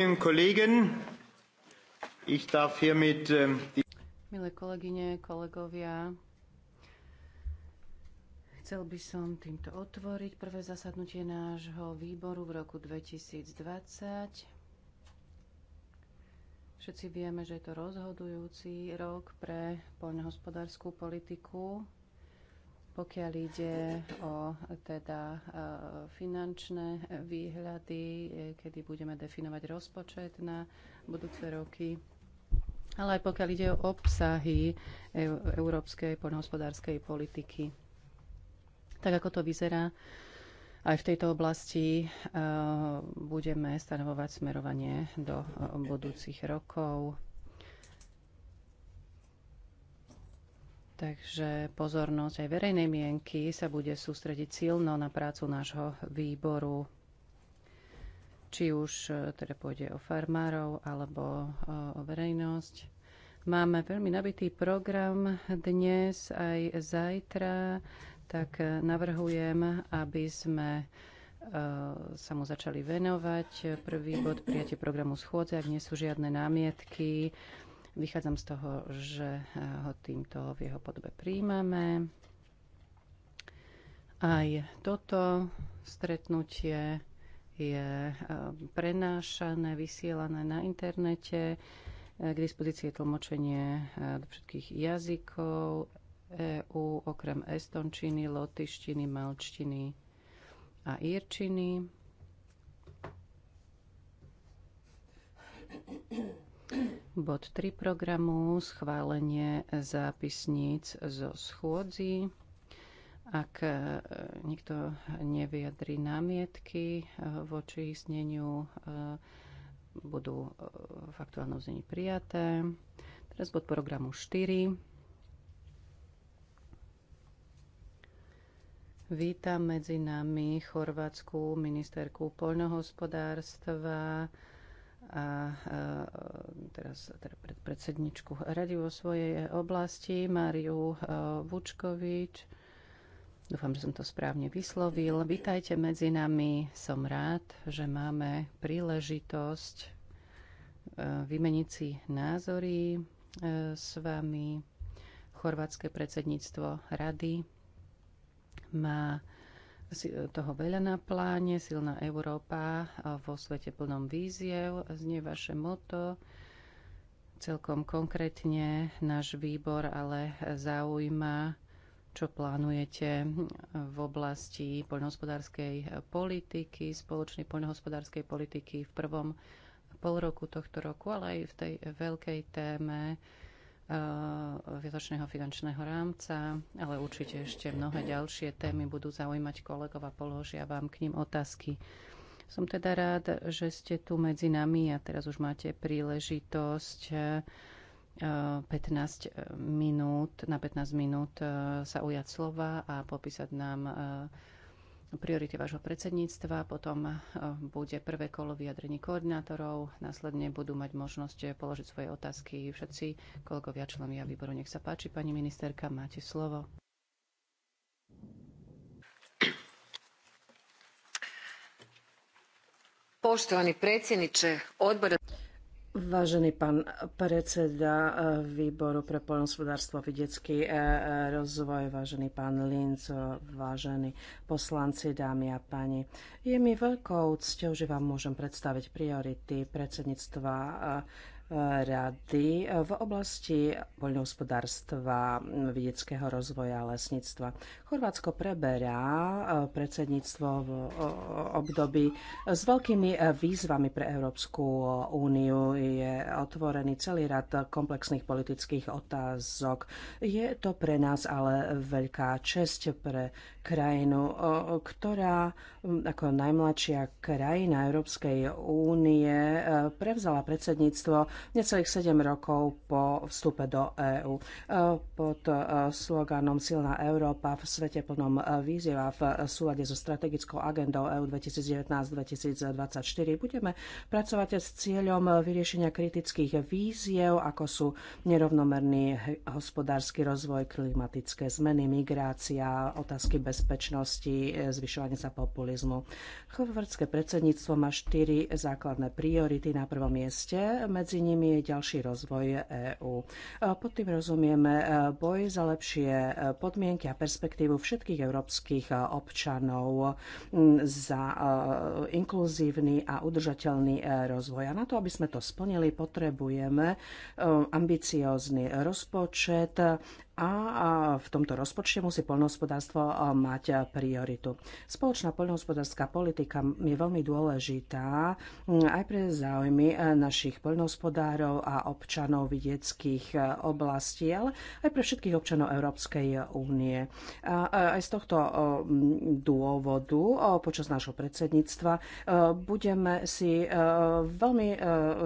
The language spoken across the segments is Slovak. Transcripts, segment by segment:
Ähm, Milé kolegyne, kolegovia, chcel by som týmto otvoriť prvé zasadnutie nášho výboru v roku 2020. Všetci vieme, že je to rozhodujúci rok pre poľnohospodárskú politiku pokiaľ ide o teda e, finančné výhľady, e, kedy budeme definovať rozpočet na budúce roky, ale aj pokiaľ ide o obsahy e, európskej poľnohospodárskej politiky. Tak ako to vyzerá, aj v tejto oblasti budeme stanovovať smerovanie do budúcich rokov. Takže pozornosť aj verejnej mienky sa bude sústrediť silno na prácu nášho výboru, či už e, teda pôjde o farmárov alebo e, o verejnosť. Máme veľmi nabitý program dnes aj zajtra, tak e, navrhujem, aby sme sa mu začali venovať. Prvý bod prijatie programu schôdze, ak nie sú žiadne námietky, Vychádzam z toho, že eh, ho týmto v jeho podobe príjmame. Aj toto stretnutie je eh, prenášané, vysielané na internete. Eh, k dispozícii je tlmočenie do všetkých jazykov EU, okrem estončiny, lotyštiny, malčtiny a írčiny. Bod 3 programu schválenie zápisníc zo schôdzi. Ak e, nikto nevyjadri námietky e, voči zneniu, e, budú v aktuálnom znení prijaté. Teraz bod programu 4. Vítam medzi nami chorvátsku ministerku poľnohospodárstva a e, teraz teda predsedničku rady vo svojej oblasti, Máriu e, Vučkovič. Dúfam, že som to správne vyslovil. Vítajte medzi nami. Som rád, že máme príležitosť e, vymeniť si názory s vami. Chorvátske predsedníctvo rady má E, toho veľa na pláne, silná Európa e, vo svete plnom víziev, znie vaše moto. Celkom konkrétne náš výbor ale zaujíma, čo plánujete v oblasti poľnohospodárskej politiky, spoločnej poľnohospodárskej politiky v prvom pol roku tohto roku, ale aj v tej veľkej téme Eh, viatočného finančného rámca, ale určite ešte mnohé ďalšie témy budú zaujímať kolegov a položia vám k ním otázky. Som teda rád, že ste tu medzi nami a teraz už máte príležitosť 15 eh, minút, na 15 minút eh, sa ujať slova a popísať nám priority vášho predsedníctva, potom eh, bude prvé kolo vyjadrení koordinátorov, následne budú mať možnosť položiť svoje otázky všetci kolegovia členovia výboru. Nech sa páči, pani ministerka, máte slovo. Poštovani predsjedniče odbora Vážený pán predseda eh, výboru pre poľnospodárstvo a vidiecký eh, eh, rozvoj, vážený pán Linc, vážení poslanci, dámy a páni. Je mi veľkou cťou, že vám môžem predstaviť priority predsedníctva rady v oblasti poľnohospodárstva, vedeckého rozvoja a lesníctva. Chorvátsko preberá eh, predsedníctvo v eh, období s veľkými eh, výzvami pre Európsku úniu. Je otvorený celý rad komplexných politických otázok. Je to pre nás ale veľká česť pre krajinu, ktorá hm, ako najmladšia krajina Európskej únie prevzala predsedníctvo necelých 7 rokov po vstupe do EÚ. E, pod e, sloganom Silná Európa v svete plnom e, výziev a v súlade so strategickou agendou EÚ 2019-2024 budeme pracovať s cieľom vyriešenia kritických víziev, ako sú nerovnomerný hospodársky rozvoj, klimatické zmeny, migrácia, otázky bezpečnosti, zvyšovanie sa populizmu. Chorvátske predsedníctvo má štyri základné priority. Na prvom mieste medzi nimi je ďalší rozvoj EÚ. Pod tým rozumieme e, boj za lepšie e, podmienky a perspektívu všetkých európskych e, občanov za inkluzívny a udržateľný rozvoj. A na to, aby sme to splnili, potrebujeme ambiciózny rozpočet a v tomto rozpočte musí poľnohospodárstvo mať prioritu. Spoločná poľnohospodárska politika je veľmi dôležitá mm, aj pre záujmy našich poľnohospodárov a občanov vidieckých oblastí, ale aj pre všetkých občanov Európskej únie. A aj z tohto mm, dôvodu počas nášho predsedníctva budeme si veľmi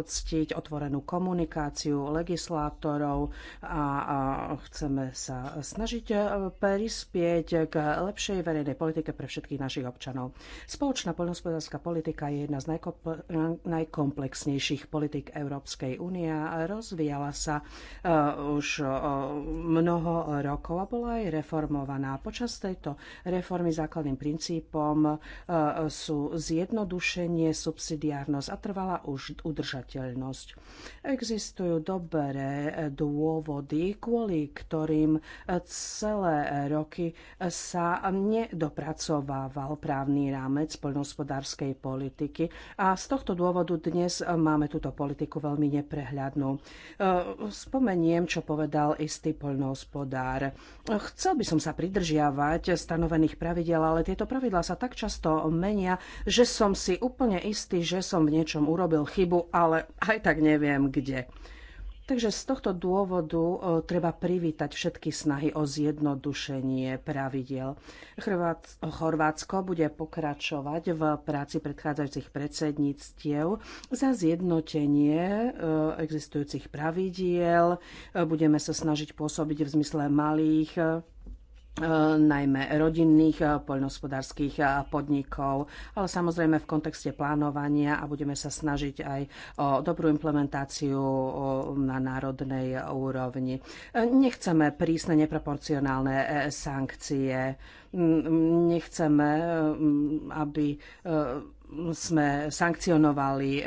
ctiť otvorenú komunikáciu legislátorov a chceme sa snažiť eh, prispieť k lepšej verejnej politike pre všetkých našich občanov. Spoločná poľnohospodárska politika je jedna z najkomplexnejších politik Európskej únie a rozvíjala sa eh, už eh, mnoho rokov a bola aj reformovaná. Počas tejto reformy základným princípom sú zjednodušenie, subsidiárnosť a trvalá už udržateľnosť. Existujú dobré dôvody, kvôli ktorým ktorým e, celé roky sa nedopracovával právny rámec poľnohospodárskej politiky a z tohto dôvodu dnes máme túto politiku veľmi neprehľadnú. E, spomeniem, čo povedal istý poľnohospodár. Chcel by som sa pridržiavať stanovených pravidel, ale tieto pravidlá sa tak často menia, že som si úplne istý, že som v niečom urobil chybu, ale aj tak neviem kde. Takže z tohto dôvodu e, treba privítať všetky snahy o zjednodušenie pravidel. Chorvátsko bude pokračovať v práci predchádzajúcich predsedníctiev za zjednotenie e, existujúcich pravidiel. E, budeme sa snažiť pôsobiť v zmysle malých E, najmä rodinných e, poľnohospodárských e, podnikov, ale samozrejme v kontexte plánovania a budeme sa snažiť aj o dobrú implementáciu na národnej úrovni. Nechceme prísne neproporcionálne sankcie, nechceme, aby sme sankcionovali e,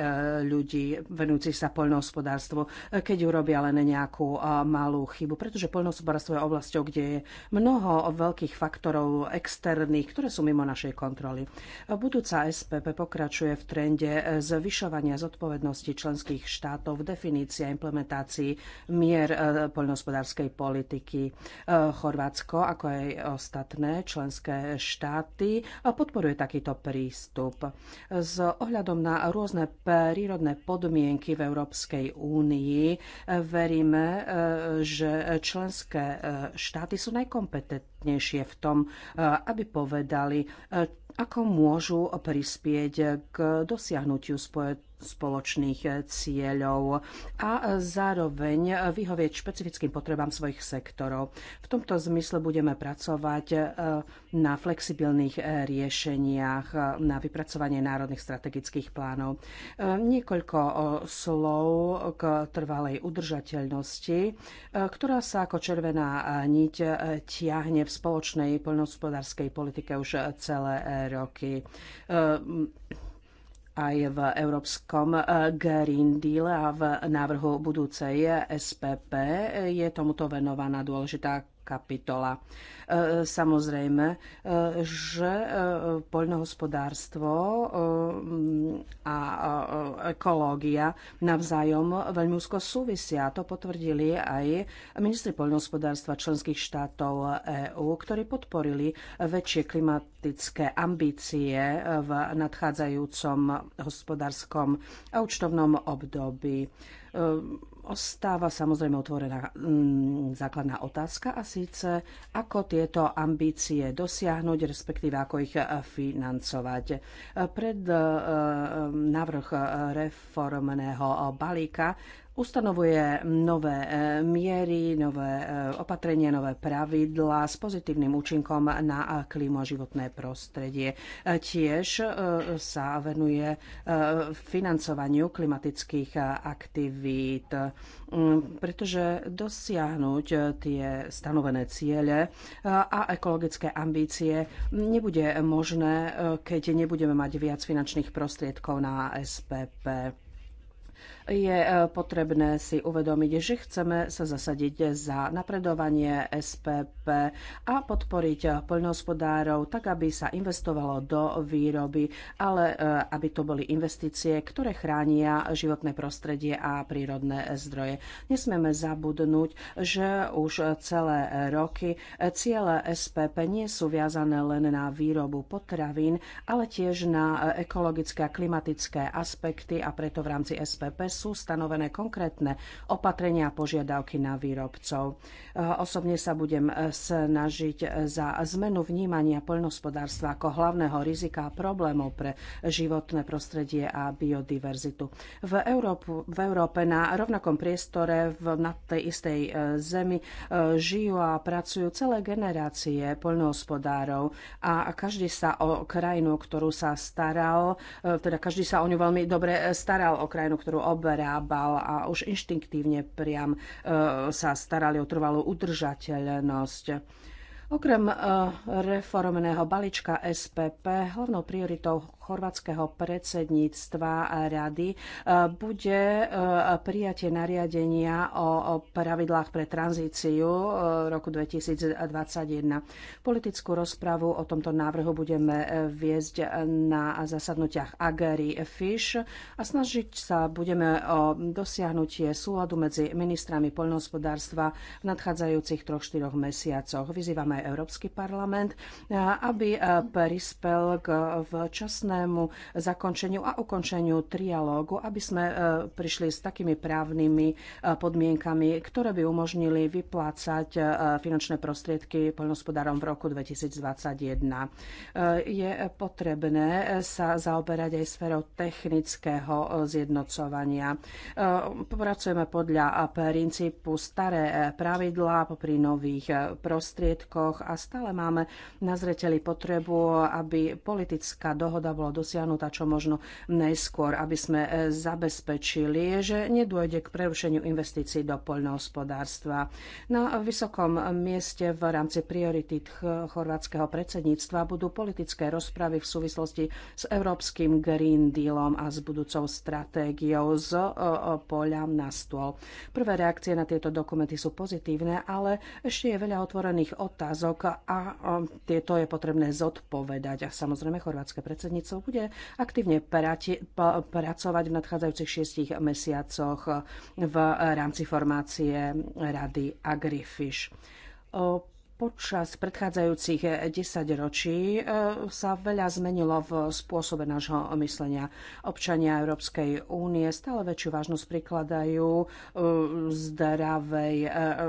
ľudí venujúcich sa poľnohospodárstvu, e, keď urobia len nejakú e, malú chybu. Pretože poľnohospodárstvo je oblasťou, kde je mnoho veľkých faktorov externých, ktoré sú mimo našej kontroly. Budúca SPP pokračuje v trende zvyšovania zodpovednosti členských štátov v definícii a implementácii mier poľnohospodárskej politiky. Chorvátsko, ako aj ostatné členské štáty, podporuje takýto prístup. S ohľadom na rôzne prírodné podmienky v Európskej únii veríme, e, že členské e, štáty sú najkompetentnejšie v tom, e, aby povedali, ako môžu prispieť k dosiahnutiu spojet spoločných eh, cieľov a eh, zároveň eh, vyhovieť špecifickým potrebám svojich sektorov. V tomto zmysle budeme pracovať na flexibilných riešeniach, na vypracovanie národných strategických plánov. Niekoľko slov k trvalej udržateľnosti, ktorá sa ako červená niť tiahne v spoločnej poľnohospodárskej politike už celé roky aj v Európskom e, Green Deal a v návrhu budúcej SPP je tomuto venovaná dôležitá kapitola. E, samozrejme, e, že e, poľnohospodárstvo a ekológia navzájom veľmi úzko súvisia. To potvrdili aj ministri poľnohospodárstva členských štátov EÚ, ktorí podporili väčšie klimatické ambície v nadchádzajúcom hospodárskom a účtovnom období Ostáva samozrejme otvorená mm, základná otázka a síce, ako tieto ambície dosiahnuť, respektíve ako ich eh, financovať. Pred eh, eh, návrh reformného balíka ustanovuje nové e, miery, nové e, opatrenia, nové pravidlá s pozitívnym účinkom na e, klímu a životné prostredie. Tiež sa venuje financovaniu klimatických aktivít, pretože dosiahnuť tie stanovené ciele a ekologické ambície nebude možné, keď nebudeme mať viac finančných prostriedkov na SPP je e, potrebné si uvedomiť, že chceme sa zasadiť za napredovanie SPP a podporiť poľnohospodárov tak, aby sa investovalo do výroby, ale e, aby to boli investície, ktoré chránia životné prostredie a prírodné zdroje. Nesmieme zabudnúť, že už celé roky ciele SPP nie sú viazané len na výrobu potravín, ale tiež na ekologické a klimatické aspekty a preto v rámci SPP sú stanovené konkrétne opatrenia a požiadavky na výrobcov. E, osobne sa budem e, snažiť e, za zmenu vnímania poľnohospodárstva ako hlavného rizika a problémov pre životné prostredie a biodiverzitu. V, Európu, v Európe na rovnakom priestore v, na tej istej zemi žijú a pracujú celé generácie poľnohospodárov a každý sa o krajinu, ktorú sa staral, teda každý sa o ňu veľmi dobre staral, o krajinu, ktorú ob obrábal a už inštinktívne priam e, sa starali o trvalú udržateľnosť. Okrem e, reformného balíčka SPP hlavnou prioritou chorvátskeho predsedníctva rady e, bude e, prijatie nariadenia o pravidlách pre tranzíciu e, roku 2021. Politickú rozpravu o tomto návrhu budeme viesť na zasadnutiach Agery Fish a snažiť sa budeme o dosiahnutie súladu medzi ministrami poľnohospodárstva v nadchádzajúcich troch, štyroch mesiacoch. Vyzývame aj Európsky parlament, aby prispel k včasné úspešnému zakončeniu a ukončeniu trialógu, aby sme e, prišli s takými právnymi e, podmienkami, ktoré by umožnili vyplácať e, finančné prostriedky poľnohospodárom v roku 2021. Je potrebné sa zaoberať aj sférou technického zjednocovania. Pracujeme podľa princípu staré pravidlá popri nových prostriedkoch a stále máme na zreteli potrebu, aby politická dohoda bola bola dosiahnutá čo možno najskôr, aby sme e, zabezpečili, že nedôjde k prerušeniu investícií do poľnohospodárstva. Na vysokom mieste v rámci priority chorvátskeho predsedníctva budú politické rozpravy v súvislosti s Európskym Green Dealom a s budúcou stratégiou z e, e, poľa na stôl. Prvé reakcie na tieto dokumenty sú pozitívne, ale ešte je veľa otvorených otázok a tieto je potrebné zodpovedať. A samozrejme, chorvátske predsedníctvo poslancov bude aktívne pracovať v nadchádzajúcich šiestich mesiacoch v rámci formácie Rady Agrifish. Počas predchádzajúcich 10 eh, ročí eh, sa veľa zmenilo v spôsobe nášho myslenia. Občania Európskej únie stále väčšiu vážnosť prikladajú eh, zdravej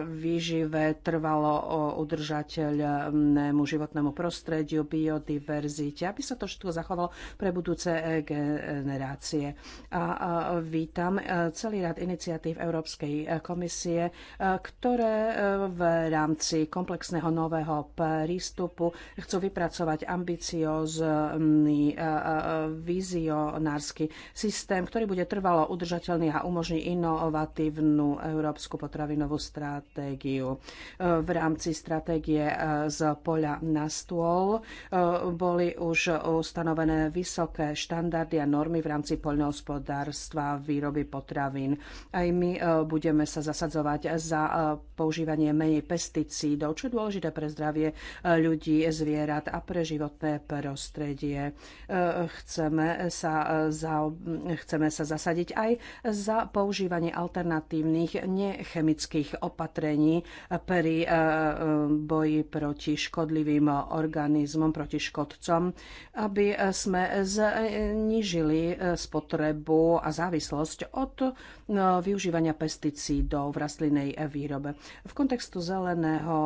výžive, trvalo udržateľnému životnému prostrediu, biodiverzite, aby sa to všetko zachovalo pre budúce generácie. A vítam celý rad iniciatív Európskej komisie, ktoré v rámci komplexnej súčasného nového prístupu. Chcú vypracovať ambiciózny e, e, e, vizionársky systém, ktorý bude trvalo udržateľný a umožní inovatívnu európsku potravinovú stratégiu. V rámci stratégie z poľa na stôl boli už ustanovené vysoké štandardy a normy v rámci poľnohospodárstva výroby potravín. Aj my budeme sa zasadzovať za používanie menej pesticídov, čo je dôležité dôležité pre zdravie e, ľudí, zvierat a pre životné prostredie. E, chceme sa, e, za, chceme sa zasadiť aj za používanie alternatívnych nechemických opatrení pri boji proti škodlivým organizmom, proti škodcom, aby sme znížili spotrebu a závislosť od využívania pesticídov v rastlinnej výrobe. V kontextu zeleného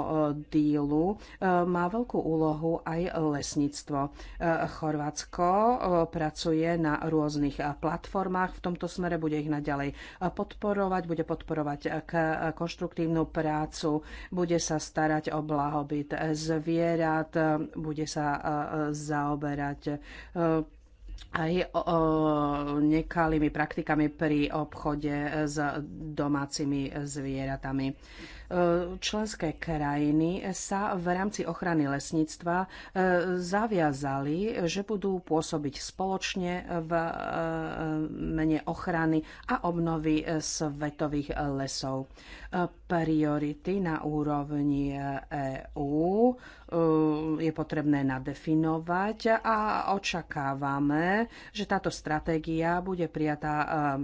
dílu e, má veľkú úlohu aj lesníctvo. E, Chorvátsko e, pracuje na rôznych platformách v tomto smere, bude ich naďalej podporovať, bude podporovať konštruktívnu prácu, bude sa starať o blahobyt zvierat, bude sa zaoberať aj nekalými praktikami pri obchode s domácimi zvieratami. Členské krajiny sa v rámci ochrany lesníctva e, zaviazali, že budú pôsobiť spoločne v e, mene ochrany a obnovy svetových lesov. E, priority na úrovni EÚ je potrebné nadefinovať a očakávame, že táto stratégia bude prijatá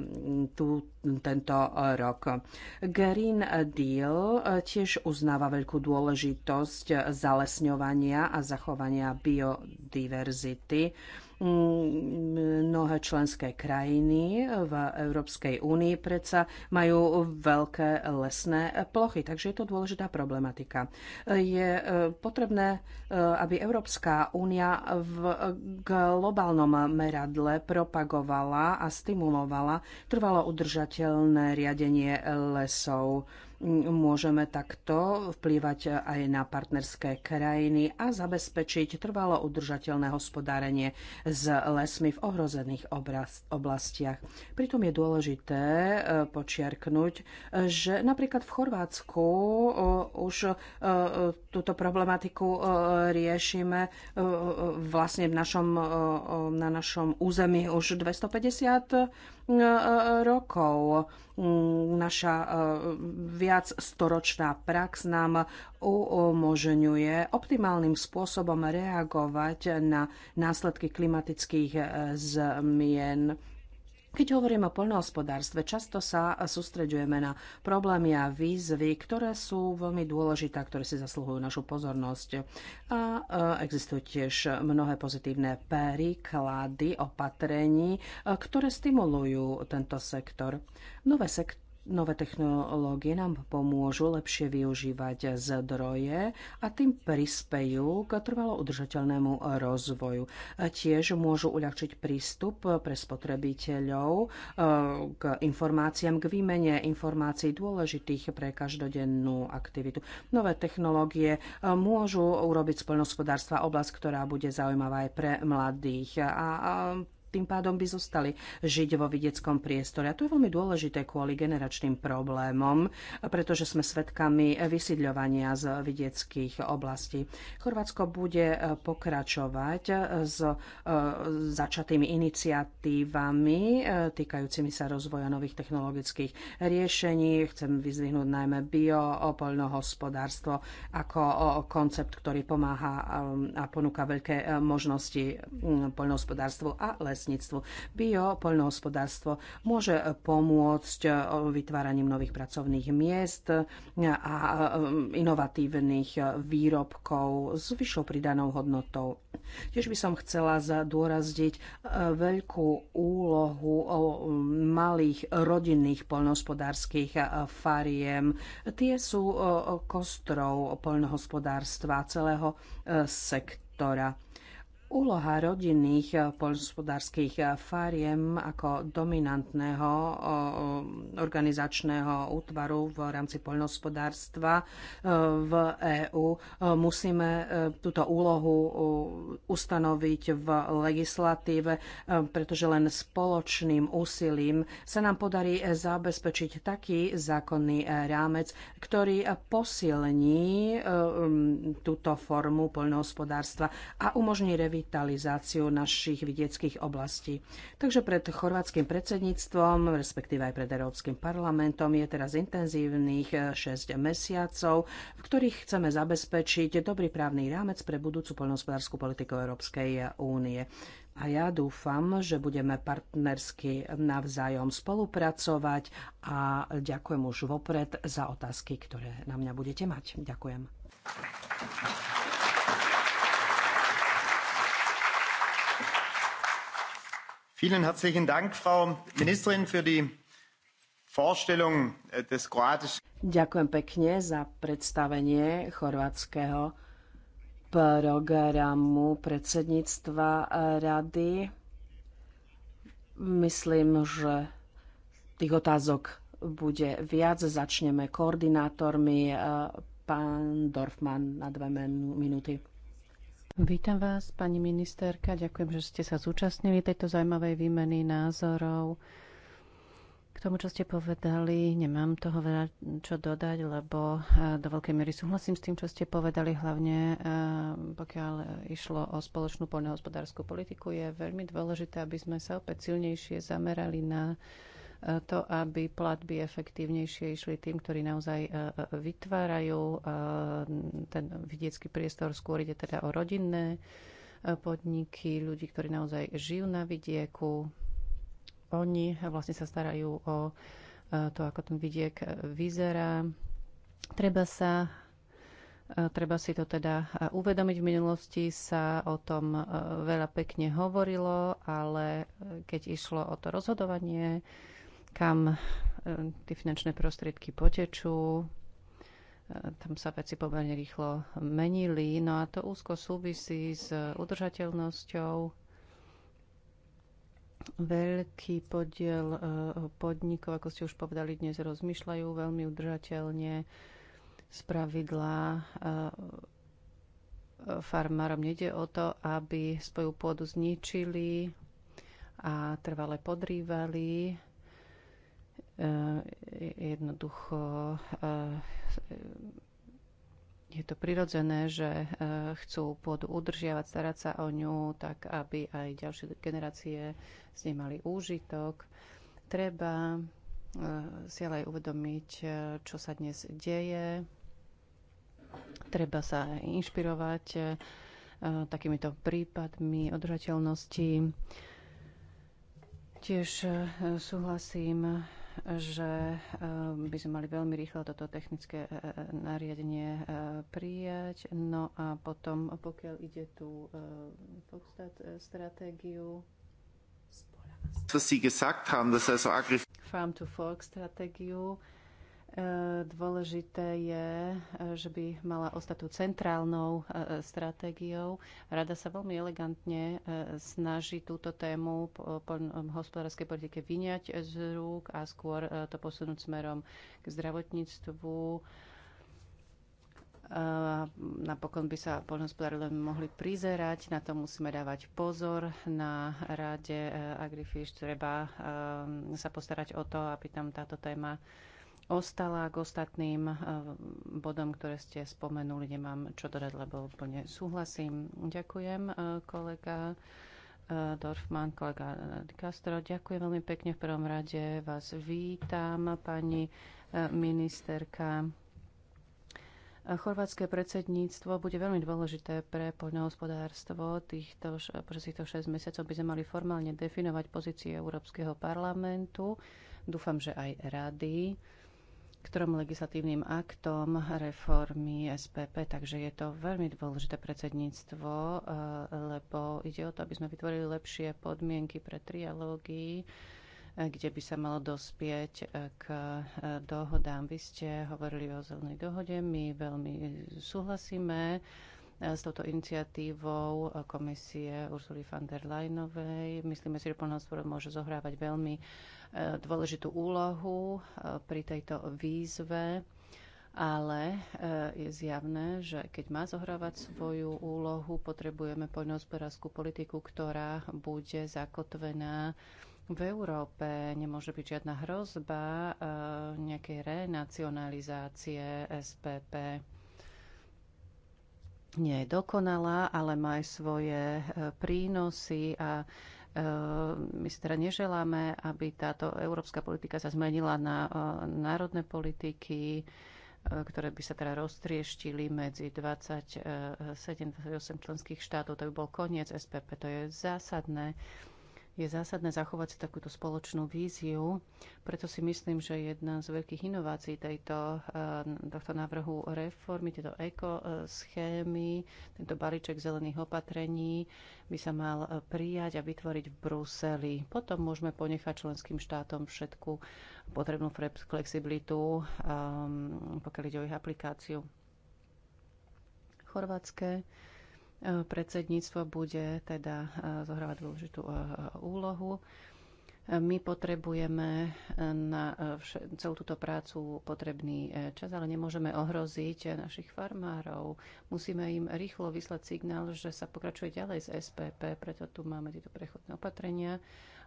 tu, tento rok. Green Deal E, tiež uznáva veľkú dôležitosť zalesňovania a zachovania biodiverzity mm, mnohé členské krajiny v Európskej únii predsa majú veľké lesné plochy, takže je to dôležitá problematika. Je e, potrebné, e, aby Európska únia v globálnom meradle propagovala a stimulovala trvalo udržateľné riadenie lesov Môžeme takto vplývať aj na partnerské krajiny a zabezpečiť trvalo udržateľné hospodárenie s lesmi v ohrozených oblastiach. Pritom je dôležité eh, počiarknúť, že napríklad v Chorvátsku eh, už eh, túto problematiku riešime vlastne v našom, na našom území už 250 Eh, rokov. Mm, naša eh, viac storočná prax nám umožňuje optimálnym spôsobom reagovať na následky klimatických eh, zmien. Keď hovorím o poľnohospodárstve, často sa sústreďujeme na problémy a výzvy, ktoré sú veľmi dôležité, ktoré si zasluhujú našu pozornosť. A e, existujú tiež mnohé pozitívne príklady opatrení, e, ktoré stimulujú tento sektor. Nové sektory Nové technológie nám pomôžu lepšie využívať zdroje a tým prispejú k trvalo udržateľnému rozvoju. Tiež môžu uľahčiť prístup pre spotrebiteľov e, k informáciám, k výmene informácií dôležitých pre každodennú aktivitu. Nové technológie e, môžu urobiť z oblasť, ktorá bude zaujímavá aj pre mladých a tým pádom by zostali žiť vo vidieckom priestore. A to je veľmi dôležité kvôli generačným problémom, pretože sme svedkami vysídľovania z vidieckých oblastí. Chorvátsko bude e, pokračovať e, s e, začatými iniciatívami týkajúcimi sa rozvoja nových technologických riešení. Chcem vyzvihnúť najmä bio, ako koncept, ktorý pomáha a ponúka veľké možnosti poľnohospodárstvu a les lesníctvu. poľnohospodárstvo môže pomôcť eh, vytváraním nových pracovných miest eh, a eh, inovatívnych výrobkov s vyššou pridanou hodnotou. Tiež by som chcela zdôrazniť veľkú úlohu malých rodinných poľnohospodárskych fariem. Tie sú kostrou poľnohospodárstva celého sektora Úloha rodinných eh, poľnospodárských eh, fariem ako dominantného eh, organizačného útvaru v rámci poľnospodárstva v EÚ musíme túto úlohu ustanoviť v legislatíve, pretože len spoločným úsilím sa nám podarí zabezpečiť taký zákonný rámec, ktorý posilní túto formu poľnohospodárstva a umožní revi- revitalizáciu našich vidieckých oblastí. Takže pred chorvátským predsedníctvom, respektíve aj pred Európskym parlamentom, je teraz intenzívnych 6 eh, mesiacov, v ktorých chceme zabezpečiť dobrý právny rámec pre budúcu poľnohospodárskú politiku Európskej únie a ja dúfam, že budeme partnersky navzájom spolupracovať a ďakujem už vopred za otázky, ktoré na mňa budete mať. Ďakujem. vielen herzlichen Dank, Frau Ministerin, für die Vorstellung äh, des kroatischen. Ďakujem pekne za predstavenie chorvátskeho programu predsedníctva e, rady. Myslím, že tých otázok bude viac. Začneme koordinátormi. E, pán Dorfman na dve minúty. Vítam vás, pani ministerka. Ďakujem, že ste sa zúčastnili tejto zaujímavej výmeny názorov. K tomu, čo ste povedali, nemám toho veľa čo dodať, lebo e, do veľkej miery súhlasím s tým, čo ste povedali, hlavne e, pokiaľ išlo o spoločnú poľnohospodárskú politiku. Je veľmi dôležité, aby sme sa opäť silnejšie zamerali na to, aby platby efektívnejšie išli tým, ktorí naozaj e, e, vytvárajú e, ten vidiecký priestor. Skôr ide teda o rodinné podniky, ľudí, ktorí naozaj žijú na vidieku. Oni vlastne sa starajú o to, ako ten vidiek vyzerá. Treba sa Treba si to teda uvedomiť. V minulosti sa o tom veľa pekne hovorilo, ale keď išlo o to rozhodovanie, kam e, tie finančné prostriedky potečú. E, tam sa veci pomerne rýchlo menili. No a to úzko súvisí s udržateľnosťou veľký podiel e, podnikov, ako ste už povedali, dnes rozmýšľajú veľmi udržateľne. Z pravidla farmárom nejde o to, aby svoju pôdu zničili a trvale podrývali Eh, jednoducho eh, je to prirodzené, že eh, chcú pôdu udržiavať, starať sa o ňu, tak aby aj ďalšie generácie z nej mali úžitok. Treba si ale aj uvedomiť, čo sa dnes deje. Treba sa inšpirovať takýmito prípadmi održateľnosti. Tiež súhlasím že eh, by sme mali veľmi rýchlo toto technické eh, nariadenie eh, prijať. No a potom, pokiaľ ide tu podstat stratégiu, Farm to Fork Strategie. E, dôležité je, e, že by mala ostať tú centrálnou e, stratégiou. Rada sa veľmi elegantne snaží túto tému po, hospodárskej politike vyňať z rúk a skôr to posunúť smerom k zdravotníctvu. Napokon by sa poľnohospodári len mohli prizerať, na to musíme dávať pozor. Na rade Agrifish treba sa postarať o to, aby tam táto téma ostala k ostatným eh, bodom, ktoré ste spomenuli. Nemám čo dodať, lebo úplne súhlasím. Ďakujem, eh, kolega eh, Dorfman, kolega Castro. Ďakujem veľmi pekne. V prvom rade vás vítam, pani ministerka. Chorvátske predsedníctvo bude veľmi dôležité pre poľnohospodárstvo. Týchto, počas týchto 6 mesiacov by sme mali formálne definovať pozície Európskeho parlamentu. Dúfam, že aj rady ktorom legislatívnym aktom reformy SPP, takže je to veľmi dôležité predsedníctvo, e, lebo ide o to, aby sme vytvorili lepšie podmienky pre trialógy, e, kde by sa malo dospieť e, k dohodám. Vy ste hovorili o zelenej dohode, my veľmi súhlasíme s touto iniciatívou komisie Ursuly von der Leyenovej. Myslíme si, že plnohospodár môže zohrávať veľmi E, dôležitú úlohu e, pri tejto výzve, ale e, je zjavné, že keď má zohrávať svoju úlohu, potrebujeme poľnohospodárskú politiku, ktorá bude zakotvená v Európe nemôže byť žiadna hrozba nejakej renacionalizácie SPP. Nie je dokonalá, ale má aj svoje prínosy a Eh, my si teda neželáme, aby táto európska politika sa zmenila na eh, národné politiky, eh, ktoré by sa teda roztrieštili medzi 27-28 členských štátov. To by bol koniec SPP. To je zásadné je zásadné zachovať si takúto spoločnú víziu. Preto si myslím, že jedna z veľkých inovácií tejto, eh, tohto návrhu reformy, tieto ekoschémy, tento balíček zelených opatrení by sa mal eh, prijať a vytvoriť v Bruseli. Potom môžeme ponechať členským štátom všetku potrebnú flexibilitu, ehm, pokiaľ ide o ich aplikáciu. Chorvátske Predsedníctvo bude teda eh, zohrávať dôležitú eh, úlohu. My potrebujeme na eh, celú túto prácu potrebný čas, ale nemôžeme ohroziť našich farmárov. Musíme im rýchlo vyslať signál, že sa pokračuje ďalej z SPP, preto tu máme tieto prechodné opatrenia.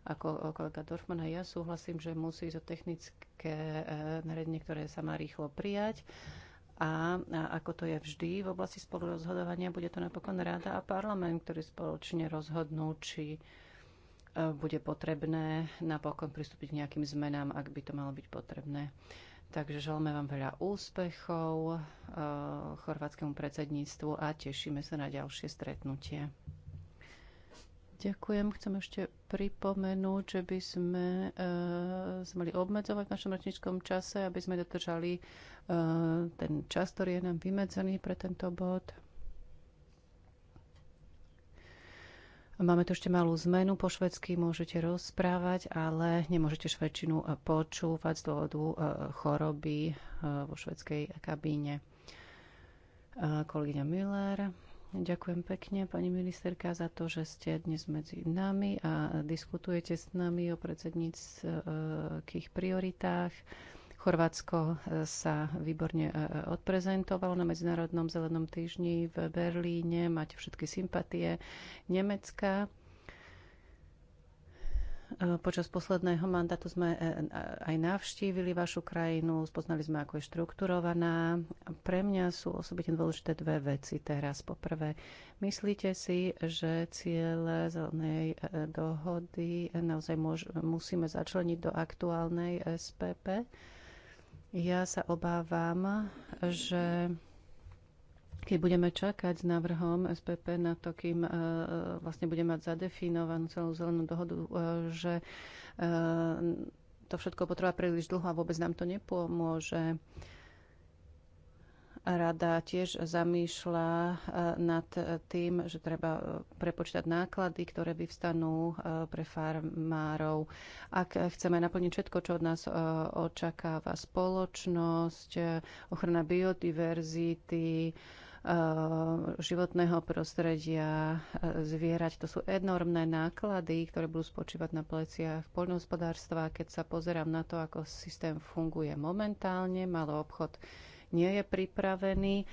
Ako kolega Dorfman a ja súhlasím, že musí to technické nariadenie, ktoré sa má rýchlo prijať a, a ako to je vždy v oblasti spolurozhodovania, bude to napokon rada a parlament, ktorý spoločne rozhodnú, či e, bude potrebné napokon pristúpiť k nejakým zmenám, ak by to malo byť potrebné. Takže želáme vám veľa úspechov e, chorvátskému predsedníctvu a tešíme sa na ďalšie stretnutie. Ďakujem. Chcem ešte pripomenúť, že by sme eh, sa mali obmedzovať v našom ročníčkom čase, aby sme dodržali eh, ten čas, ktorý je nám vymedzený pre tento bod. Máme tu ešte malú zmenu po švedsky, môžete rozprávať, ale nemôžete švedčinu eh, počúvať z dôvodu choroby vo švedskej kabíne. Kolegyňa Müller. Ďakujem pekne, pani ministerka, za to, že ste dnes medzi nami a diskutujete s nami o predsedníckých prioritách. Chorvátsko e, sa výborne e, odprezentovalo na Medzinárodnom zelenom týždni v Berlíne. Máte všetky sympatie Nemecka E, počas posledného mandátu sme e, e, aj navštívili vašu krajinu, spoznali sme, ako je štrukturovaná. Pre mňa sú osobitne dôležité dve veci teraz. Poprvé, myslíte si, že ciele zelenej dohody naozaj môž, musíme začleniť do aktuálnej SPP? Ja sa obávam, že keď budeme čakať s návrhom SPP na to, kým e, vlastne budeme mať zadefinovanú celú zelenú dohodu, e, že e, to všetko potrvá príliš dlho a vôbec nám to nepomôže. Rada tiež zamýšľa nad tým, že treba prepočítať náklady, ktoré vyvstanú pre farmárov. Ak chceme naplniť všetko, čo od nás očakáva spoločnosť, ochrana biodiverzity, Eh, životného prostredia, eh, zvierať. To sú enormné náklady, ktoré budú spočívať na pleciach poľnohospodárstva. Keď sa pozerám na to, ako systém funguje momentálne, malý obchod nie je pripravený eh,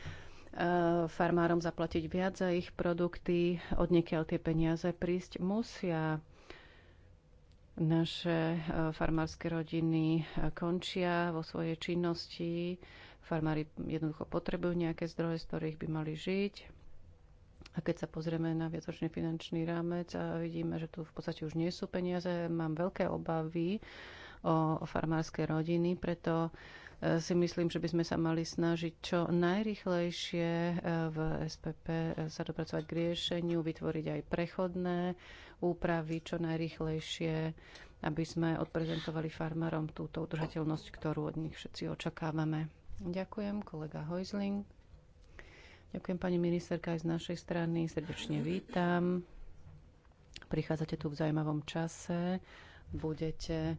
farmárom zaplatiť viac za ich produkty, odniekiaľ tie peniaze prísť musia. Naše farmárske rodiny končia vo svojej činnosti Farmári jednoducho potrebujú nejaké zdroje, z ktorých by mali žiť. A keď sa pozrieme na viacročný finančný rámec a vidíme, že tu v podstate už nie sú peniaze, mám veľké obavy o, o farmárske rodiny, preto e, si myslím, že by sme sa mali snažiť čo najrychlejšie e, v SPP e, sa dopracovať k riešeniu, vytvoriť aj prechodné úpravy čo najrychlejšie, aby sme odprezentovali farmárom túto udržateľnosť, ktorú od nich všetci očakávame. Ďakujem, kolega Hojzling. Ďakujem, pani ministerka, aj z našej strany. Srdečne vítam. Prichádzate tu v zaujímavom čase. Budete e,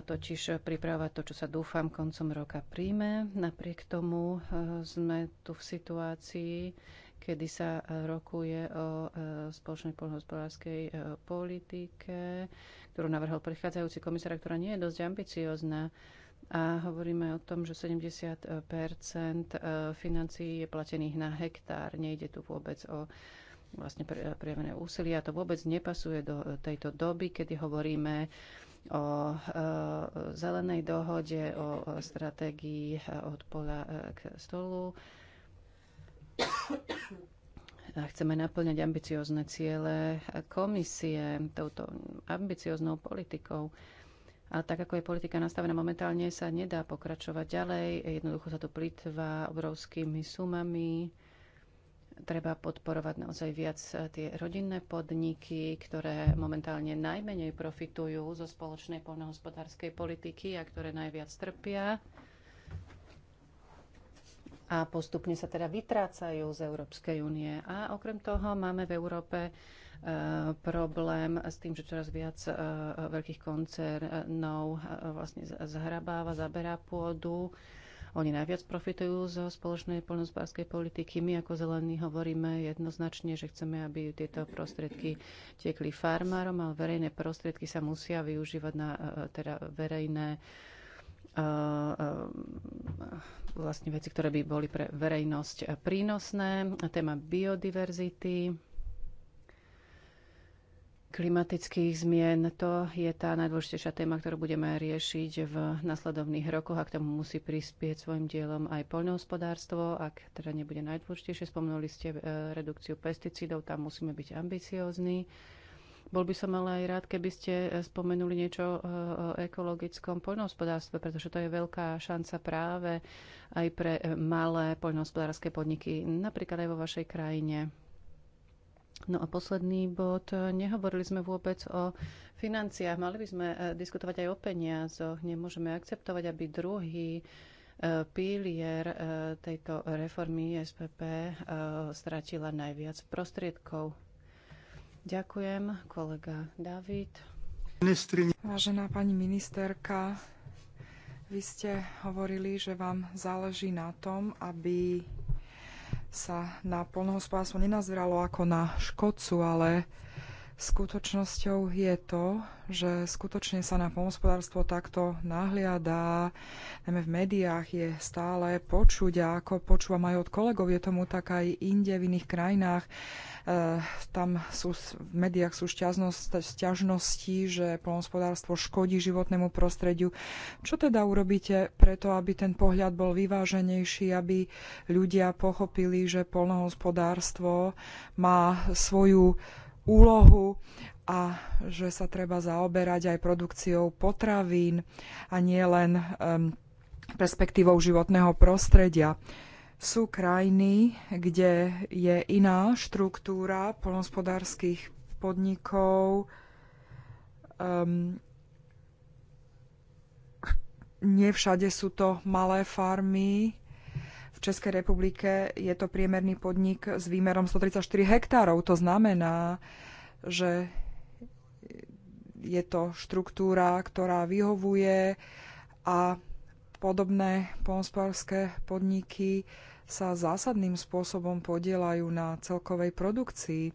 totiž pripravovať to, čo sa dúfam koncom roka príjme. Napriek tomu e, sme tu v situácii, kedy sa rokuje o e, spoločnej poľnohospodárskej politike, ktorú navrhol prichádzajúci komisár, ktorá nie je dosť ambiciozná a hovoríme o tom, že 70 e, financií je platených na hektár. Nejde tu vôbec o vlastne prijavené úsilie a to vôbec nepasuje do e, tejto doby, kedy hovoríme o e, zelenej dohode, o stratégii od pola k stolu. A chceme naplňať ambiciozne ciele komisie touto ambicioznou politikou. A tak, ako je politika nastavená momentálne, sa nedá pokračovať ďalej. Jednoducho sa to plýtva obrovskými sumami. Treba podporovať naozaj viac eh, tie rodinné podniky, ktoré momentálne najmenej profitujú zo spoločnej poľnohospodárskej politiky a ktoré najviac trpia a postupne sa teda vytrácajú z Európskej únie. A okrem toho máme v Európe Eh, problém s tým, že čoraz viac eh, veľkých koncernov eh, vlastne zhrabáva, zaberá pôdu. Oni najviac profitujú zo spoločnej poľnohospodárskej politiky. My ako zelení hovoríme jednoznačne, že chceme, aby tieto prostriedky tiekli farmárom, ale verejné prostriedky sa musia využívať na teda verejné vlastne veci, ktoré by boli pre verejnosť prínosné. Téma biodiverzity, klimatických zmien. To je tá najdôležitejšia téma, ktorú budeme riešiť v nasledovných rokoch a k tomu musí prispieť svojim dielom aj poľnohospodárstvo, ak teda nebude najdôležitejšie. Spomnuli ste e, redukciu pesticídov, tam musíme byť ambiciózni. Bol by som ale aj rád, keby ste e, spomenuli niečo e, o ekologickom poľnohospodárstve, pretože to je veľká šanca práve aj pre malé poľnohospodárske podniky, napríklad aj vo vašej krajine. No a posledný bod. Nehovorili sme vôbec o financiách. Mali by sme e, diskutovať aj o peniazoch. Nemôžeme akceptovať, aby druhý e, pilier e, tejto reformy SPP stratila najviac prostriedkov. Ďakujem, kolega David. Vážená pani ministerka, vy ste hovorili, že vám záleží na tom, aby sa na polnohospodárstvo nenazeralo ako na škodcu, ale Skutočnosťou je to, že skutočne sa na pomospodárstvo takto nahliadá, najmä v médiách je stále počuť a ako počúvam aj od kolegov, je tomu tak aj inde v iných krajinách. E, tam sú, v médiách sú sťažnosti, že pomospodárstvo škodí životnému prostrediu. Čo teda urobíte preto, aby ten pohľad bol vyváženejší, aby ľudia pochopili, že polnohospodárstvo má svoju úlohu a že sa treba zaoberať aj produkciou potravín a nielen um, perspektívou životného prostredia. Sú krajiny, kde je iná štruktúra polnospodárských podnikov. Um, nie všade sú to malé farmy, v Českej republike je to priemerný podnik s výmerom 134 hektárov. To znamená, že je to štruktúra, ktorá vyhovuje a podobné pohospodárske podniky sa zásadným spôsobom podielajú na celkovej produkcii.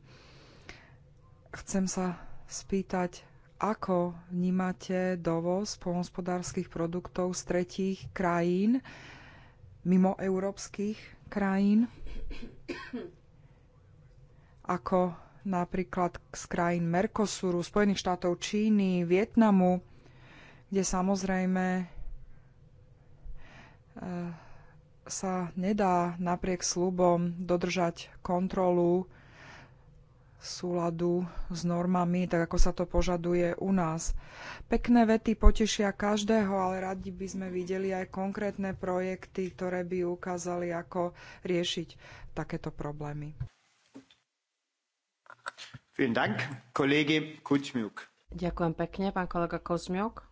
Chcem sa spýtať, ako vnímate dovoz pohospodárskych produktov z tretích krajín mimo európskych krajín, ako napríklad z krajín Mercosuru, Spojených štátov Číny, Vietnamu, kde samozrejme eh, sa nedá napriek slubom dodržať kontrolu súladu s normami, tak ako sa to požaduje u nás. Pekné vety potešia každého, ale radi by sme videli aj konkrétne projekty, ktoré by ukázali, ako riešiť takéto problémy. Ďakujem pekne, pán kolega Kozmiuk.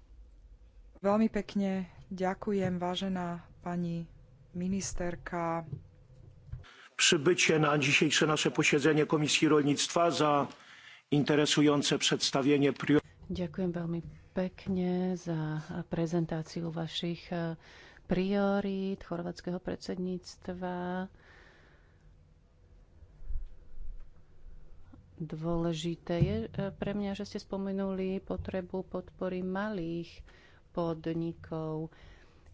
Veľmi pekne ďakujem, vážená pani ministerka przybycie na dzisiejsze nasze posiedzenie Komisji Rolnictwa, za interesujące przedstawienie Ďakujem veľmi pekne za prezentáciu vašich e, priorít chorvatského predsedníctva. Dôležité je e, pre mňa, že ste spomenuli potrebu podpory malých podnikov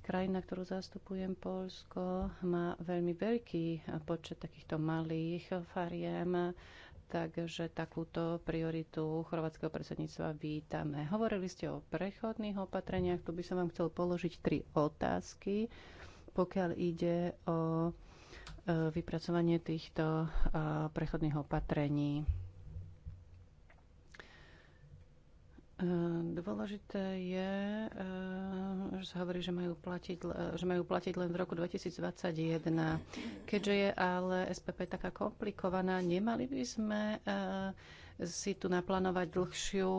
Krajina, ktorú zastupujem, Polsko, má veľmi veľký počet takýchto malých fariem, takže takúto prioritu chorvátskeho predsedníctva vítame. Hovorili ste o prechodných opatreniach, tu by som vám chcel položiť tri otázky, pokiaľ ide o e, vypracovanie týchto e, prechodných opatrení. Ehm, dôležité je, ehm, že sa hovorí, že majú, platiť, že majú platiť len v roku 2021. Keďže je ale SPP taká komplikovaná, nemali by sme ehm, si tu naplánovať dlhšiu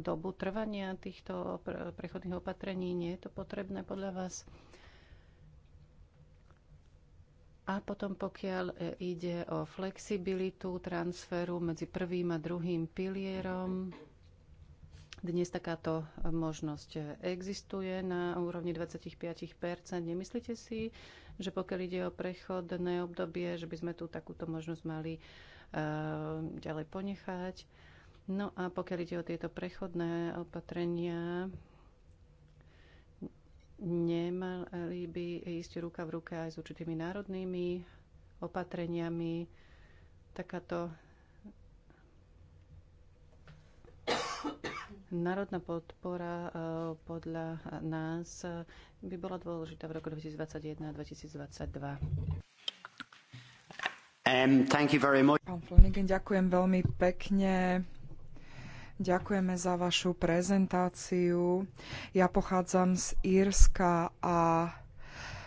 dobu trvania týchto prechodných opatrení? Nie je to potrebné podľa vás? A potom pokiaľ e, ide o flexibilitu transferu medzi prvým a druhým pilierom, dnes takáto možnosť existuje na úrovni 25 Nemyslíte si, že pokiaľ ide o prechodné obdobie, že by sme tu takúto možnosť mali e, ďalej ponechať? No a pokiaľ ide o tieto prechodné opatrenia, nemali by ísť ruka v ruke aj s určitými národnými opatreniami. Takáto Národná podpora eh, podľa nás eh, by bola dôležitá v roku 2021 a 2022. Um, thank you very much. Pán Flanagan, ďakujem veľmi pekne. Ďakujeme za vašu prezentáciu. Ja pochádzam z Írska a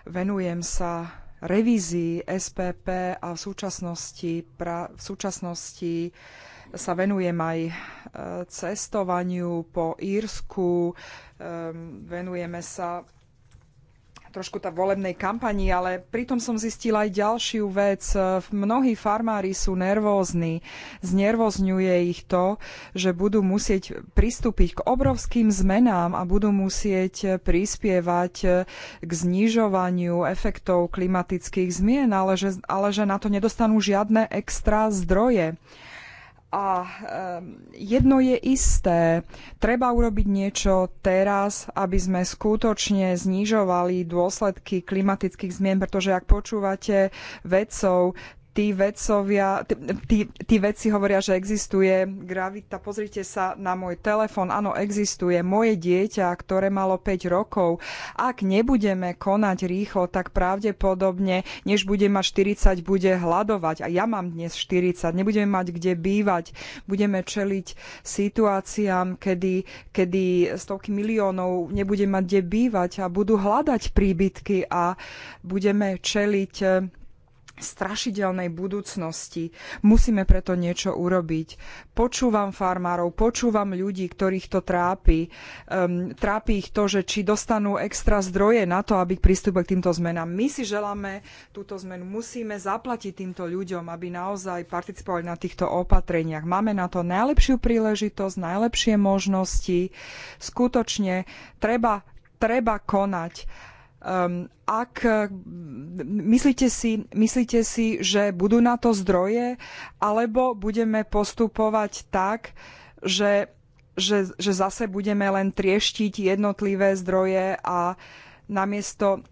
venujem sa revízii SPP a v súčasnosti, pra, v súčasnosti uh, sa venujem aj e, cestovaniu po Írsku, ehm, venujeme sa trošku tá volebnej kampani, ale pritom som zistila aj ďalšiu vec. E, mnohí farmári sú nervózni. Znervozňuje ich to, že budú musieť pristúpiť k obrovským zmenám a budú musieť prispievať e, k znižovaniu efektov klimatických zmien, ale že, ale že na to nedostanú žiadne extra zdroje. A jedno je isté, treba urobiť niečo teraz, aby sme skutočne znižovali dôsledky klimatických zmien, pretože ak počúvate vedcov, tí, vedcovia, tí, tí, tí vedci hovoria, že existuje gravita. Pozrite sa na môj telefón. Áno, existuje moje dieťa, ktoré malo 5 rokov. Ak nebudeme konať rýchlo, tak pravdepodobne, než bude mať 40, bude hľadovať. A ja mám dnes 40. Nebudeme mať kde bývať. Budeme čeliť situáciám, kedy, kedy stovky miliónov nebude mať kde bývať a budú hľadať príbytky a budeme čeliť strašidelnej budúcnosti. Musíme preto niečo urobiť. Počúvam farmárov, počúvam ľudí, ktorých to trápi. Um, trápi ich to, že či dostanú extra zdroje na to, aby pristúpili k týmto zmenám. My si želáme túto zmenu. Musíme zaplatiť týmto ľuďom, aby naozaj participovali na týchto opatreniach. Máme na to najlepšiu príležitosť, najlepšie možnosti. Skutočne treba, treba konať Um, ak myslíte si, myslíte si, že budú na to zdroje, alebo budeme postupovať tak, že, že, že zase budeme len trieštiť jednotlivé zdroje a namiesto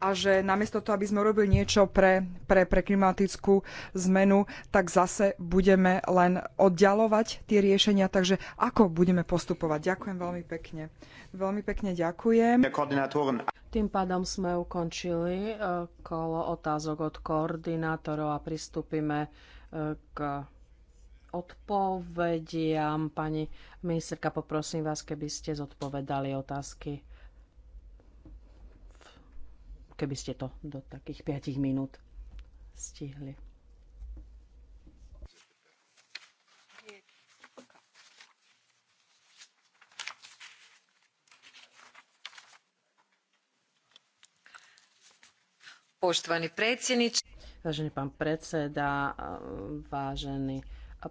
a že namiesto toho, aby sme urobili niečo pre, pre, pre klimatickú zmenu, tak zase budeme len oddialovať tie riešenia. Takže ako budeme postupovať? Ďakujem veľmi pekne. Veľmi pekne ďakujem. Tým pádom sme ukončili e, kolo otázok od koordinátorov a pristúpime e, k odpovediam. Pani ministerka, poprosím vás, keby ste zodpovedali otázky, keby ste to do takých 5 minút stihli. Poštovani predsjedniče. Vážený pán predseda, vážení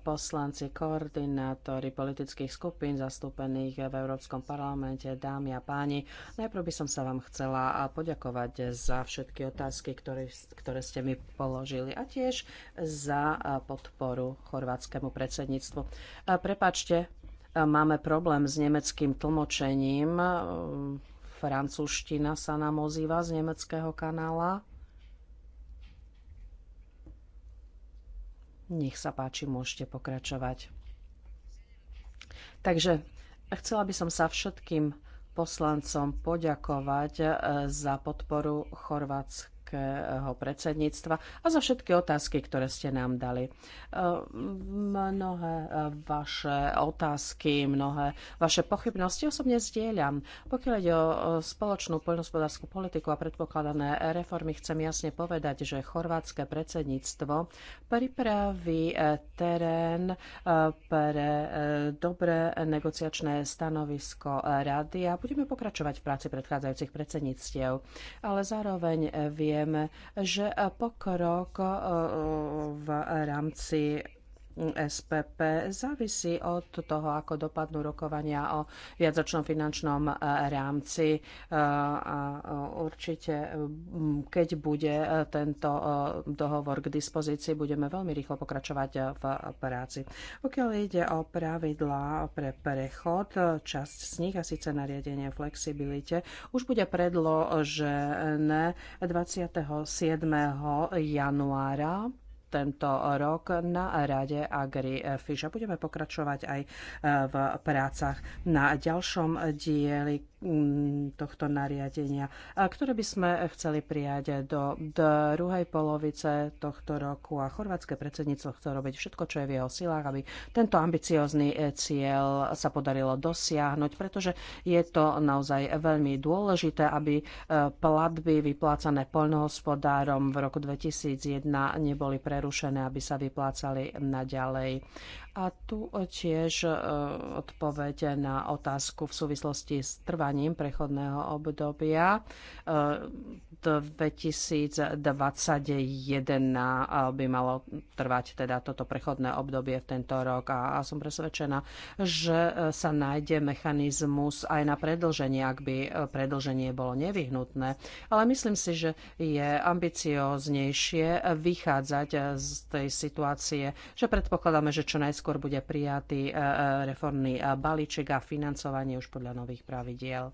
poslanci, koordinátori politických skupín zastúpených v Európskom parlamente, dámy a páni. Najprv by som sa vám chcela poďakovať za všetky otázky, ktoré, ktoré ste mi položili a tiež za podporu chorvátskemu predsedníctvu. Prepačte, máme problém s nemeckým tlmočením. Francúzština sa nám ozýva z nemeckého kanála. Nech sa páči, môžete pokračovať. Takže chcela by som sa všetkým poslancom poďakovať eh, za podporu Chorvátska slovenského predsedníctva a za všetky otázky, ktoré ste nám dali. Ehm, mnohé e, vaše otázky, mnohé vaše pochybnosti osobne zdieľam. Pokiaľ ide o e, spoločnú poľnohospodárskú politiku a predpokladané reformy, chcem jasne povedať, že chorvátske predsedníctvo pripraví e, terén pre dobré negociačné stanovisko rady a budeme pokračovať v práci predchádzajúcich predsedníctiev. Ale zároveň vie vieme, že pokrok eh, v rámci SPP závisí od toho, ako dopadnú rokovania o viacročnom finančnom e, rámci. E, a určite, keď bude e, tento dohovor k dispozícii, budeme veľmi rýchlo pokračovať v práci. Pokiaľ ide o pravidlá pre prechod, časť z nich, a síce nariadenie flexibilite, už bude predložené 27. januára tento rok na Rade Agri Fish. A budeme pokračovať aj e, v prácach na ďalšom dieli mm, tohto nariadenia, e, ktoré by sme chceli prijať do druhej polovice tohto roku a chorvátske predsedníctvo chce robiť všetko, čo je v jeho silách, aby tento ambiciózny e, cieľ sa podarilo dosiahnuť, pretože je to naozaj veľmi dôležité, aby platby vyplácané poľnohospodárom v roku 2001 neboli pre prerušené, aby sa vyplácali naďalej. A tu tiež e, odpoveď na otázku v súvislosti s trvaním prechodného obdobia. 2021 e, by malo trvať teda toto prechodné obdobie v tento rok a, a som presvedčená, že e, sa nájde mechanizmus aj na predlženie, ak by predlženie bolo nevyhnutné. Ale myslím si, že je ambicioznejšie vychádzať z tej situácie, že predpokladáme, že čo najskôr neskôr bude prijatý e, e, reformný e, balíček a financovanie už podľa nových pravidiel.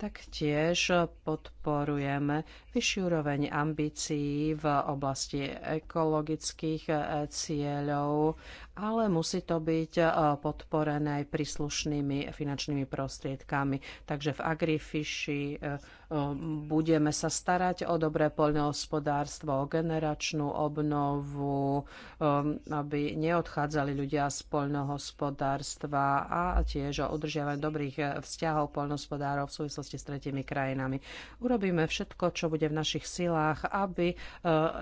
Taktiež podporujeme vyšší úroveň ambícií v oblasti ekologických cieľov ale musí to byť e, podporené aj príslušnými finančnými prostriedkami. Takže v Agrifiši e, e, budeme sa starať o dobré poľnohospodárstvo, o generačnú obnovu, aby neodchádzali ľudia z poľnohospodárstva a tiež o udržiavanie dobrých vzťahov poľnohospodárov v súvislosti s tretimi krajinami. Urobíme všetko, čo bude v našich silách, aby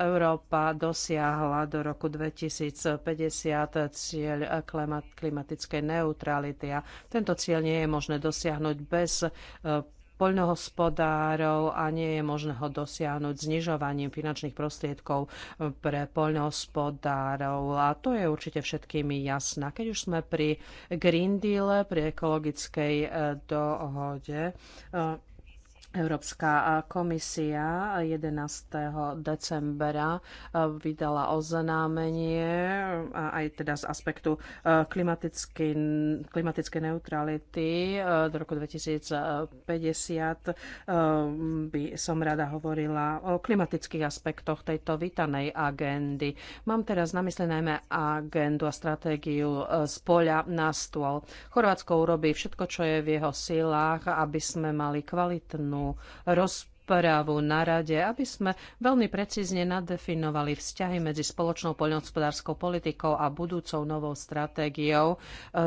Európa dosiahla do roku 2050 cieľ klimatickej neutrality. A tento cieľ nie je možné dosiahnuť bez e, poľnohospodárov a nie je možné ho dosiahnuť znižovaním finančných prostriedkov e, pre poľnohospodárov. A to je určite všetkým jasné. Keď už sme pri Green Deal, pri ekologickej e, dohode, Európska komisia 11. decembra eh, vydala oznámenie eh, aj teda z aspektu eh, klimatickej, klimatickej neutrality do roku 2050. By som rada hovorila o klimatických aspektoch tejto vítanej agendy. Mám teraz na mysli najmä agendu a stratégiu z poľa na stôl. Chorvátsko urobí všetko, čo je v jeho silách, aby sme mali kvalitnú rozpočtu právu na rade, aby sme veľmi precízne nadefinovali vzťahy medzi spoločnou poľnohospodárskou politikou a budúcou novou stratégiou e,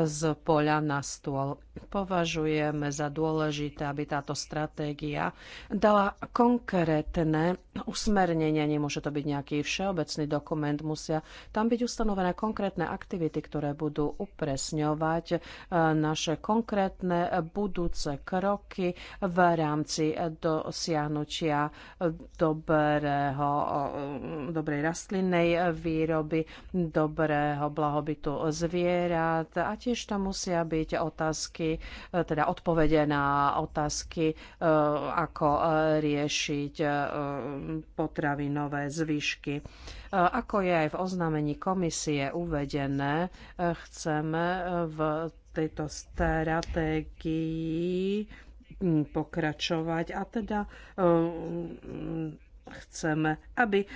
z poľa na stôl. Považujeme za dôležité, aby táto stratégia dala konkrétne usmernenie. Nemôže to byť nejaký všeobecný dokument. Musia tam byť ustanovené konkrétne aktivity, ktoré budú upresňovať e, naše konkrétne budúce kroky v rámci dosiahnutia dosiahnutia dobrého, dobrej rastlinnej výroby, dobrého blahobytu zvierat a tiež tam musia byť otázky, teda odpovede na otázky, e, ako riešiť e, potravinové zvyšky. E, ako je aj v oznámení komisie uvedené, chceme v tejto stratégii pokračovať. A teda e, chceme, aby eh,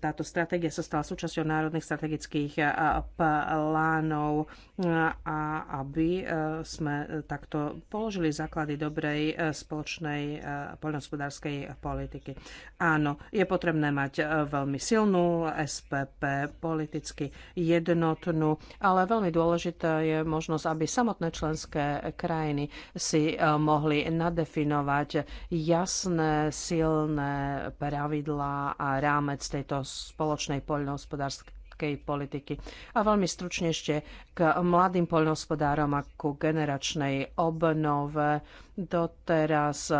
táto stratégia sa stala súčasťou národných strategických eh, plánov eh, a aby sme takto položili základy dobrej spoločnej poľnohospodárskej politiky. Áno, je potrebné mať veľmi silnú SPP, politicky jednotnú, ale veľmi dôležitá je možnosť, aby samotné členské krajiny si mohli nadefinovať jasné, silné pravidlá a rámec tejto spoločnej poľnohospodárskej politiky. A veľmi stručne ešte k mladým poľnohospodárom a ku generačnej obnove doteraz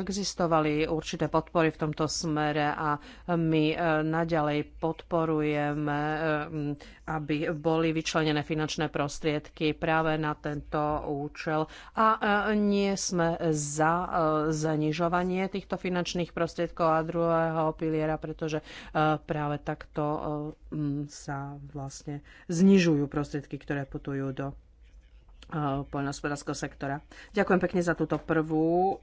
existovali určité podpory v tomto smere a my e, naďalej podporujeme, e, aby boli vyčlenené finančné prostriedky práve na tento účel. A e, nie sme za zanižovanie týchto finančných prostriedkov a druhého piliera, pretože práve takto sa vlastne znižujú prostriedky, ktoré putujú do E, poľnohospodárskeho sektora. Ďakujem pekne za, túto prvú,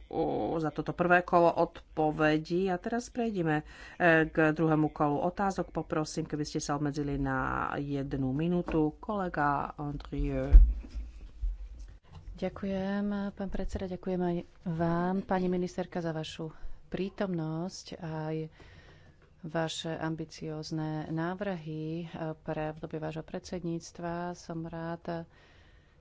za toto prvé kolo odpovedí a teraz prejdeme e, k druhému kolu otázok. Poprosím, keby ste sa obmedzili na jednu minútu. Kolega Andrieu. Ďakujem, pán predseda, ďakujem aj vám, pani ministerka, za vašu prítomnosť aj vaše ambiciózne návrhy e, pre obdobie vášho predsedníctva. Som rád,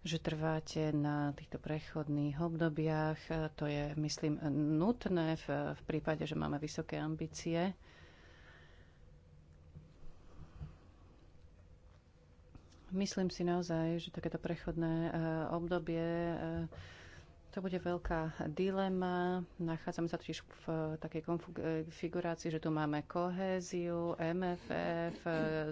že trváte na týchto prechodných obdobiach. To je, myslím, nutné v, v prípade, že máme vysoké ambície. Myslím si naozaj, že takéto prechodné eh, obdobie eh, to bude veľká dilema. Nachádzame sa totiž v takej konfigurácii, že tu máme kohéziu, MFF,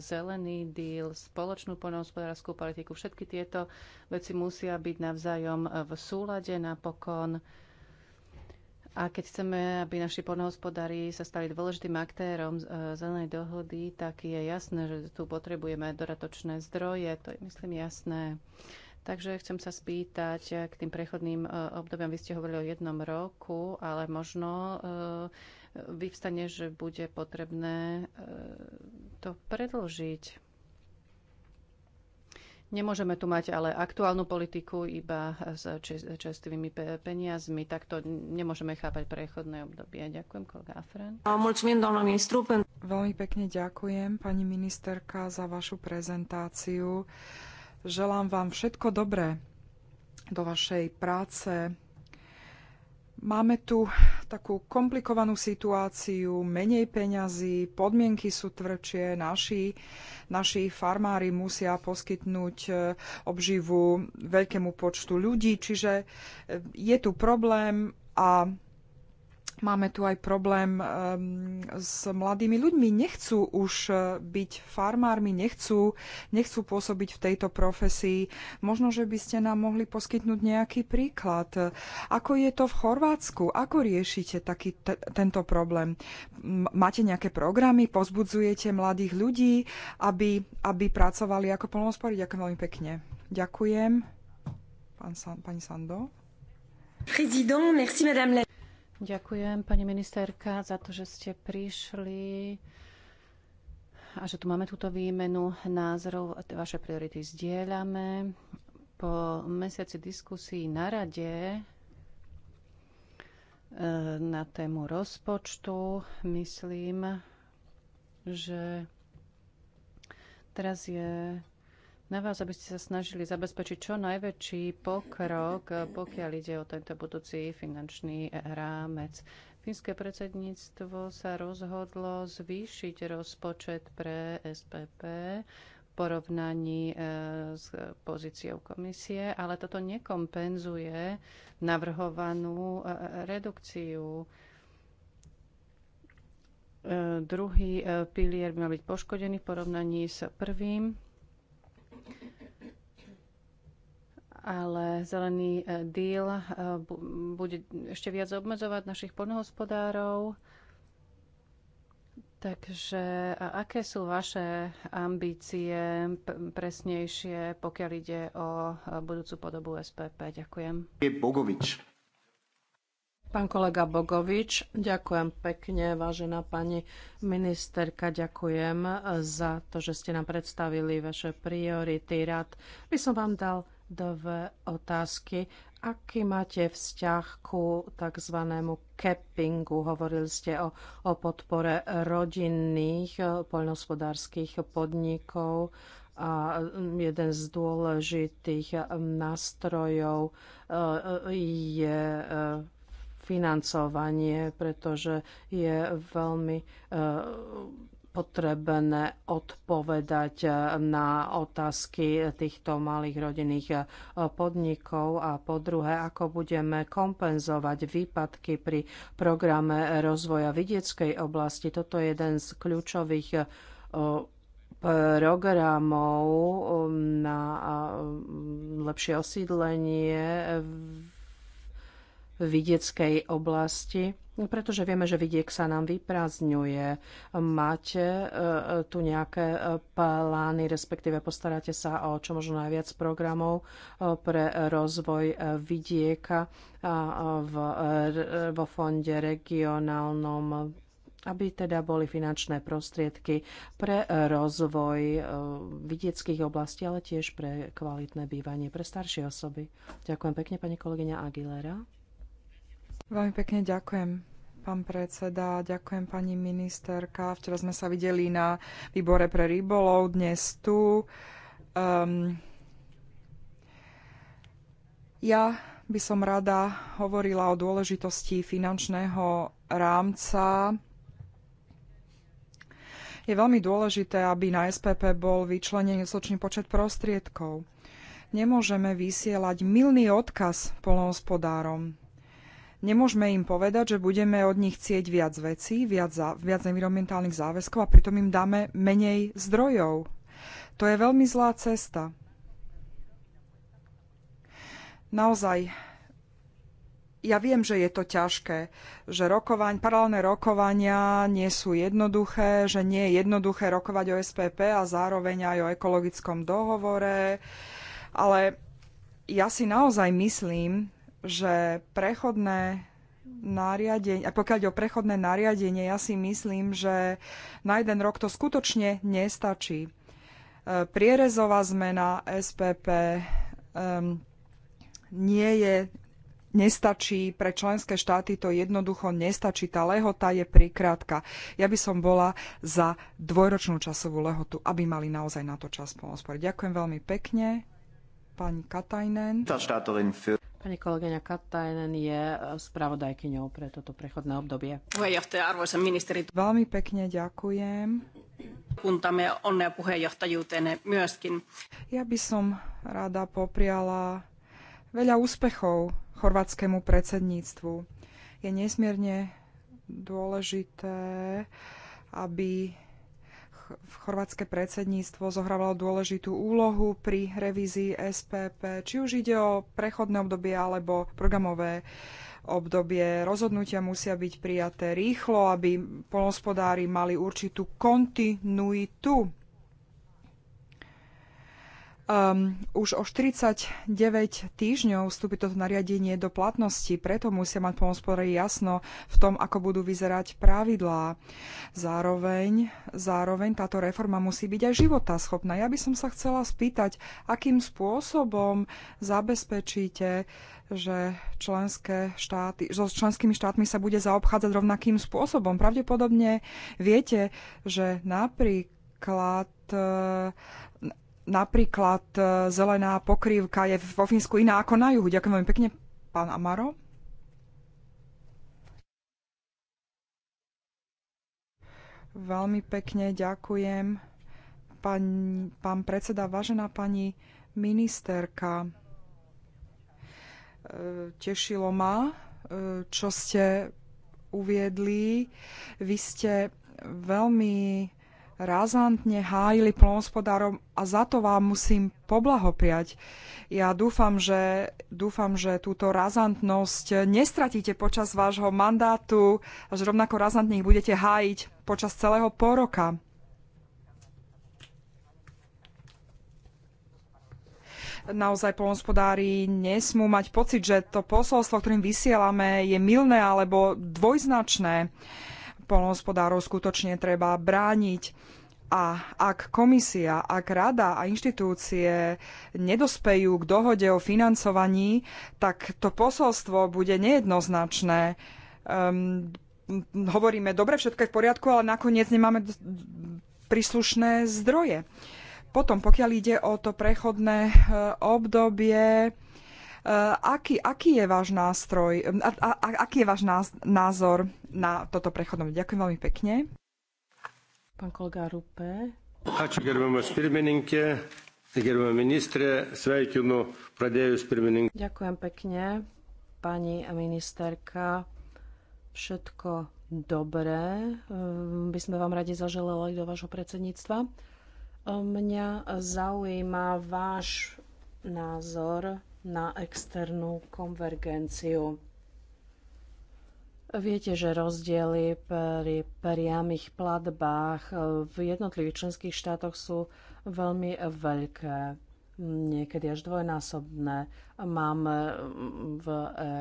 zelený díl, spoločnú poľnohospodárskú politiku. Všetky tieto veci musia byť navzájom v súlade napokon. A keď chceme, aby naši poľnohospodári sa stali dôležitým aktérom e, zelenej dohody, tak je jasné, že tu potrebujeme dodatočné zdroje. To je, myslím, jasné. Takže chcem sa spýtať eh, k tým prechodným eh, obdobiam. Vy ste hovorili o jednom roku, ale možno eh, vyvstane, že bude potrebné to predložiť. Nemôžeme tu mať ale aktuálnu politiku iba s čestivými peniazmi. Tak to nemôžeme chápať prechodné obdobie. Ďakujem, kolega Afren. No, Veľmi pekne ďakujem, pani ministerka, za vašu prezentáciu. Želám vám všetko dobré do vašej práce. Máme tu takú komplikovanú situáciu, menej peňazí, podmienky sú tvrdšie, naši, naši farmári musia poskytnúť e, obživu veľkému počtu ľudí, čiže e, je tu problém a Máme tu aj problém um, s mladými ľuďmi. Nechcú už e, byť farmármi, nechcú, nechcú pôsobiť v tejto profesii. Možno, že by ste nám mohli poskytnúť nejaký príklad. Ako je to v Chorvátsku? Ako riešite taký tento problém? Máte nejaké programy? Pozbudzujete mladých ľudí, aby, aby pracovali ako polnospory? Ďakujem veľmi pekne. Ďakujem. Pán San- pani Sando. Président, merci madame la... Ďakujem, pani ministerka, za to, že ste prišli a že tu máme túto výmenu názorov. Vaše priority zdieľame. Po mesiaci diskusí na rade eh, na tému rozpočtu myslím, že teraz je na vás, aby ste sa snažili zabezpečiť čo najväčší pokrok, pokiaľ ide o tento budúci finančný rámec. Fínske predsedníctvo sa rozhodlo zvýšiť rozpočet pre SPP v porovnaní e, s pozíciou komisie, ale toto nekompenzuje navrhovanú e, redukciu. E, druhý pilier by mal byť poškodený v porovnaní s prvým ale zelený e, díl e, bude ešte viac obmedzovať našich poľnohospodárov. Takže aké sú vaše ambície presnejšie, pokiaľ ide o e, budúcu podobu SPP? Ďakujem. Bogovič. Pán kolega Bogovič, ďakujem pekne, vážená pani ministerka, ďakujem za to, že ste nám predstavili vaše priority. Rád by som vám dal dve otázky. Aký máte vzťah ku tzv. cappingu? Hovorili ste o, o podpore rodinných eh, poľnohospodárskych podnikov a mm, jeden z dôležitých eh, nástrojov eh, je financovanie, pretože je veľmi potrebné odpovedať na otázky týchto malých rodinných eh, podnikov a po druhé, ako budeme kompenzovať výpadky pri programe rozvoja vidieckej oblasti. Toto je jeden z kľúčových eh, programov eh, na lepšie osídlenie vidieckej oblasti, pretože vieme, že vidiek sa nám vyprázdňuje. Máte e, e, tu nejaké e, plány, respektíve postaráte sa o čo možno najviac programov pre rozvoj vidieka vo fonde regionálnom aby teda boli finančné prostriedky pre rozvoj vidieckých oblastí, ale tiež pre kvalitné bývanie pre staršie osoby. Ďakujem pekne, pani kolegyňa Aguilera. Veľmi pekne ďakujem, pán predseda, ďakujem pani ministerka. Včera sme sa videli na výbore pre rybolov, dnes tu. Um, ja by som rada hovorila o dôležitosti finančného rámca. Je veľmi dôležité, aby na SPP bol vyčlenený dostatočný počet prostriedkov. Nemôžeme vysielať milný odkaz polnohospodárom Nemôžeme im povedať, že budeme od nich chcieť viac vecí, viac, za, viac environmentálnych záväzkov a pritom im dáme menej zdrojov. To je veľmi zlá cesta. Naozaj, ja viem, že je to ťažké, že rokovaň, paralelné rokovania nie sú jednoduché, že nie je jednoduché rokovať o SPP a zároveň aj o ekologickom dohovore, ale ja si naozaj myslím, že prechodné nariadenie, a pokiaľ ide o prechodné nariadenie, ja si myslím, že na jeden rok to skutočne nestačí. E, prierezová zmena SPP um, nie je nestačí, pre členské štáty to jednoducho nestačí. Tá lehota je prikrátka. Ja by som bola za dvojročnú časovú lehotu, aby mali naozaj na to čas pomosporiť. Ďakujem veľmi pekne, pani Katajnen. Pani kolegyňa Katajnen je e, spravodajkyňou pre toto prechodné obdobie. Veľmi pekne ďakujem. Ja by som rada popriala veľa úspechov chorvátskému predsedníctvu. Je nesmierne dôležité, aby chorvátske predsedníctvo zohrávalo dôležitú úlohu pri revízii SPP, či už ide o prechodné obdobie alebo programové obdobie. Rozhodnutia musia byť prijaté rýchlo, aby polnospodári mali určitú kontinuitu Um, už o 49 týždňov vstúpi toto nariadenie do platnosti, preto musia mať pomospodári jasno v tom, ako budú vyzerať pravidlá. Zároveň, zároveň táto reforma musí byť aj životaschopná. Ja by som sa chcela spýtať, akým spôsobom zabezpečíte, že členské štáty, so členskými štátmi sa bude zaobchádzať rovnakým spôsobom. Pravdepodobne viete, že napríklad napríklad e, zelená pokrývka je vo Fínsku iná ako na juhu. Ďakujem veľmi pekne, pán Amaro. Veľmi pekne ďakujem. Pán, pán predseda, vážená pani ministerka, e, tešilo ma, e, čo ste uviedli. Vy ste veľmi razantne hájili plnohospodárom a za to vám musím poblahopriať. Ja dúfam, že, dúfam, že túto razantnosť nestratíte počas vášho mandátu a že rovnako razantne ich budete hájiť počas celého poroka. naozaj polnospodári nesmú mať pocit, že to posolstvo, ktorým vysielame, je milné alebo dvojznačné. Uh, polnohospodárov skutočne treba brániť. A ak komisia, ak rada a inštitúcie nedospejú k dohode o financovaní, tak to posolstvo bude nejednoznačné. Um, hovoríme, dobre, všetko je v poriadku, ale nakoniec nemáme príslušné zdroje. Potom, pokiaľ ide o to prechodné eh, obdobie, Eh, aký, aký je váš nástroj, a, a, aký je váš názor na toto prechodom? Ďakujem veľmi pekne. Pán kolega Rupe. Ačiū gerbiamas pirmininkė, gerbiamas ministrė, sveikinu pradėjus pirmininkę. Ďakujem pekne, pani ministerka. Všetko dobré by sme vám radi zaželali do vášho predsedníctva. Mňa zaujíma váš názor na externú konvergenciu. Viete, že rozdiely pri priamých platbách v jednotlivých členských štátoch sú veľmi veľké, niekedy až dvojnásobné. Máme v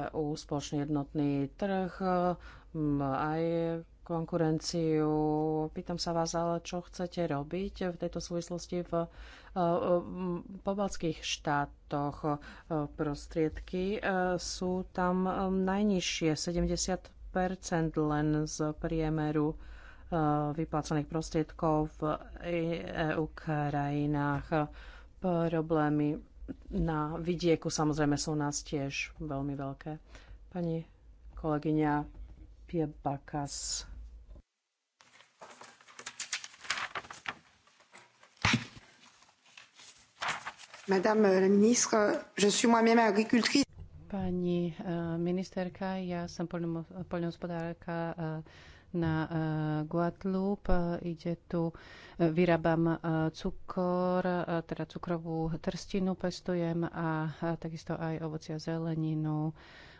EU spoločný jednotný trh, aj konkurenciu. Pýtam sa vás, ale čo chcete robiť v tejto súvislosti v eh, eh, pobalských štátoch? Prostriedky eh, sú tam najnižšie, 70 len z priemeru vyplácaných prostriedkov v EU e krajinách. Problémy na vidieku samozrejme sú nás tiež veľmi veľké. Pani kolegyňa Piebakas. Madame la ministre, je suis moi-même agricultrice. Pani eh, ministerka, ja som poľnohospodárka eh, na eh, Guadeloupe. Ide tu, vyrábam cukor, teda cukrovú trstinu pestujem a takisto aj ovocia zeleninu.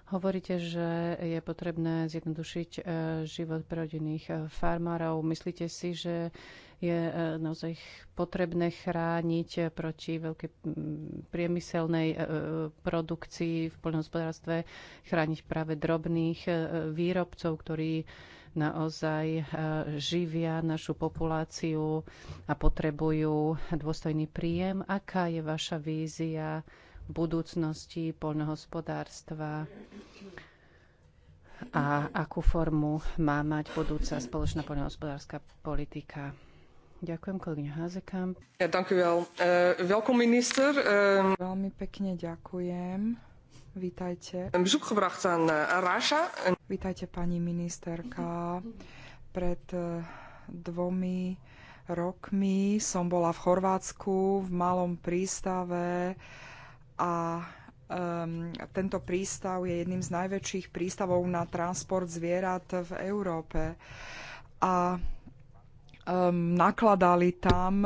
Hovoríte, že je potrebné zjednodušiť život pre rodinných farmárov. Myslíte si, že je e, naozaj potrebné chrániť proti veľkej priemyselnej e, e, produkcii v poľnohospodárstve, chrániť práve drobných výrobcov, ktorí naozaj živia našu populáciu a potrebujú dôstojný príjem. Aká je vaša vízia budúcnosti poľnohospodárstva? a akú formu má mať budúca spoločná poľnohospodárska politika. Ďakujem, kolegyňa Ja, ďakujem. Veľkom eh, minister. Eh, Veľmi pekne ďakujem. Vítajte. Eh, Vítajte, pani ministerka. Pred dvomi rokmi som bola v Chorvátsku v malom prístave a um, tento prístav je jedným z najväčších prístavov na transport zvierat v Európe. A um, nakladali tam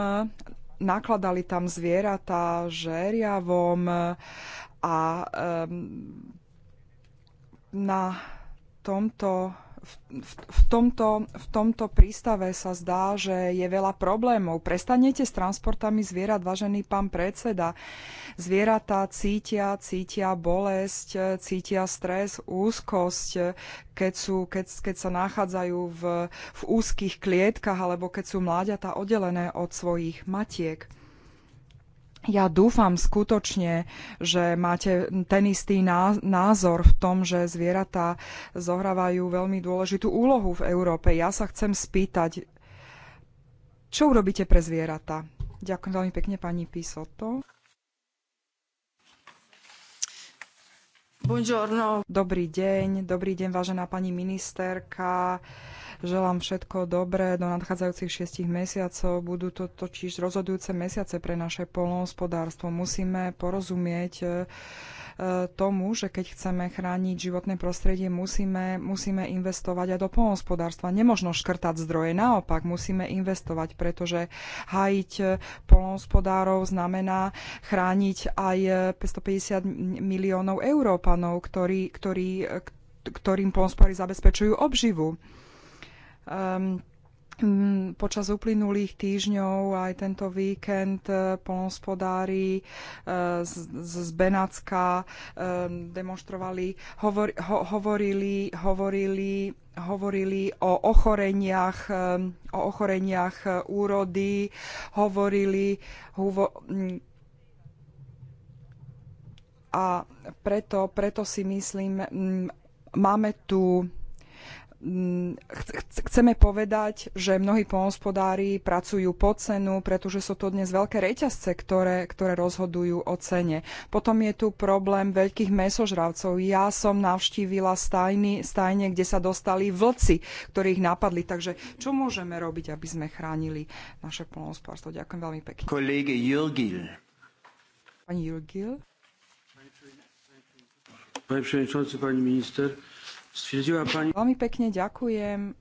nakladali tam zvieratá žeriavom a um, na tomto v, v, tomto, v tomto prístave sa zdá, že je veľa problémov. Prestanete s transportami zvierat, vážený pán predseda. Zvieratá cítia, cítia bolesť, cítia stres, úzkosť, keď, sú, keď, keď sa nachádzajú v, v úzkých klietkach alebo keď sú mláďatá oddelené od svojich matiek ja dúfam skutočne, že máte ten istý názor v tom, že zvieratá zohrávajú veľmi dôležitú úlohu v Európe. Ja sa chcem spýtať, čo urobíte pre zvieratá? Ďakujem veľmi pekne pani Pisoto. Buongiorno. Dobrý deň, dobrý deň, vážená pani ministerka. Želám všetko dobré do nadchádzajúcich šiestich mesiacov. Budú to totiž rozhodujúce mesiace pre naše polnohospodárstvo. Musíme porozumieť e, tomu, že keď chceme chrániť životné prostredie, musíme, musíme investovať aj do polnohospodárstva. Nemožno škrtať zdroje, naopak musíme investovať, pretože hájiť polnohospodárov znamená chrániť aj 550 miliónov Európanov, ktorí, ktorí, ktorým polnohospodári zabezpečujú obživu. Um, počas uplynulých týždňov aj tento víkend e, polnospodári e, z, z Benacka ehm, demonstrovali, hovor, ho, hovorili, hovorili, hovorili o ochoreniach, ehm, o ochoreniach e, úrody, hovorili huvo, a preto, preto si myslím, máme tu chceme povedať, že mnohí poľnospodári pracujú po cenu, pretože sú to dnes veľké reťazce, ktoré, ktoré rozhodujú o cene. Potom je tu problém veľkých mesožravcov. Ja som navštívila stajny, stajne, kde sa dostali vlci, ktorých napadli. Takže čo môžeme robiť, aby sme chránili naše polnospodárstvo? Ďakujem veľmi pekne. Kolege Jurgil. Pani Jurgil. Panie przewodniczący, pani minister. Pani... Veľmi pekne ďakujem,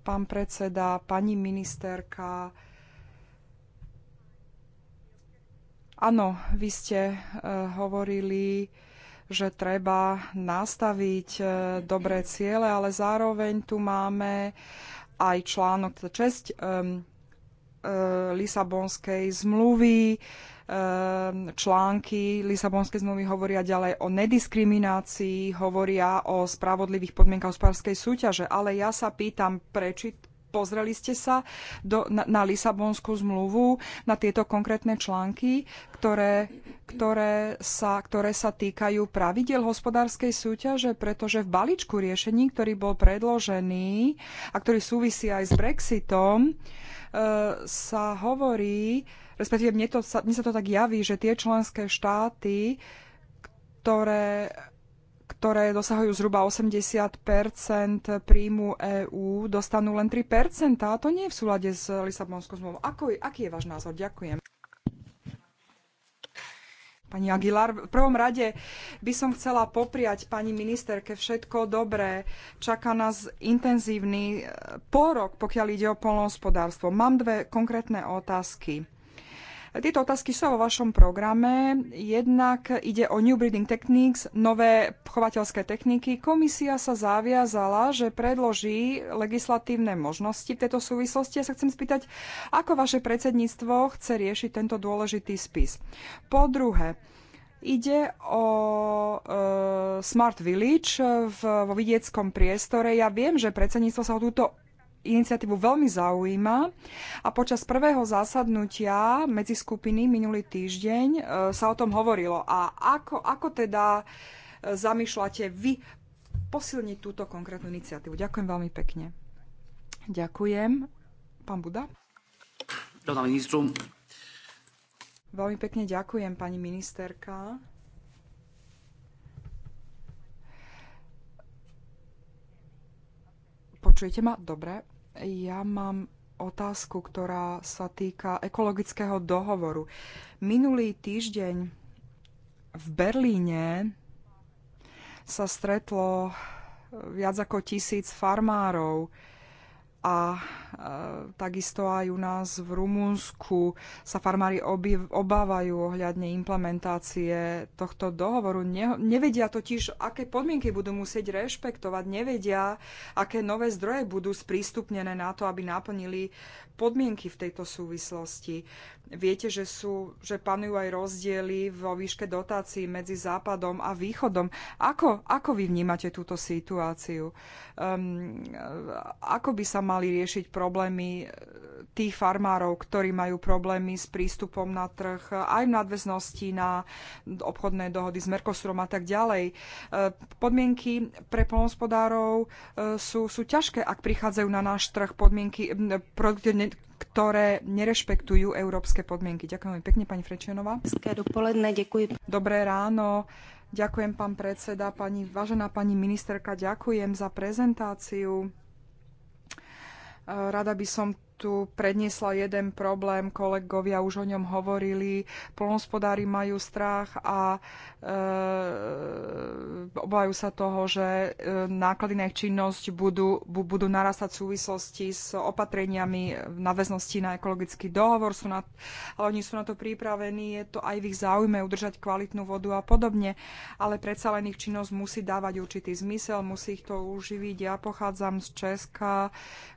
pán predseda, pani ministerka. Áno, vy ste uh, hovorili, že treba nastaviť uh, dobré ciele, ale zároveň tu máme aj článok 6 um, uh, Lisabonskej zmluvy, uh, Ehm, články Lisabonskej zmluvy hovoria ďalej o nediskriminácii, hovoria o spravodlivých podmienkach hospodárskej súťaže, ale ja sa pýtam, prečít, pozreli ste sa do, na, na Lisabonskú zmluvu, na tieto konkrétne články, ktoré, ktoré, sa, ktoré sa týkajú pravidel hospodárskej súťaže, pretože v balíčku riešení, ktorý bol predložený a ktorý súvisí aj s Brexitom, e, sa hovorí, respektíve mne, to sa, mne sa to tak javí, že tie členské štáty, ktoré ktoré dosahujú zhruba 80 príjmu EÚ, dostanú len 3 a to nie je v súlade s Lisabonskou zmluvou. Ako, aký je váš názor? Ďakujem. Pani Aguilar, v prvom rade by som chcela popriať pani ministerke všetko dobré. Čaká nás intenzívny eh, porok, pokiaľ ide o polnohospodárstvo. Mám dve konkrétne otázky. Tieto otázky sú vo vašom programe. Jednak ide o New Breeding Techniques, nové chovateľské techniky. Komisia sa zaviazala, že predloží legislatívne možnosti v tejto súvislosti. Ja sa chcem spýtať, ako vaše predsedníctvo chce riešiť tento dôležitý spis. Po druhé, Ide o e, Smart Village v, vo vidieckom priestore. Ja viem, že predsedníctvo sa o túto iniciatívu veľmi zaujíma a počas prvého zasadnutia medzi skupiny minulý týždeň e, sa o tom hovorilo. A ako, ako teda e, zamýšľate vy posilniť túto konkrétnu iniciatívu? Ďakujem veľmi pekne. Ďakujem. Pán Buda? Pána ministru. Veľmi pekne ďakujem, pani ministerka. Počujete ma? Dobre. Ja mám otázku, ktorá sa týka ekologického dohovoru. Minulý týždeň v Berlíne sa stretlo viac ako tisíc farmárov, a e, takisto aj u nás v Rumunsku sa farmári obávajú ohľadne implementácie tohto dohovoru. Ne, nevedia totiž, aké podmienky budú musieť rešpektovať, nevedia, aké nové zdroje budú sprístupnené na to, aby naplnili podmienky v tejto súvislosti. Viete, že, sú, že panujú aj rozdiely vo výške dotácií medzi Západom a Východom. Ako, ako vy vnímate túto situáciu? Um, ako by sa mali riešiť problémy eh, tých farmárov, ktorí majú problémy s prístupom na trh, aj v nadväznosti na obchodné dohody s Mercosurom a tak ďalej? Eh, podmienky pre polnospodárov eh, sú, sú ťažké, ak prichádzajú na náš trh podmienky, produkty ktoré nerešpektujú európske podmienky. Ďakujem veľmi pekne, pani Frečenová. Dobré ráno. Ďakujem, pán predseda, pani, vážená pani ministerka, ďakujem za prezentáciu. E, rada by som tu predniesla jeden problém, kolegovia už o ňom hovorili, polnospodári majú strach a e, obávajú sa toho, že e, náklady na ich činnosť budú, budú narastať v súvislosti s opatreniami v naväznosti na ekologický dohovor, sú na, ale oni sú na to pripravení, je to aj v ich záujme udržať kvalitnú vodu a podobne, ale predsa len ich činnosť musí dávať určitý zmysel, musí ich to uživiť. Ja pochádzam z Česka,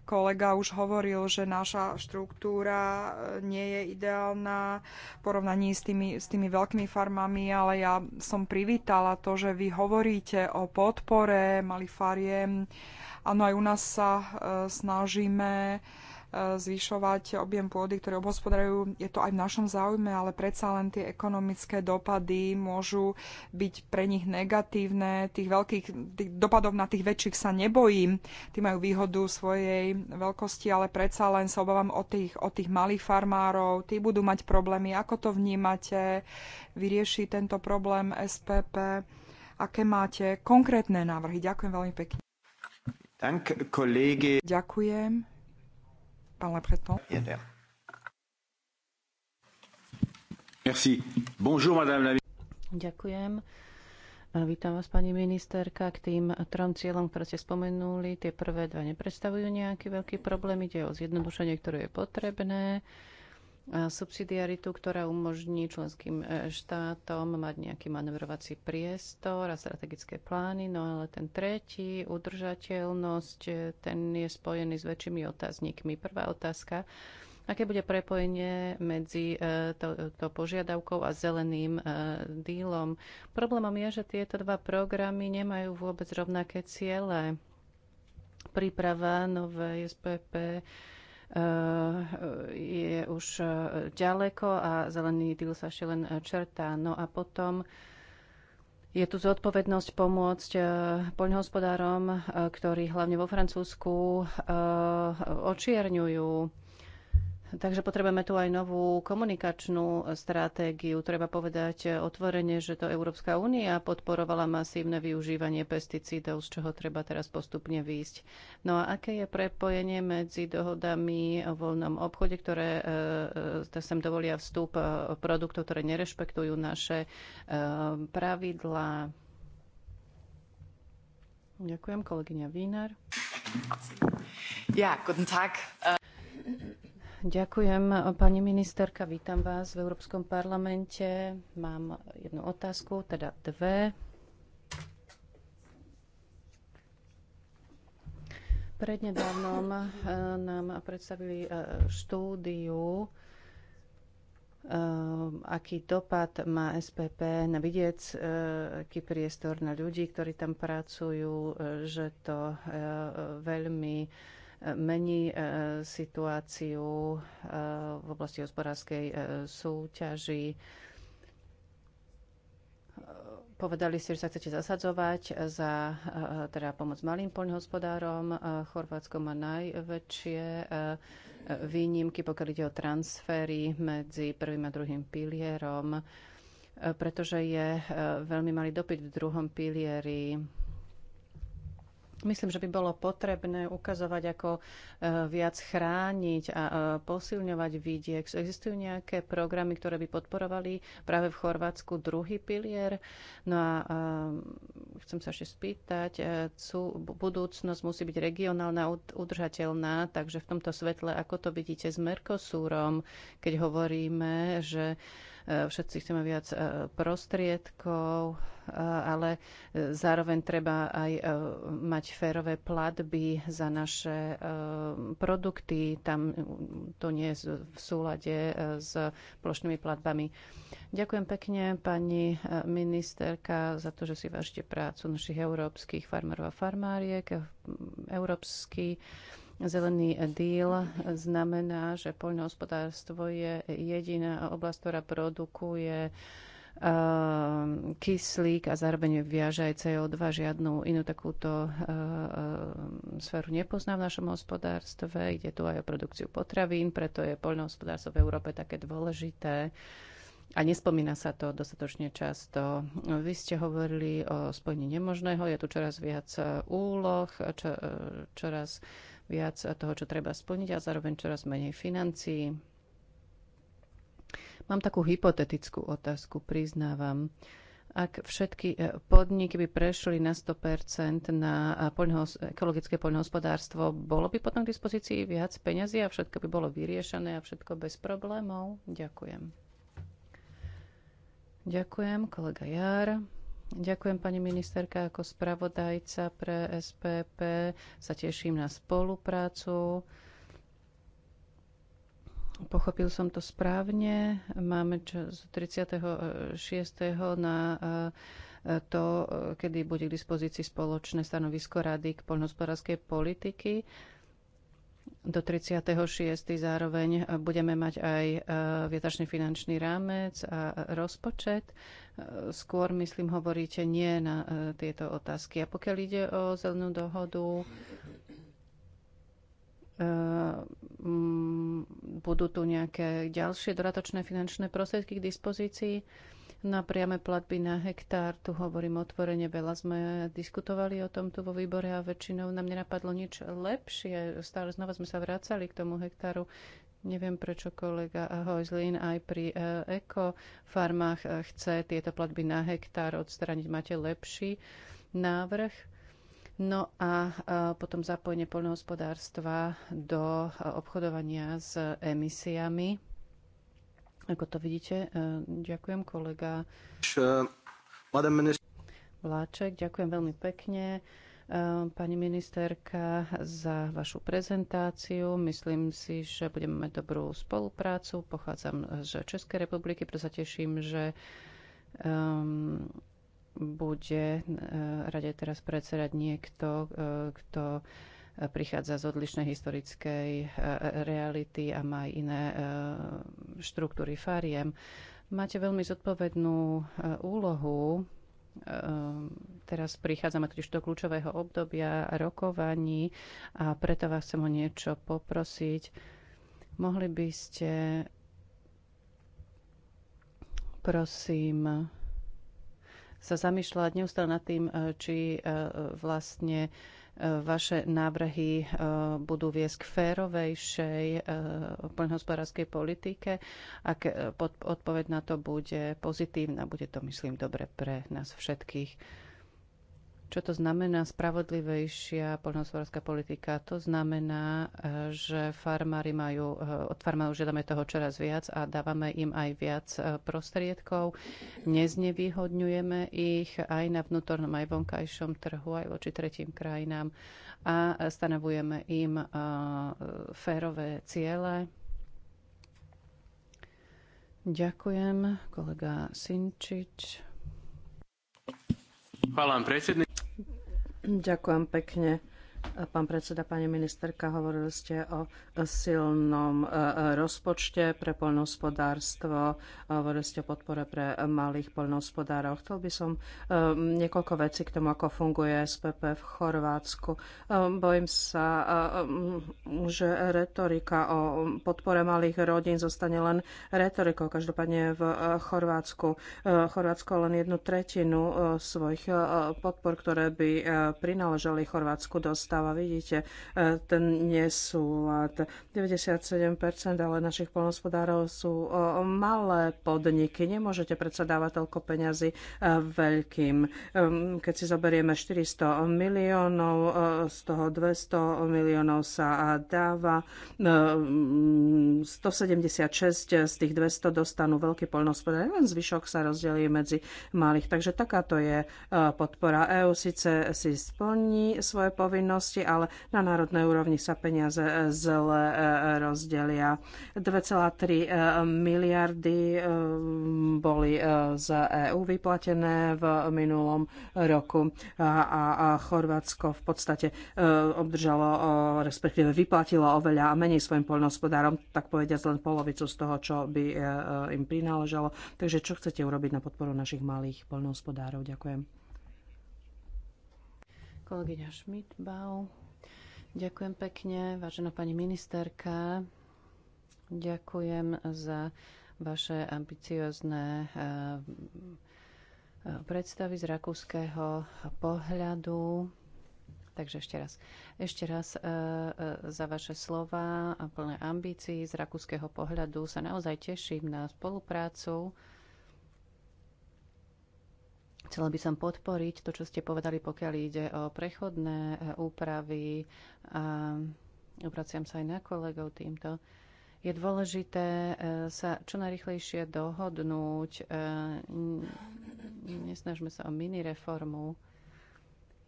kolega už hovoril, že naša štruktúra e, nie je ideálna v porovnaní s tými, s tými veľkými farmami, ale ja som privítala to, že vy hovoríte o podpore malých fariem. Áno, aj u nás sa e, snažíme zvyšovať objem pôdy, ktoré obhospodarujú. Je to aj v našom záujme, ale predsa len tie ekonomické dopady môžu byť pre nich negatívne. Tých veľkých tých dopadov na tých väčších sa nebojím. Tí majú výhodu svojej veľkosti, ale predsa len sa obávam o tých, o tých malých farmárov. Tí budú mať problémy. Ako to vnímate? Vyrieši tento problém SPP? aké máte konkrétne návrhy. Ďakujem veľmi pekne. Dank, Ďakujem. Pán Lepreton. Merci. Bonjour, madame la... Ďakujem. Vítam vás, pani ministerka, k tým trom cieľom, ktoré ste spomenuli. Tie prvé dva nepredstavujú nejaký veľký problém. Ide o zjednodušenie, ktoré je potrebné subsidiaritu, ktorá umožní členským e, štátom mať nejaký manevrovací priestor a strategické plány, no ale ten tretí, udržateľnosť, e, ten je spojený s väčšími otáznikmi. Prvá otázka, aké bude prepojenie medzi e, to, to požiadavkou a zeleným dílom. Problémom je, že tieto dva programy nemajú vôbec rovnaké ciele. Príprava novej SPP Eh, je už eh, ďaleko a zelený díl sa ešte len eh, čertá. No a potom je tu zodpovednosť pomôcť poľnohospodárom, ktorí hlavne vo Francúzsku očierňujú Takže potrebujeme tu aj novú komunikačnú stratégiu. Treba povedať otvorene, že to Európska únia podporovala masívne využívanie pesticídov, z čoho treba teraz postupne výjsť. No a aké je prepojenie medzi dohodami o voľnom obchode, ktoré e, e sem dovolia vstup e, produktov, ktoré nerešpektujú naše e, pravidlá? Ďakujem, kolegyňa Wiener. Ja, guten Tag. Ďakujem, pani ministerka. Vítam vás v Európskom parlamente. Mám jednu otázku, teda dve. Prednedávnom eh, nám predstavili eh, štúdiu, eh, aký dopad má SPP na vidiecký priestor, na ľudí, ktorí tam pracujú, že to veľmi mení e, situáciu e, v oblasti hospodárskej e, súťaži. Povedali ste, že sa chcete zasadzovať za teda pomoc malým poľnohospodárom. Chorvátsko má najväčšie výnimky, pokiaľ ide o transfery medzi prvým a druhým pilierom, pretože je veľmi malý dopyt v druhom pilieri Myslím, že by bolo potrebné ukazovať, ako e, viac chrániť a e, posilňovať vidiek. Existujú nejaké programy, ktoré by podporovali práve v Chorvátsku druhý pilier? No a e, chcem sa ešte spýtať, sú, budúcnosť musí byť regionálna, udržateľná, takže v tomto svetle, ako to vidíte s Mercosurom, keď hovoríme, že všetci chceme viac e, prostriedkov, e, ale e, zároveň treba aj mať férové platby za naše produkty. Tam to nie je v súlade s plošnými platbami. Ďakujem pekne pani ministerka za to, že si vážite prácu našich európskych farmárov a farmáriek. Európsky Zelený díl znamená, že poľnohospodárstvo je jediná oblasť, ktorá produkuje eh, kyslík a zároveň viaže aj CO2. Žiadnu inú takúto eh, eh, sféru nepozná v našom hospodárstve. Ide tu aj o produkciu potravín, preto je poľnohospodárstvo v Európe také dôležité. A nespomína sa to dostatočne často. Vy ste hovorili o spojení nemožného, je tu čoraz viac úloh, čo, čoraz viac toho, čo treba splniť a zároveň čoraz menej financií. Mám takú hypotetickú otázku, priznávam. Ak všetky e, podniky by prešli na 100% na e, poľnohos- ekologické poľnohospodárstvo, bolo by potom k dispozícii viac peňazí a všetko by bolo vyriešené a všetko bez problémov? Ďakujem. Ďakujem, kolega Jar. Ďakujem pani ministerka ako spravodajca pre SPP. Sa teším na spoluprácu. Pochopil som to správne. Máme čo z 36. na e, to, e, kedy bude k dispozícii spoločné stanovisko Rady k poľnohospodárskej politiky do 36. Zároveň budeme mať aj e, vietačný finančný rámec a rozpočet. E, skôr, myslím, hovoríte nie na e, tieto otázky. A pokiaľ ide o zelenú dohodu, budú tu nejaké ďalšie dodatočné finančné prostriedky k dispozícii na priame platby na hektár. Tu hovorím otvorene, veľa sme diskutovali o tom tu vo výbore a väčšinou nám nenapadlo nič lepšie. Stále znova sme sa vracali k tomu hektáru. Neviem, prečo kolega Hojzlin aj pri e, ekofarmách e, chce tieto platby na hektár odstraniť. Máte lepší návrh? No a e, potom zapojenie poľnohospodárstva do obchodovania s emisiami ako to vidíte, e, ďakujem kolega. Vláček, ďakujem veľmi pekne. E, pani ministerka, za vašu prezentáciu. Myslím si, že budeme mať dobrú spoluprácu. Pochádzam z Českej republiky, preto sa teším, že um, bude uh, rade teraz predsedať niekto, uh, kto uh, prichádza z odlišnej historickej e, e, reality a má aj iné e, štruktúry fariem. Máte veľmi zodpovednú úlohu. Teraz prichádzame totiž do kľúčového obdobia rokovaní a preto vás chcem o niečo poprosiť. Mohli by ste prosím sa zamýšľať neustále nad tým, či vlastne E, vaše návrhy e, budú viesť k férovejšej e, poľnohospodárskej politike. Ak odpoveď na to bude pozitívna, bude to, myslím, dobre pre nás všetkých. Čo to znamená spravodlivejšia poľnohospodárska politika? To znamená, eh, že farmári majú, eh, od farmárov žiadame toho čoraz viac a dávame im aj viac eh, prostriedkov. Neznevýhodňujeme ich aj na vnútornom, aj vonkajšom trhu, aj voči tretím krajinám a stanovujeme im férové ciele. Ďakujem, kolega Sinčič. Hvala vám, predsedný. Ďakujem pekne. Pán predseda, pani ministerka, hovorili ste o silnom e, rozpočte pre poľnohospodárstvo, hovorili ste o podpore pre malých poľnohospodárov. Chcel by som e, niekoľko vecí k tomu, ako funguje SPP v Chorvátsku. E, bojím sa, že retorika o podpore malých rodín zostane len retorikou. Každopádne v Chorvátsku. Chorvátsko len jednu tretinu svojich podpor, ktoré by prináležali Chorvátsku, dosť dostáva. Vidíte e, ten nesúlad. 97% ale našich polnospodárov sú malé podniky. Nemôžete predsa dávať toľko peňazí e, veľkým. E, keď si zoberieme 400 miliónov, z toho 200 miliónov sa dáva. 176 z tých 200 dostanú veľký polnospodár. Len zvyšok sa rozdelí medzi malých. Takže takáto je podpora. EU síce si splní svoje povinnosti, spoločnosti, ale na národnej úrovni sa peniaze e, zle e, rozdelia. 2,3 e, miliardy boli z EÚ vyplatené v minulom roku a Chorvátsko v podstate obdržalo, respektíve vyplatilo oveľa menej svojim poľnohospodárom, tak povediať len polovicu z toho, čo by im prináležalo. Takže čo chcete urobiť na podporu našich malých poľnohospodárov? Ďakujem. Kolegyňa Schmidt-Bau. Ďakujem pekne, vážená pani ministerka. Ďakujem za vaše ambiciozne eh, predstavy z rakúskeho pohľadu. Takže ešte raz. Ešte raz e, e, za vaše slova a plné ambícií z rakúskeho pohľadu sa naozaj teším na spoluprácu. Chcela by som podporiť to, čo ste povedali, pokiaľ ide o prechodné e, úpravy. A obraciam sa aj na kolegov týmto. Je dôležité e, sa čo najrychlejšie dohodnúť. E, nesnažme sa o mini reformu.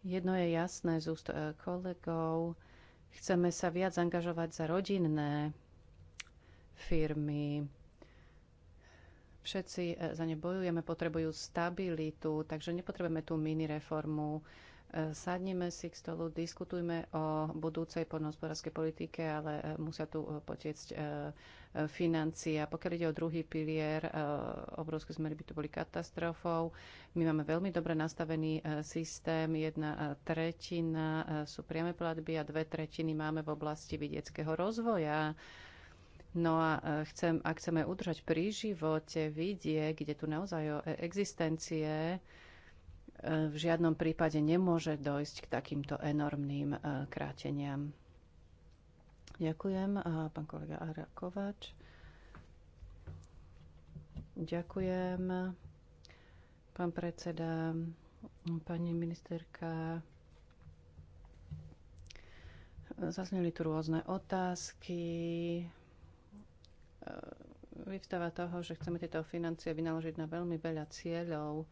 Jedno je jasné z úst kolegov. Chceme sa viac angažovať za rodinné firmy, Všetci e, za ne bojujeme, potrebujú stabilitu, takže nepotrebujeme tú mini reformu. E, sadnime si k stolu, diskutujme o budúcej poľnohospodárskej politike, ale e, musia tu potiecť financie. A pokiaľ ide o druhý pilier, obrovské zmery by tu boli katastrofou. My máme veľmi dobre nastavený systém. Jedna tretina sú priame platby a dve tretiny máme v oblasti vidieckého rozvoja. No a e, chcem, ak chceme udržať pri živote vidie, kde tu naozaj o e, existencie, e, v žiadnom prípade nemôže dojsť k takýmto enormným kráteniam. Ďakujem, a pán kolega Arakovač. Ďakujem, pán predseda, pani ministerka. Zazneli tu rôzne otázky E, vyvstáva toho, že chceme tieto financie vynaložiť na veľmi veľa cieľov.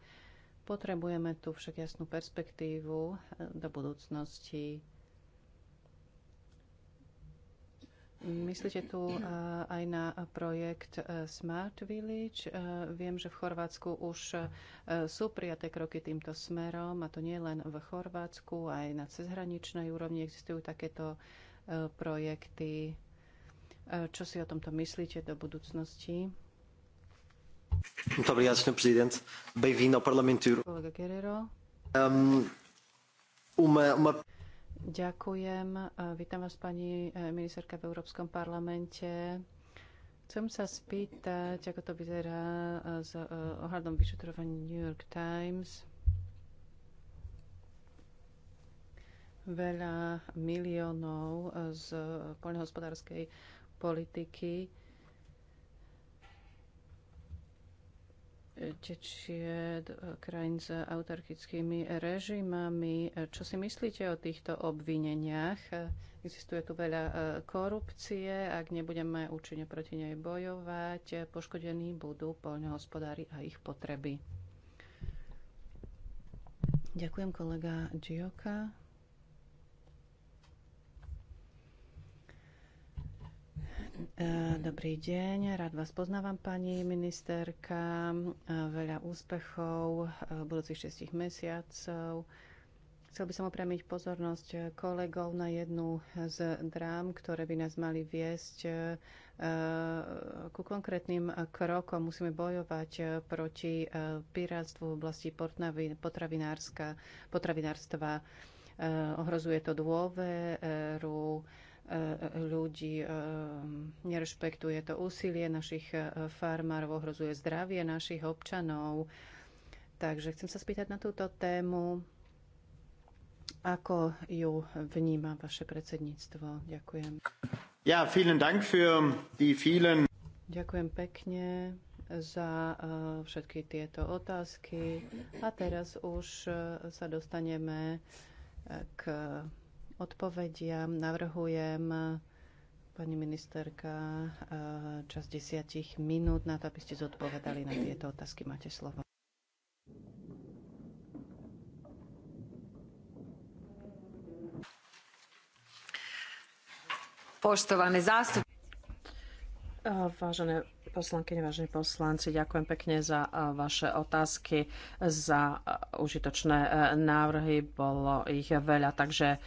Potrebujeme tu však jasnú perspektívu e, do budúcnosti. Myslíte tu e, aj na projekt Smart Village? Viem, že v Chorvátsku už sú prijaté kroky týmto smerom, a to nie len v Chorvátsku, aj na cezhraničnej úrovni existujú takéto projekty. Eh, čo si o tomto myslíte do budúcnosti? Muito obrigado, Sr. Presidente. Bem-vindo ao Parlamento Europeu. Kolega Guerrero. Um, uma, uma... Ďakujem. Eh, vítam vás, pani eh, ministerka, v Európskom parlamente. Chcem sa spýtať, ako to vyzerá s ohľadom vyšetrovaní New York Times. Veľa miliónov z poľnohospodárskej politiky tečie krajín s autarkickými režimami. Čo si myslíte o týchto obvineniach? Existuje tu veľa e, korupcie. Ak nebudeme účinne proti nej bojovať, poškodení budú poľnohospodári a ich potreby. Ďakujem kolega Gioka. E, dobrý deň, rád vás poznávam, pani ministerka. E, veľa úspechov v e, budúcich šestich mesiacov. Chcel by som opriamiť pozornosť kolegov na jednu z drám, ktoré by nás mali viesť ku konkrétnym krokom. Musíme bojovať proti piráctvu v oblasti potravinárstva. Ohrozuje to dôveru, ľudí, eh, nerešpektuje to úsilie našich eh, farmárov, ohrozuje zdravie našich občanov. Takže chcem sa spýtať na túto tému, ako ju vníma vaše predsedníctvo. Ďakujem. Ja, vielen Dank für die vielen... Ďakujem pekne za eh, všetky tieto otázky. A teraz už sa dostaneme k odpovediam. Navrhujem eh, pani ministerka eh, čas desiatich minút na to, aby ste zodpovedali na tieto otázky. Máte slovo. Poštovane zastupnice, Vážené poslanky, vážení poslanci, ďakujem pekne za vaše otázky, za užitočné e, návrhy. Bolo ich veľa, takže e,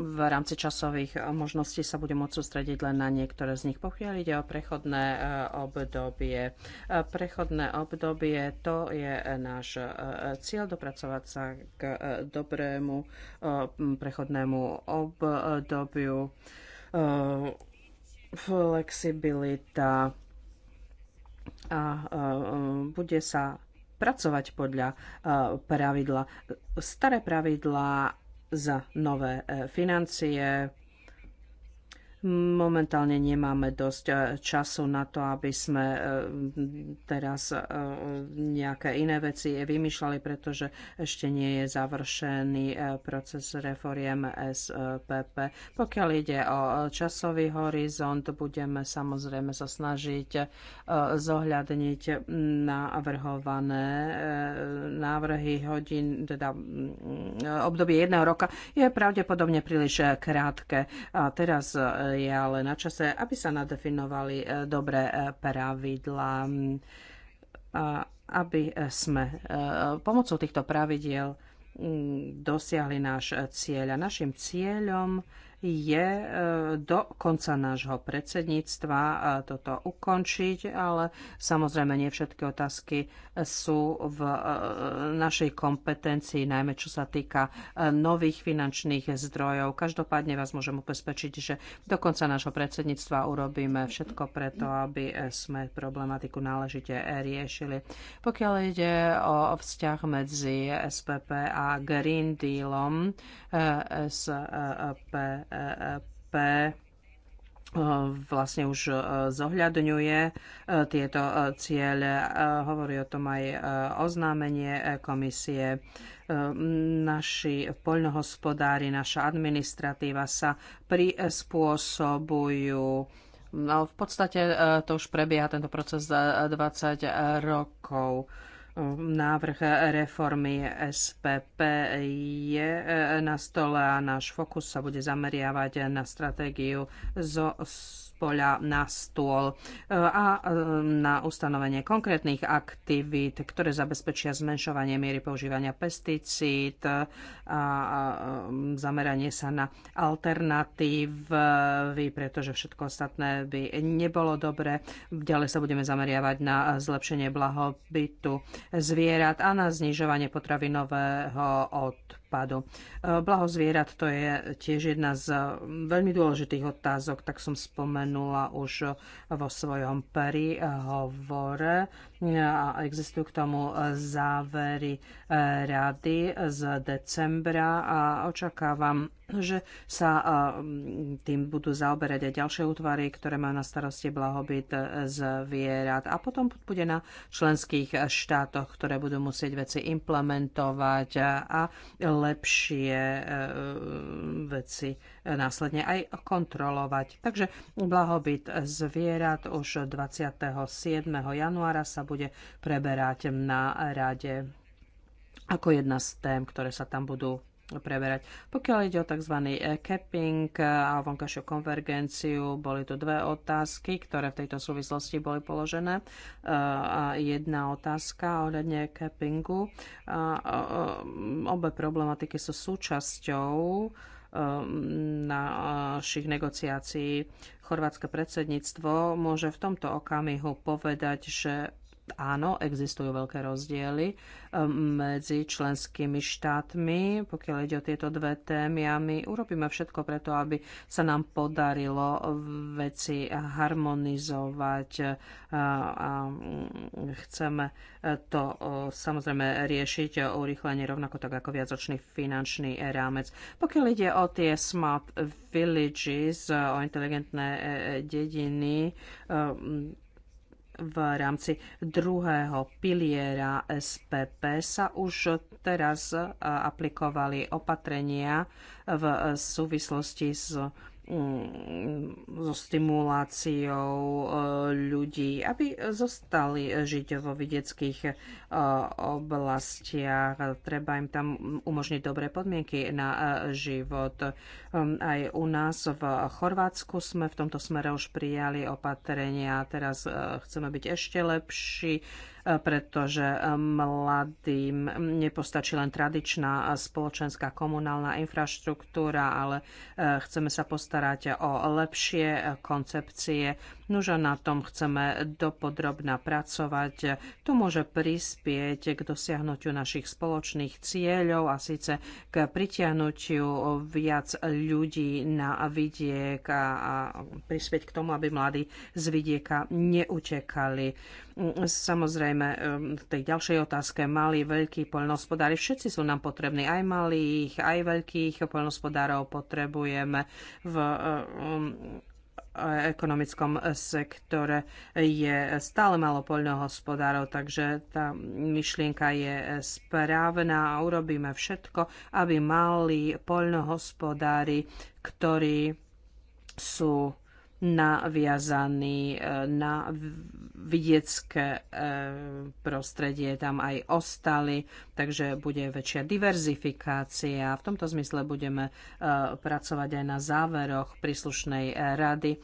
v rámci časových e, možností sa budem môcť sústrediť len na niektoré z nich. Pokiaľ ide o prechodné obdobie. Prechodné obdobie to je náš cieľ dopracovať sa k dobrému prechodnému obdobiu flexibilita a bude sa pracovať podľa pravidla. Staré pravidlá za nové e, financie, Momentálne nemáme dosť e, času na to, aby sme e, teraz e, nejaké iné veci vymýšľali, pretože ešte nie je završený proces reforiem SPP. Pokiaľ ide o časový horizont, budeme samozrejme sa snažiť zohľadniť navrhované návrhy hodín, teda obdobie jedného roka je pravdepodobne príliš krátke. A teraz je ale na čase, aby sa nadefinovali e, dobré e, pravidlá, aby e, sme pomocou týchto pravidiel dosiahli náš cieľ. A našim cieľom je e, do konca nášho predsedníctva e, toto ukončiť, ale samozrejme nie všetky otázky sú v e, našej kompetencii, najmä čo sa týka nových finančných zdrojov. Každopádne vás môžem ubezpečiť, že do konca nášho predsedníctva urobíme všetko preto, aby sme problematiku náležite riešili. Pokiaľ ide o vzťah medzi SPP a Green Dealom, SPP EEP vlastne už e, zohľadňuje e, tieto e, ciele. Hovorí o tom aj oznámenie komisie. Naši poľnohospodári, naša administratíva sa prispôsobujú No, v podstate to už prebieha tento proces 20 rokov. Návrh reformy SPP je eh, na stole a náš fokus sa bude zameriavať na stratégiu zo poľa na stôl e, a e, na ustanovenie konkrétnych aktivít, ktoré zabezpečia zmenšovanie miery používania pesticíd a e, zameranie sa na alternatívy, pretože všetko ostatné by nebolo dobre. Ďalej sa budeme zameriavať na zlepšenie blahobytu zvierat a na znižovanie potravinového odpadu odpadu. E, Blaho zvierat to je tiež jedna z veľmi dôležitých otázok, tak som spomenula už vo svojom prihovore a existujú k tomu závery e, rady z decembra a očakávam, že sa e, tým budú zaoberať aj ďalšie útvary, ktoré majú na starosti blahobyt zvierat. A potom bude na členských štátoch, ktoré budú musieť veci implementovať a lepšie e, veci následne aj kontrolovať. Takže blahobyt zvierat už 27. januára sa bude preberať na rade ako jedna z tém, ktoré sa tam budú preberať. Pokiaľ ide o tzv. capping a vonkajšiu konvergenciu, boli tu dve otázky, ktoré v tejto súvislosti boli položené. jedna otázka ohľadne cappingu. obe problematiky sú súčasťou Um, uh, našich negociácií. Chorvátske predsedníctvo môže v tomto okamihu povedať, že áno, existujú veľké rozdiely ehm, medzi členskými štátmi, pokiaľ ide o tieto dve témy a my urobíme všetko preto, aby sa nám podarilo veci harmonizovať a mm, chceme to samozrejme riešiť urychlenie rovnako tak ako viacočný finančný rámec. Pokiaľ ide o tie smart villages, o inteligentné e, e, dediny, ehm, v rámci druhého piliera SPP sa už teraz aplikovali opatrenia v e, súvislosti s Mm, so stimuláciou e, ľudí, aby zostali žiť vo vedeckých e, oblastiach. Treba im tam umožniť dobré podmienky na e, život. Ehm, aj u nás v Chorvátsku sme v tomto smere už prijali opatrenia. Teraz chceme byť ešte lepší pretože mladým nepostačí len tradičná spoločenská komunálna infraštruktúra, ale eh, chceme sa postarať o lepšie koncepcie Nuž na tom chceme dopodrobná pracovať. To môže prispieť k dosiahnutiu našich spoločných cieľov a síce k pritiahnutiu viac ľudí na vidiek a prispieť k tomu, aby mladí z vidieka neutekali. Samozrejme, ehm, v tej ďalšej otázke mali veľkí poľnohospodári. Všetci sú nám potrební, aj malých, aj veľkých poľnohospodárov potrebujeme v ehm, ekonomickom sektore je stále malo poľnohospodárov, takže tá myšlienka je správna a urobíme všetko, aby mali poľnohospodári, ktorí sú naviazaný e, na vidiecké e, prostredie, tam aj ostali, takže bude väčšia diverzifikácia. V tomto zmysle budeme e, pracovať aj na záveroch príslušnej rady.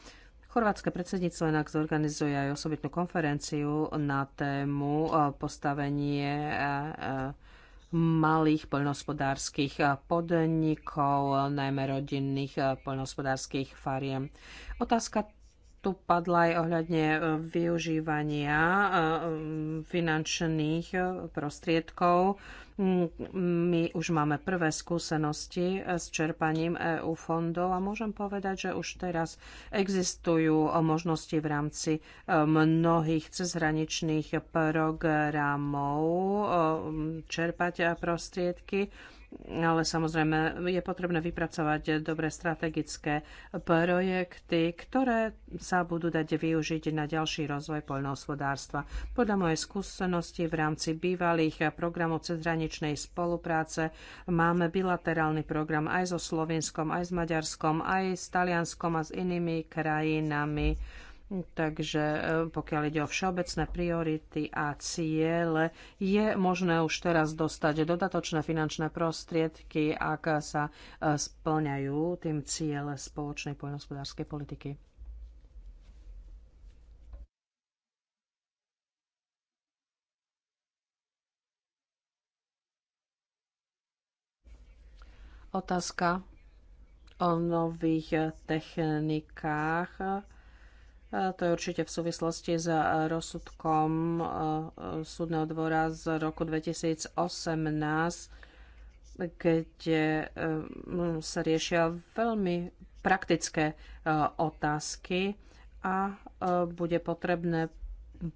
Chorvátske predsedníctvo inak zorganizuje aj osobitnú konferenciu na tému postavenie malých poľnohospodárskych podnikov, najmä rodinných poľnohospodárskych fariem. Otázka tu padla aj ohľadne e, využívania e, finančných e, prostriedkov. My už máme prvé skúsenosti s čerpaním EU fondov a môžem povedať, že už teraz existujú možnosti v rámci mnohých cezhraničných programov čerpať prostriedky ale samozrejme je potrebné vypracovať dobré strategické projekty, ktoré sa budú dať využiť na ďalší rozvoj poľnohospodárstva. Podľa mojej skúsenosti v rámci bývalých programov cezhraničnej spolupráce máme bilaterálny program aj so Slovenskom, aj s Maďarskom, aj s Talianskom a s inými krajinami Takže e, pokiaľ ide o všeobecné priority a ciele, je možné už teraz dostať dodatočné finančné prostriedky, ak sa e, splňajú tým ciele spoločnej poľnohospodárskej politiky. Otázka o nových technikách to je určite v súvislosti s rozsudkom eh, súdneho dvora z roku 2018, keď eh, sa riešia veľmi praktické eh, otázky a bude potrebné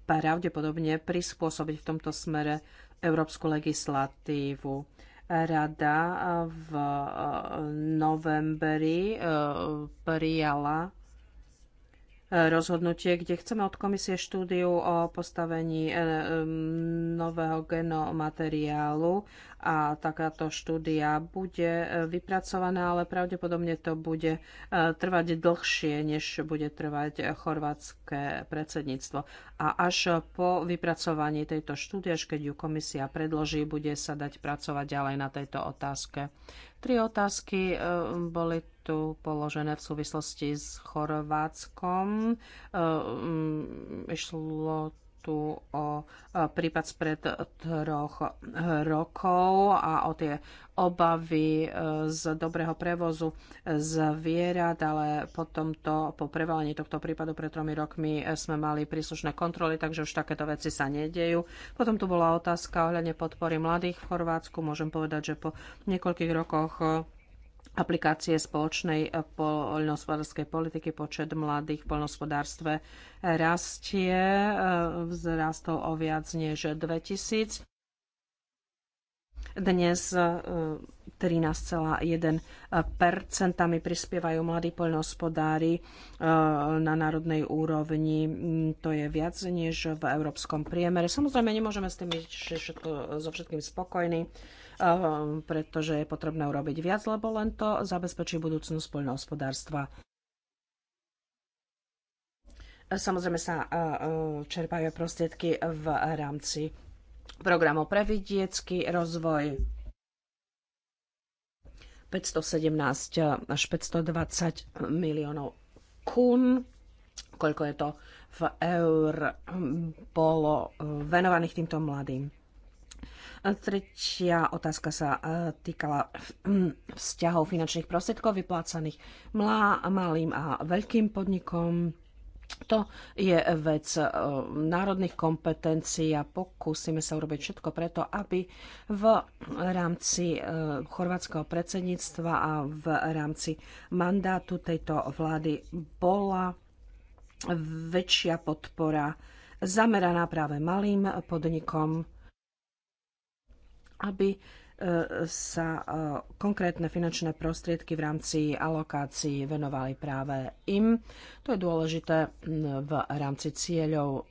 pravdepodobne prispôsobiť v tomto smere európsku legislatívu. Rada v novembri prijala rozhodnutie, kde chceme od komisie štúdiu o postavení e, e, nového genomateriálu a takáto štúdia bude e, vypracovaná, ale pravdepodobne to bude trvať dlhšie, než bude trvať chorvátske predsedníctvo. A až po vypracovaní tejto štúdie, až keď ju komisia predloží, bude sa dať pracovať ďalej na tejto otázke. Tri otázky e, boli tu položené v súvislosti s Chorvátskom. E, išlo tu o prípad spred troch rokov a o tie obavy e, z dobrého prevozu zvierat, ale po, tomto, po prevalení tohto prípadu pred tromi rokmi e, sme mali príslušné kontroly, takže už takéto veci sa nedejú. Potom tu bola otázka ohľadne podpory mladých v Chorvátsku. Môžem povedať, že po niekoľkých rokoch e, aplikácie spoločnej eh, poľnohospodárskej politiky. Počet mladých v poľnohospodárstve rastie, eh, vzrastol o viac než 2000. Dnes 13,1 eh, prispievajú mladí poľnohospodári na národnej úrovni. Mm, to je viac než v európskom priemere. Samozrejme, nemôžeme s tým byť všetko, so všetkým spokojní. Ehm, pretože je potrebné urobiť viac, lebo len to zabezpečí budúcnosť poľnohospodárstva. Samozrejme sa e, e, čerpajú prostriedky v rámci programov pre vidiecký rozvoj 517 e, až 520 miliónov kún. Koľko je to v eur ehm, bolo venovaných týmto mladým? Tretia otázka sa e, týkala mm, vzťahov finančných prostriedkov vyplácaných malým a veľkým podnikom. To je vec e, národných kompetencií a pokúsime sa urobiť všetko preto, aby v rámci e, chorvátskeho predsedníctva a v rámci mandátu tejto vlády bola väčšia podpora zameraná práve malým podnikom aby e, sa e, konkrétne finančné prostriedky v rámci alokácií venovali práve im. To je dôležité v rámci cieľov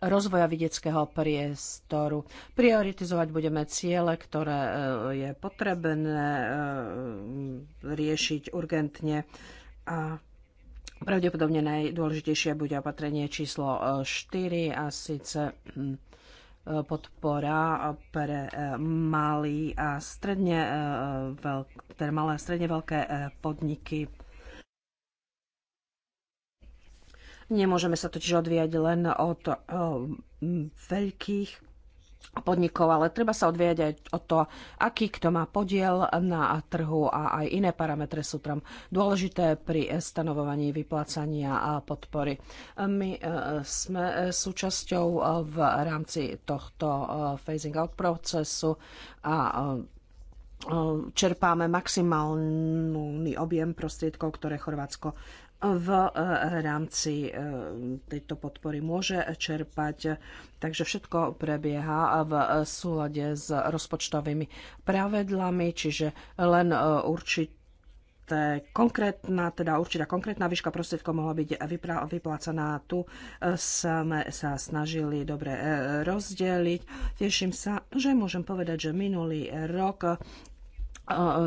rozvoja vidieckého priestoru. Prioritizovať budeme ciele, ktoré e, je potrebné riešiť urgentne a pravdepodobne najdôležitejšie bude opatrenie číslo 4 a síce podpora pre e, malý a stredne e, veľk, teda malé a stredne veľké e, podniky. Nemôžeme sa totiž odvíjať len od veľkých podnikov, ale treba sa odvieť aj o to, aký kto má podiel na trhu a aj iné parametre sú tam dôležité pri stanovovaní vyplácania a podpory. My e, sme e, súčasťou e, v rámci tohto phasing out procesu a čerpáme maximálny objem prostriedkov, ktoré Chorvátsko v e, rámci e, tejto podpory môže čerpať. Takže všetko prebieha v súlade s rozpočtovými pravidlami, čiže len e, určite konkrétna, teda určitá konkrétna výška prostriedkov mohla byť vyplácaná. Tu sme sa snažili dobre rozdeliť. Teším sa, že môžem povedať, že minulý rok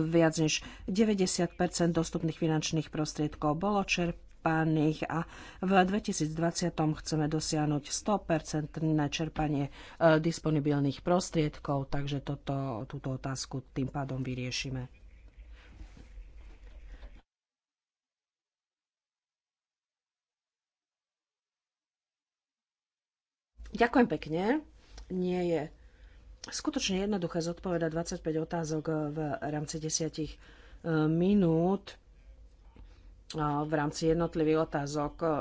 viac než 90 dostupných finančných prostriedkov bolo čerpaných a v 2020 chceme dosiahnuť 100% na čerpanie e, disponibilných prostriedkov, takže toto, túto otázku tým pádom vyriešime. Ďakujem pekne. Nie je skutočne jednoduché zodpovedať 25 otázok eh, v rámci 10 eh, minút. V rámci jednotlivých otázok eh,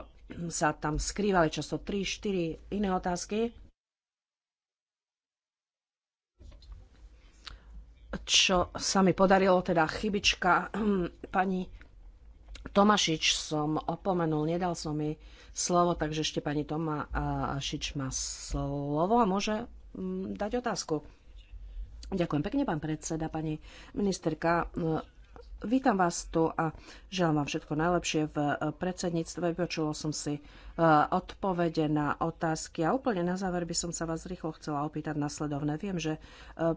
sa tam skrývali často 3-4 iné otázky. Čo sa mi podarilo, teda chybička hm, pani Tomašič som opomenul, nedal som mi slovo, takže ešte pani Tomašič má slovo a môže Mm, dať otázku. Ďakujem pekne, pán predseda, pani ministerka. Mm, vítam vás tu a želám vám všetko najlepšie v eh, predsedníctve. Počula som si eh, odpovede na otázky a úplne na záver by som sa vás rýchlo chcela opýtať nasledovne. Viem, že eh,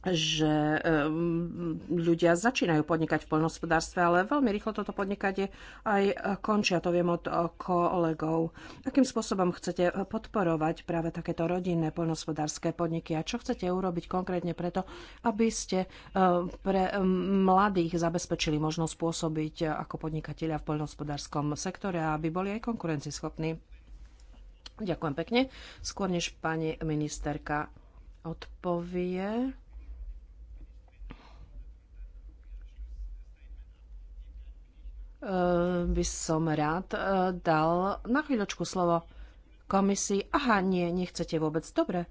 že ľudia začínajú podnikať v poľnohospodárstve, ale veľmi rýchlo toto podnikanie aj končia. To viem od kolegov. Akým spôsobom chcete podporovať práve takéto rodinné poľnohospodárske podniky a čo chcete urobiť konkrétne preto, aby ste pre mladých zabezpečili možnosť pôsobiť ako podnikatelia v poľnohospodárskom sektore a aby boli aj konkurencieschopní? Ďakujem pekne. Skôr než pani ministerka odpovie. Eh, by som rád eh, dal na chvíľočku slovo komisii. Aha, nie, nechcete vôbec. Dobre.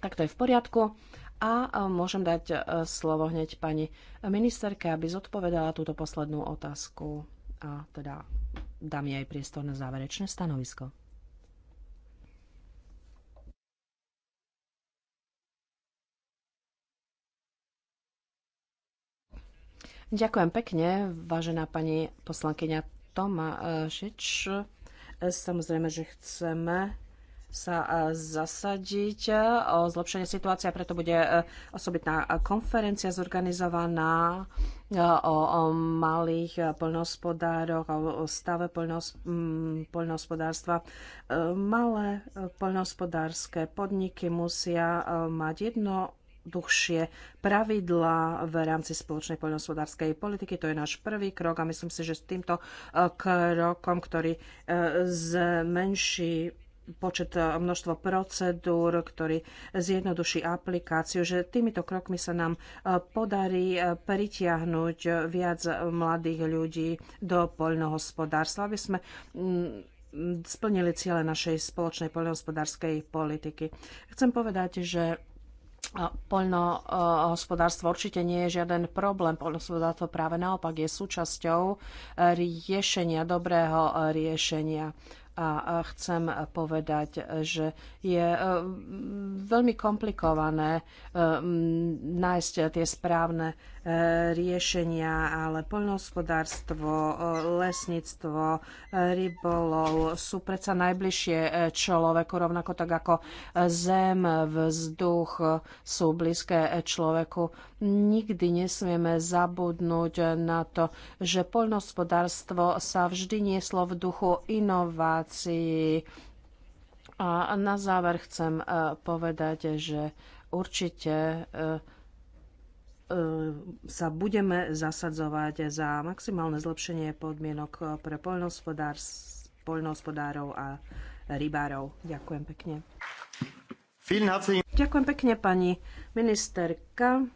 Tak to je v poriadku. A eh, môžem dať slovo hneď pani ministerke, aby zodpovedala túto poslednú otázku. A teda dám jej priestor na záverečné stanovisko. Ďakujem pekne, vážená pani poslankyňa Tomášič. Eh, eh, samozrejme, že chceme sa eh, zasadiť o zlepšenie situácie, preto bude osobitná konferencia zorganizovaná o, o malých poľnohospodároch, o stave mm, poľnohospodárstva. Malé poľnohospodárske podniky musia mať jedno dlhšie pravidlá v rámci spoločnej poľnohospodárskej politiky. To je náš prvý krok a myslím si, že s týmto eh, krokom, ktorý eh, zmenší počet, eh, množstvo procedúr, ktorý zjednoduší aplikáciu, že týmito krokmi sa nám podarí pritiahnuť viac mladých ľudí do poľnohospodárstva, aby sme mm, splnili ciele našej spoločnej poľnohospodárskej politiky. Chcem povedať, že Poľnohospodárstvo určite nie je žiaden problém. Poľnohospodárstvo práve naopak je súčasťou e, riešenia, dobrého e, riešenia. A e, chcem povedať, že je veľmi komplikované nájsť tie správne riešenia, ale poľnohospodárstvo, lesníctvo, rybolov sú predsa najbližšie človeku, rovnako tak ako zem, vzduch sú blízke človeku. Nikdy nesmieme zabudnúť na to, že poľnohospodárstvo sa vždy nieslo v duchu inovácií. A na záver chcem eh, povedať, že určite eh, E, sa budeme zasadzovať za maximálne zlepšenie podmienok pre poľnohospodárov a rybárov. Ďakujem pekne. Ďakujem pekne pani ministerka e,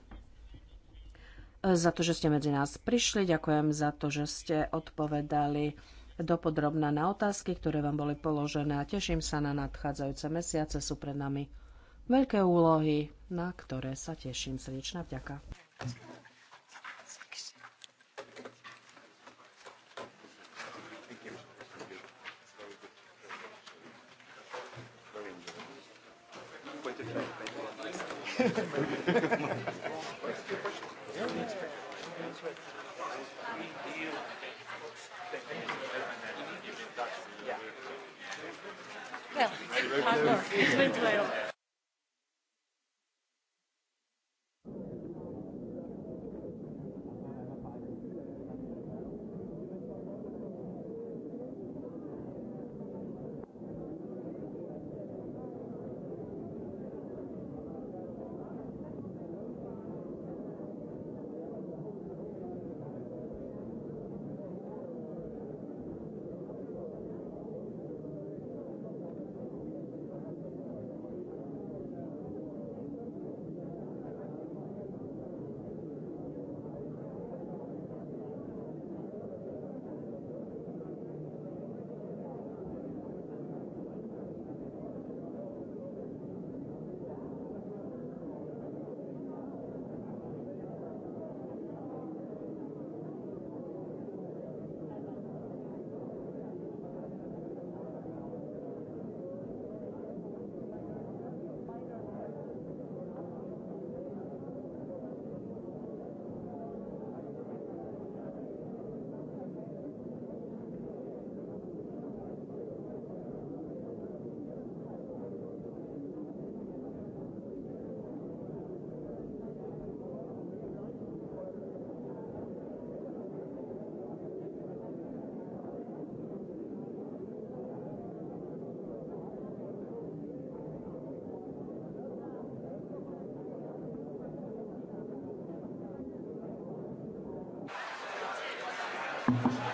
za to, že ste medzi nás prišli. Ďakujem za to, že ste odpovedali dopodrobná na otázky, ktoré vám boli položené a teším sa na nadchádzajúce mesiace. Sú pred nami veľké úlohy, na ktoré sa teším. Srdečná vďaka. Well, it's hard work. It's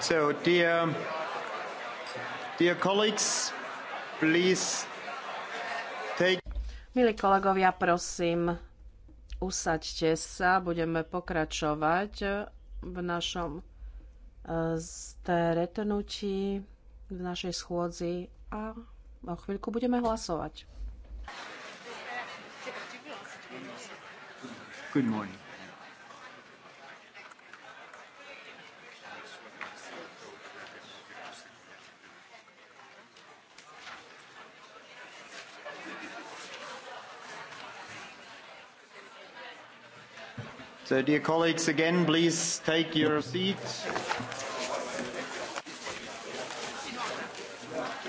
So, dear, dear colleagues, please take... Milí kolegovia, prosím, usaďte sa, budeme pokračovať v našom e, stretnutí, v našej schôdzi a o chvíľku budeme hlasovať. Good morning. dear colleagues, again, please take your seats.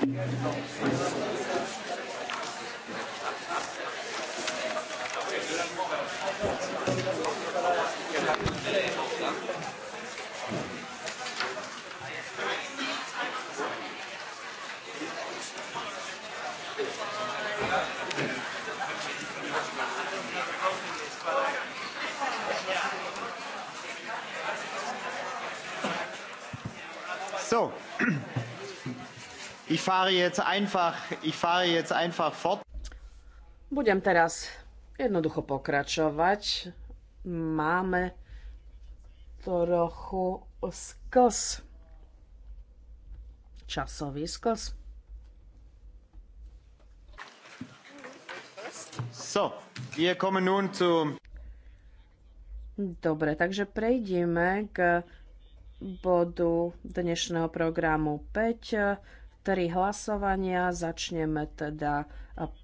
Thank you. Ich fahre jetzt einfach, ich fahre jetzt einfach fort. Budem teraz jednoducho pokračovať. Máme trochu skos. Časový skos. So, wir kommen nun zu... Dobre, takže prejdeme k bodu dnešného programu 5 tri hlasovania. Začneme teda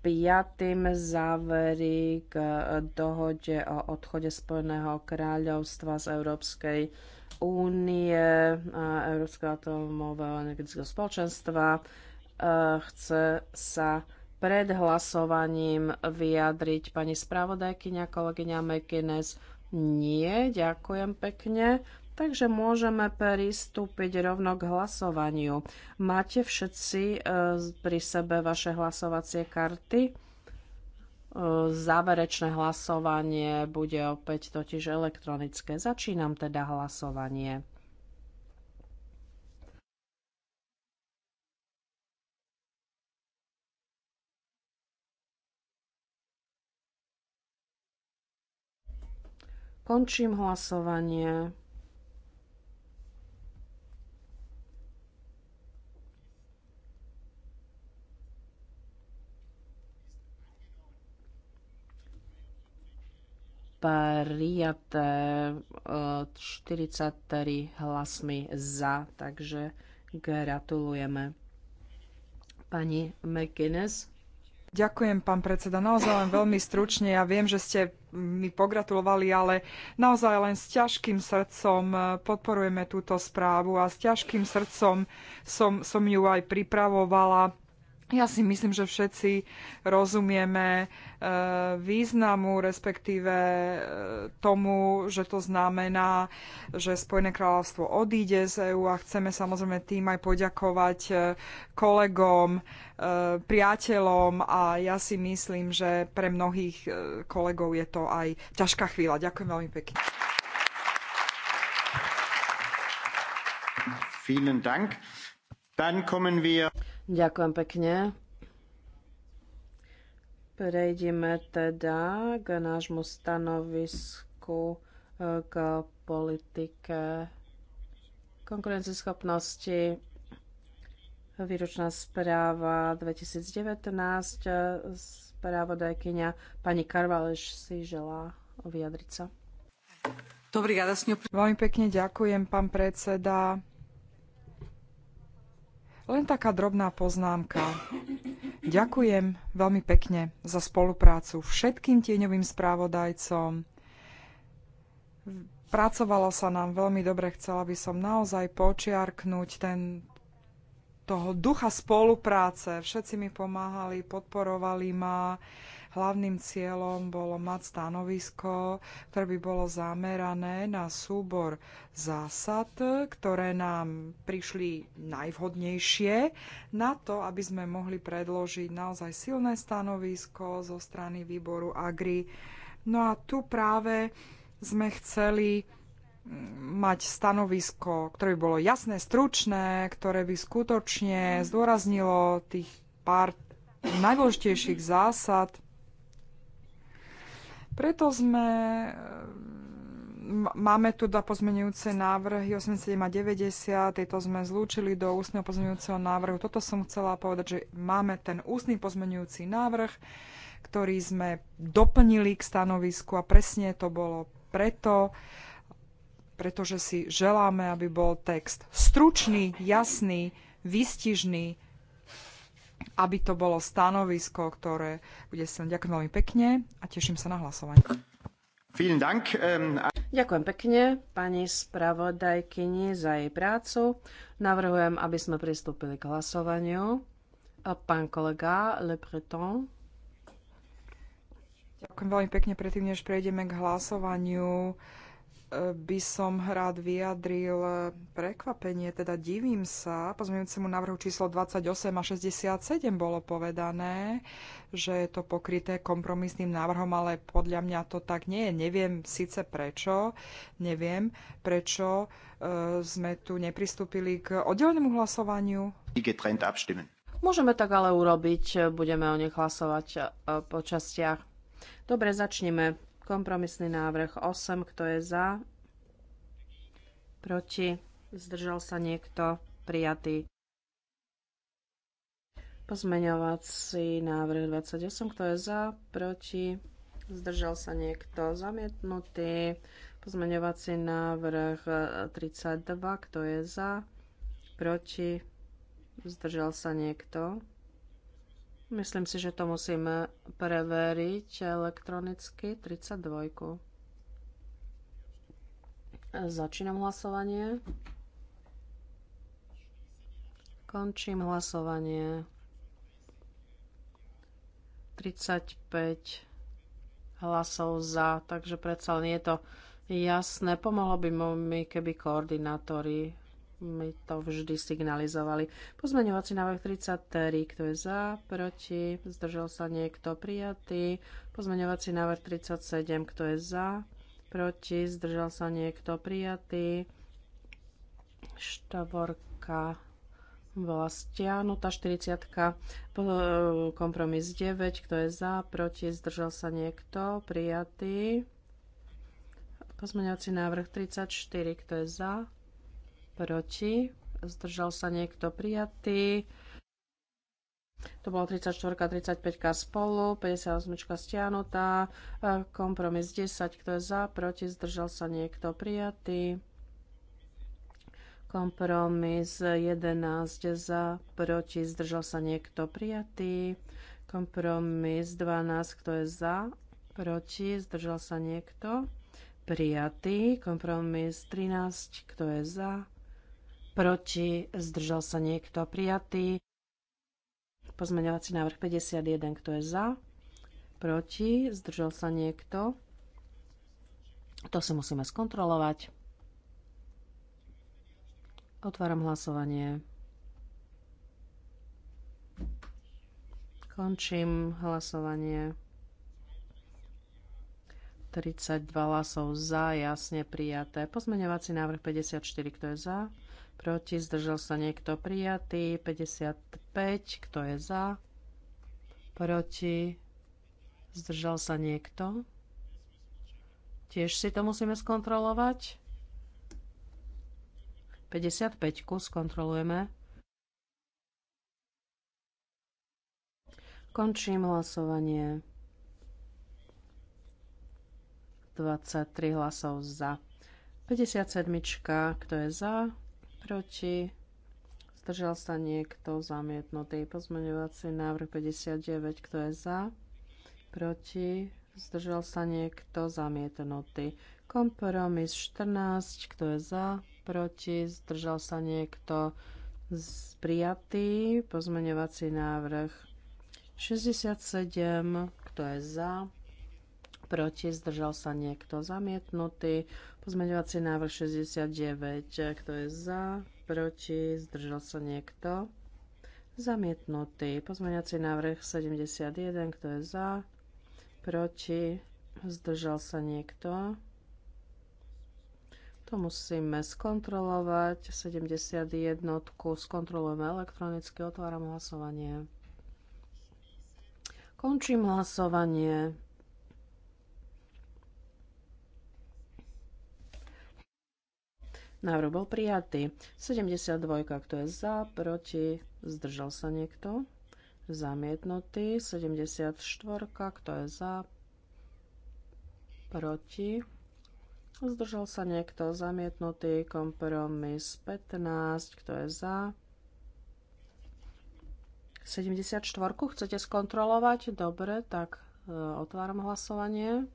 piatým závery k eh, dohode o odchode Spojeného kráľovstva z Európskej únie, Európskeho atomového energetického spoločenstva. Eh, chce sa pred hlasovaním vyjadriť pani spravodajkyňa, kolegyňa Mekines. Nie, ďakujem pekne. Takže môžeme pristúpiť rovno k hlasovaniu. Máte všetci e, pri sebe vaše hlasovacie karty? E, záverečné hlasovanie bude opäť totiž elektronické. Začínam teda hlasovanie. Končím hlasovanie. prijaté 43 eh, hlasmi za, takže gratulujeme. Pani McInnes. Ďakujem, pán predseda. Naozaj len veľmi stručne. Ja viem, že ste mi pogratulovali, ale naozaj len s ťažkým srdcom eh, podporujeme túto správu a s ťažkým srdcom som, som ju aj pripravovala ja si myslím, že všetci rozumieme e, významu, respektíve e, tomu, že to znamená, že Spojené kráľovstvo odíde z EÚ a chceme samozrejme tým aj poďakovať e, kolegom, priateľom a ja si myslím, že pre mnohých kolegov je to aj ťažká chvíľa. Ďakujem veľmi pekne. Vielen Dank. Dann kommen wir Ďakujem pekne. Prejdeme teda k nášmu stanovisku e, k politike konkurenceschopnosti. Výročná správa 2019. E, Správodajkyňa pani Karvaleš si želá vyjadriť sa. Veľmi pekne ďakujem, pán predseda. Len taká drobná poznámka. Ďakujem veľmi pekne za spoluprácu všetkým tieňovým správodajcom. Pracovalo sa nám veľmi dobre, chcela by som naozaj počiarknúť ten, toho ducha spolupráce. Všetci mi pomáhali, podporovali ma. Hlavným cieľom bolo mať stanovisko, ktoré by bolo zamerané na súbor zásad, ktoré nám prišli najvhodnejšie na to, aby sme mohli predložiť naozaj silné stanovisko zo strany výboru Agri. No a tu práve sme chceli mm, mať stanovisko, ktoré by bolo jasné, stručné, ktoré by skutočne zdôraznilo tých pár najdôležitejších zásad, preto sme e, máme tu dva pozmenujúce návrhy 87 a 90, tieto sme zlúčili do ústneho pozmenujúceho návrhu. Toto som chcela povedať, že máme ten ústny pozmenujúci návrh, ktorý sme doplnili k stanovisku a presne to bolo preto, pretože si želáme, aby bol text stručný, jasný, výstižný, aby to bolo stanovisko, ktoré bude sa... Ďakujem veľmi pekne a teším sa na hlasovanie. Ähm, Ďakujem pekne pani spravodajkyni za jej prácu. Navrhujem, aby sme pristúpili k hlasovaniu. Pán kolega Le Breton. Ďakujem veľmi pekne. Predtým, než prejdeme k hlasovaniu, by som rád vyjadril prekvapenie, teda divím sa pozmeňujúcemu návrhu číslo 28 a 67 bolo povedané, že je to pokryté kompromisným návrhom, ale podľa mňa to tak nie je. Neviem síce prečo, neviem prečo e, sme tu nepristúpili k oddelenému hlasovaniu. Môžeme tak ale urobiť, budeme o nich hlasovať e, po častiach. Dobre, začneme Kompromisný návrh 8, kto je za? Proti? Zdržal sa niekto? Prijatý. Pozmeňovací návrh 28, kto je za? Proti? Zdržal sa niekto? Zamietnutý. Pozmeňovací návrh 32, kto je za? Proti? Zdržal sa niekto? Myslím si, že to musíme preveriť elektronicky. 32. Začínam hlasovanie. Končím hlasovanie. 35 hlasov za, takže predsa len je to jasné. Pomohlo by mi, keby koordinátori mi to vždy signalizovali. Pozmeňovací návrh 33, kto je za, proti, zdržal sa niekto, prijatý. Pozmeňovací návrh 37, kto je za, proti, zdržal sa niekto, prijatý. Štavorka bola stiahnutá, 40. E, kompromis 9, kto je za, proti, zdržal sa niekto, prijatý. Pozmeňovací návrh 34, kto je za, proti, zdržal sa niekto prijatý. To bolo 34 35 spolu, 58 stiahnutá, e, kompromis 10, kto je za, proti, zdržal sa niekto prijatý. Kompromis 11 za, proti, zdržal sa niekto prijatý. Kompromis 12, kto je za, proti, zdržal sa niekto prijatý. Kompromis 13, kto je za, proti, zdržal sa niekto prijatý. Pozmeňovací návrh 51, kto je za, proti, zdržal sa niekto. To si musíme skontrolovať. Otváram hlasovanie. Končím hlasovanie. 32 hlasov za, jasne prijaté. Pozmeňovací návrh 54, kto je za? proti, zdržal sa niekto prijatý, 55, kto je za, proti, zdržal sa niekto. Tiež si to musíme skontrolovať. 55 skontrolujeme. Končím hlasovanie. 23 hlasov za. 57. Kto je za? proti, zdržal sa niekto zamietnutý. Pozmeňovací návrh 59, kto je za, proti, zdržal sa niekto zamietnutý. Kompromis 14, kto je za, proti, zdržal sa niekto prijatý. Pozmeňovací návrh 67, kto je za, proti, zdržal sa niekto zamietnutý. Pozmeňovací návrh 69. Kto je za? Proti? Zdržal sa niekto? Zamietnutý. Pozmeňovací návrh 71. Kto je za? Proti? Zdržal sa niekto? To musíme skontrolovať. 71. Skontrolujeme elektronicky. Otváram hlasovanie. Končím hlasovanie. Návrh bol prijatý. 72, kto je za, proti, zdržal sa niekto. Zamietnutý. 74, kto je za, proti. Zdržal sa niekto. Zamietnutý. Kompromis 15, kto je za. 74 chcete skontrolovať? Dobre, tak e, otváram hlasovanie.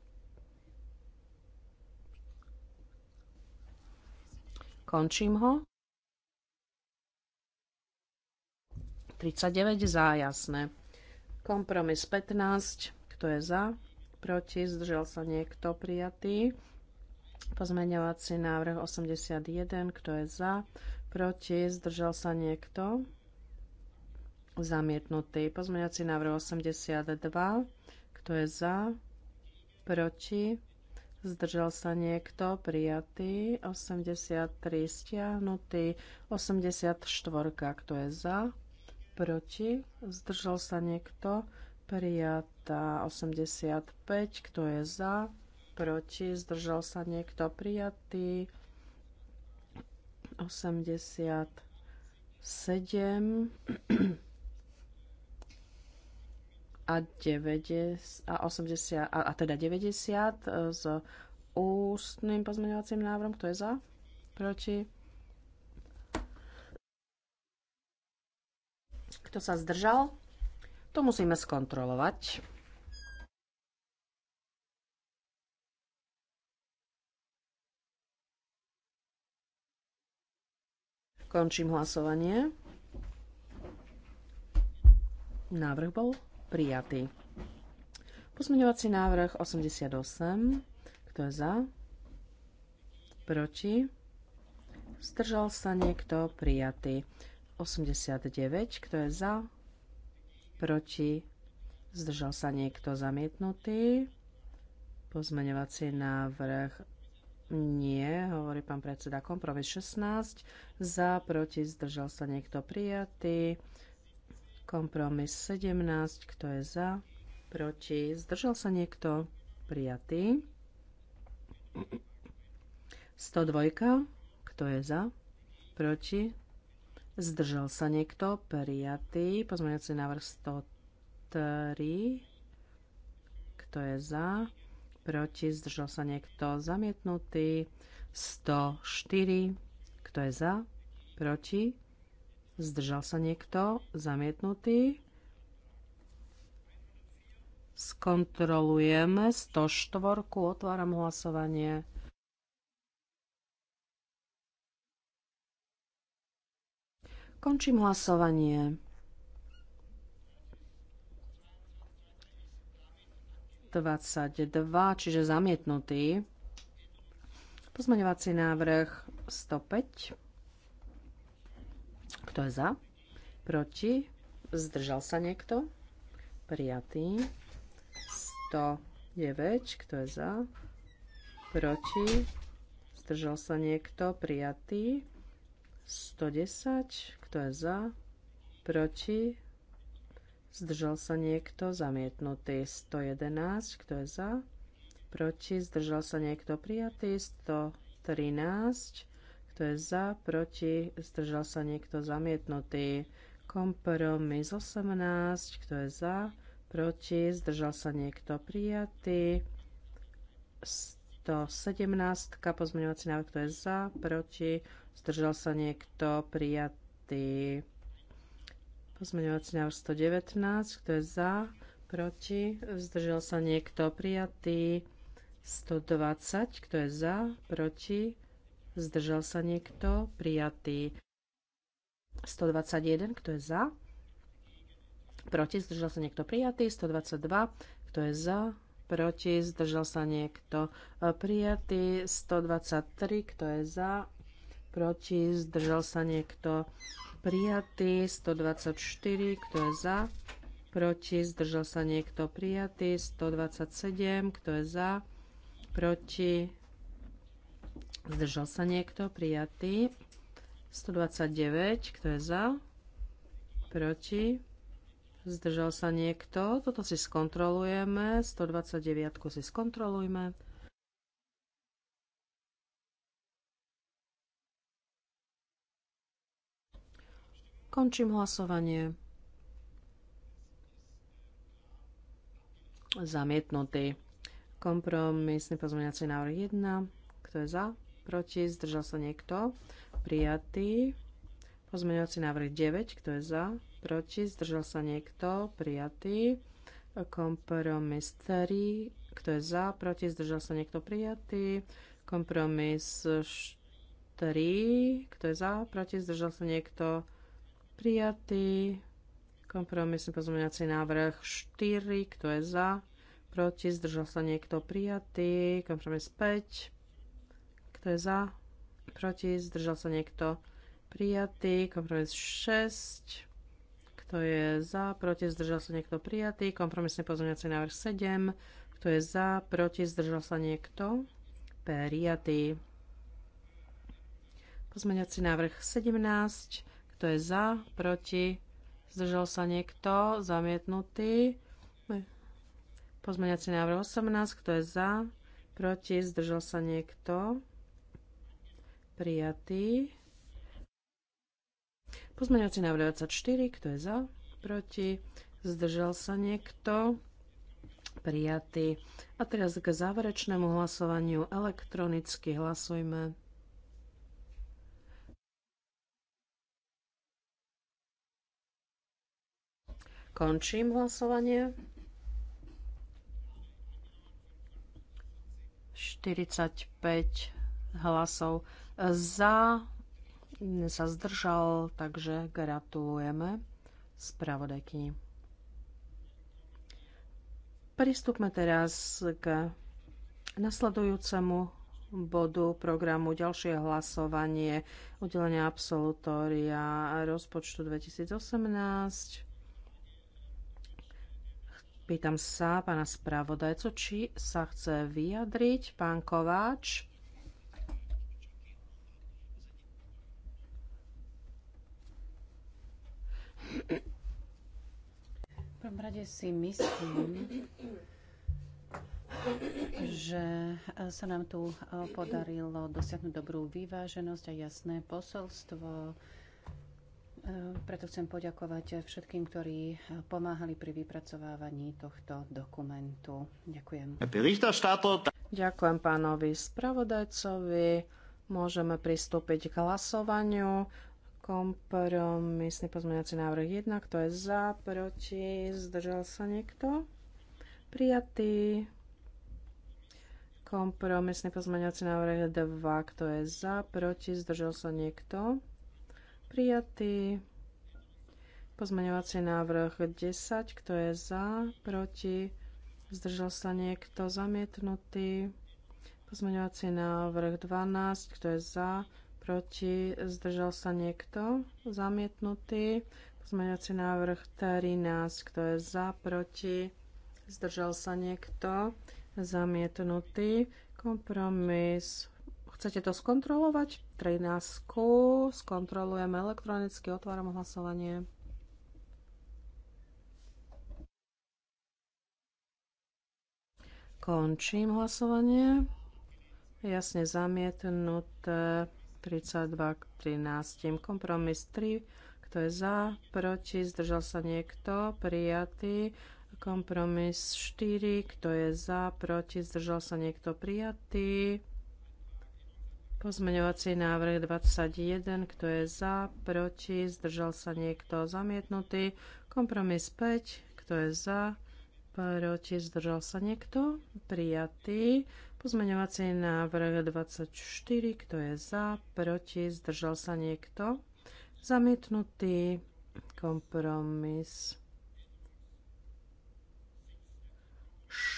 Končím ho. 39 za, jasné. Kompromis 15, kto je za, proti, zdržal sa niekto prijatý. Pozmeňovací návrh 81, kto je za, proti, zdržal sa niekto. Zamietnutý. Pozmeňovací návrh 82, kto je za, proti, zdržal sa niekto, prijatý, 83 stiahnutý, 84, kto je za, proti, zdržal sa niekto, prijatá, 85, kto je za, proti, zdržal sa niekto, prijatý, 87, a, 90, a, 80, a, a teda 90 e, s ústnym pozmeňovacím návrhom. Kto je za? Proti? Kto sa zdržal? To musíme skontrolovať. Končím hlasovanie. Návrh bol prijatý. Pozmeňovací návrh 88. Kto je za? Proti? Zdržal sa niekto? Prijatý. 89. Kto je za? Proti? Zdržal sa niekto? Zamietnutý. Pozmeňovací návrh nie, hovorí pán predseda. Kompromis 16. Za, proti, zdržal sa niekto prijatý. Kompromis 17, kto je za? Proti? Zdržal sa niekto? Prijatý. 102, kto je za? Proti? Zdržal sa niekto? Prijatý. Pozmeňujúci návrh 103, kto je za? Proti? Zdržal sa niekto? Zamietnutý. 104, kto je za? Proti? Zdržal sa niekto? Zamietnutý. Skontrolujeme 104. Otváram hlasovanie. Končím hlasovanie. 22, čiže zamietnutý. Pozmeňovací návrh 105. Kto je za? Proti? Zdržal sa niekto? Prijatý. 109. Kto je za? Proti? Zdržal sa niekto? Prijatý. 110. Kto je za? Proti? Zdržal sa niekto? Zamietnutý. 111. Kto je za? Proti? Zdržal sa niekto? Prijatý. 113 kto je za, proti, zdržal sa niekto zamietnutý. Kompromis 18. Kto je za, proti, zdržal sa niekto prijatý. 117. Pozmeňovací návrh, kto je za, proti, zdržal sa niekto prijatý. Pozmeňovací návrh 119. Kto je za, proti, zdržal sa niekto prijatý. 120. Kto je za, proti, Zdržal sa niekto? Prijatý. 121, kto je za? Proti, zdržal sa niekto prijatý. 122, kto je za? Proti, zdržal sa niekto prijatý. 123, kto je za? Proti, zdržal sa niekto prijatý. 124, kto je za? Proti, zdržal sa niekto prijatý. 127, kto je za? Proti, Zdržal sa niekto? Prijatý. 129. Kto je za? Proti? Zdržal sa niekto? Toto si skontrolujeme. 129 si skontrolujme. Končím hlasovanie. Zamietnutý. Kompromisný pozmeňací návrh 1. Kto je za? Proti? Zdržal sa niekto? Prijatý. Pozmeňovací návrh 9. Kto je za? Proti? Zdržal sa niekto? Prijatý. Kompromis 3. Kto je za? Proti? Zdržal sa niekto? Prijatý. Kompromis 3, Kto je za? Proti? Zdržal sa niekto? Prijatý. Kompromisný pozmeňovací návrh 4. Kto je za? Proti? Zdržal sa niekto? Prijatý. Kompromis 5 kto je za? Proti? Zdržal sa niekto? Prijatý. Kompromis 6. Kto je za? Proti? Zdržal sa niekto? Prijatý. Kompromisný pozorňací návrh 7. Kto je za? Proti? Zdržal sa niekto? Prijatý. Pozmeňací návrh 17. Kto je za? Proti? Zdržal sa niekto? Zamietnutý. Pozmeňací návrh 18. Kto je za? Proti? Zdržal sa niekto? Prijatý. Pozmeňovací návrh 24, kto je za? Proti? Zdržal sa niekto? Prijatý. A teraz k záverečnému hlasovaniu elektronicky hlasujme. Končím hlasovanie. 45 hlasov za, sa zdržal, takže gratulujeme spravodajkyni. Pristupme teraz k nasledujúcemu bodu programu ďalšie hlasovanie udelenia absolutória rozpočtu 2018. Pýtam sa pána spravodajcu, či sa chce vyjadriť. Pán Kováč. V prvom rade si myslím, že sa nám tu eh, podarilo dosiahnuť dobrú vyváženosť a jasné posolstvo. Eh, preto chcem poďakovať všetkým, ktorí eh, pomáhali pri vypracovávaní tohto dokumentu. Ďakujem. Ďakujem pánovi spravodajcovi. Môžeme pristúpiť k hlasovaniu. Kompromisný pozmeňovací návrh 1. Kto je za, proti? Zdržal sa niekto? Prijatý. Kompromisný pozmeňovací návrh 2. Kto je za, proti? Zdržal sa niekto? Prijatý. Pozmeňovací návrh 10. Kto je za, proti? Zdržal sa niekto? Zamietnutý. Pozmeňovací návrh 12. Kto je za, proti? Proti zdržal sa niekto? Zamietnutý. Pozmeňací návrh 13. Kto je za? Proti zdržal sa niekto? Zamietnutý. Kompromis. Chcete to skontrolovať? 13. Skontrolujeme elektronicky. Otváram hlasovanie. Končím hlasovanie. Jasne zamietnuté. 32 k 13. Kompromis 3. Kto je za? Proti? Zdržal sa niekto? Prijatý. Kompromis 4. Kto je za? Proti? Zdržal sa niekto? Prijatý. Pozmeňovací návrh 21. Kto je za? Proti? Zdržal sa niekto? Zamietnutý. Kompromis 5. Kto je za? Proti? Zdržal sa niekto? Prijatý. Pozmeňovací návrh 24, kto je za, proti, zdržal sa niekto. Zamietnutý kompromis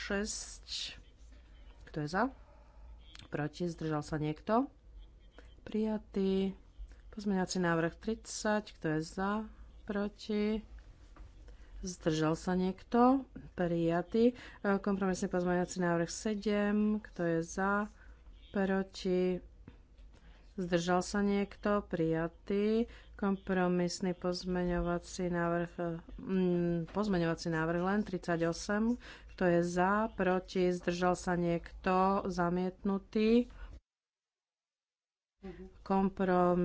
6, kto je za, proti, zdržal sa niekto. Prijatý pozmeňovací návrh 30, kto je za, proti, Zdržal sa niekto? Prijatý. E, kompromisný pozmeňovací návrh 7. Kto je za? Proti? Zdržal sa niekto? Prijatý. Kompromisný pozmeňovací návrh, e, pozmeňovací návrh len 38. Kto je za? Proti? Zdržal sa niekto? Zamietnutý. Komprom...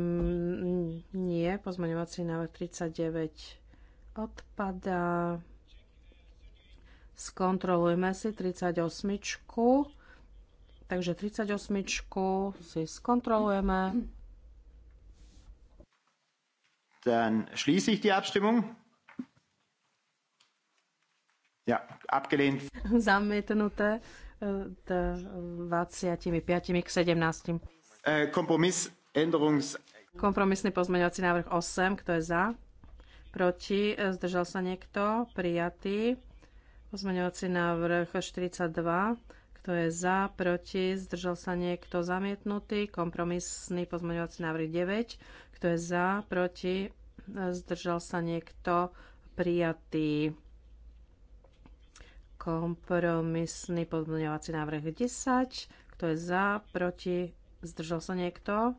Nie, pozmeňovací návrh 39 Odpadá. Skontrolujme si 38. Takže 38 si skontrolujeme. Dann schließe ich die Abstimmung. Ja, abgelehnt. Zamietnuté 25 e, k 17. Äh, Kompromiss, Änderungs... Kompromisný pozmeňovací návrh 8, kto je za? proti, e, zdržal sa niekto, prijatý. Pozmeňovací návrh 42, kto je za, proti, zdržal sa niekto, zamietnutý. Kompromisný pozmeňovací návrh 9, kto je za, proti, e, zdržal sa niekto, prijatý. Kompromisný pozmeňovací návrh 10, kto je za, proti, zdržal sa niekto,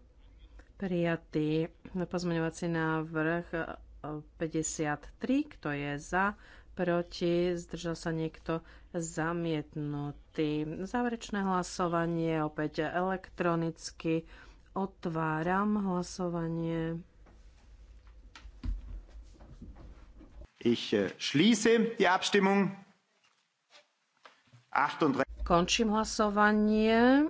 prijatý. Pozmeňovací návrh 53, kto je za, proti, zdržal sa niekto zamietnutý. Záverečné hlasovanie, opäť elektronicky. Otváram hlasovanie. Ich äh, schließe die Abstimmung. 38. Končím hlasovanie.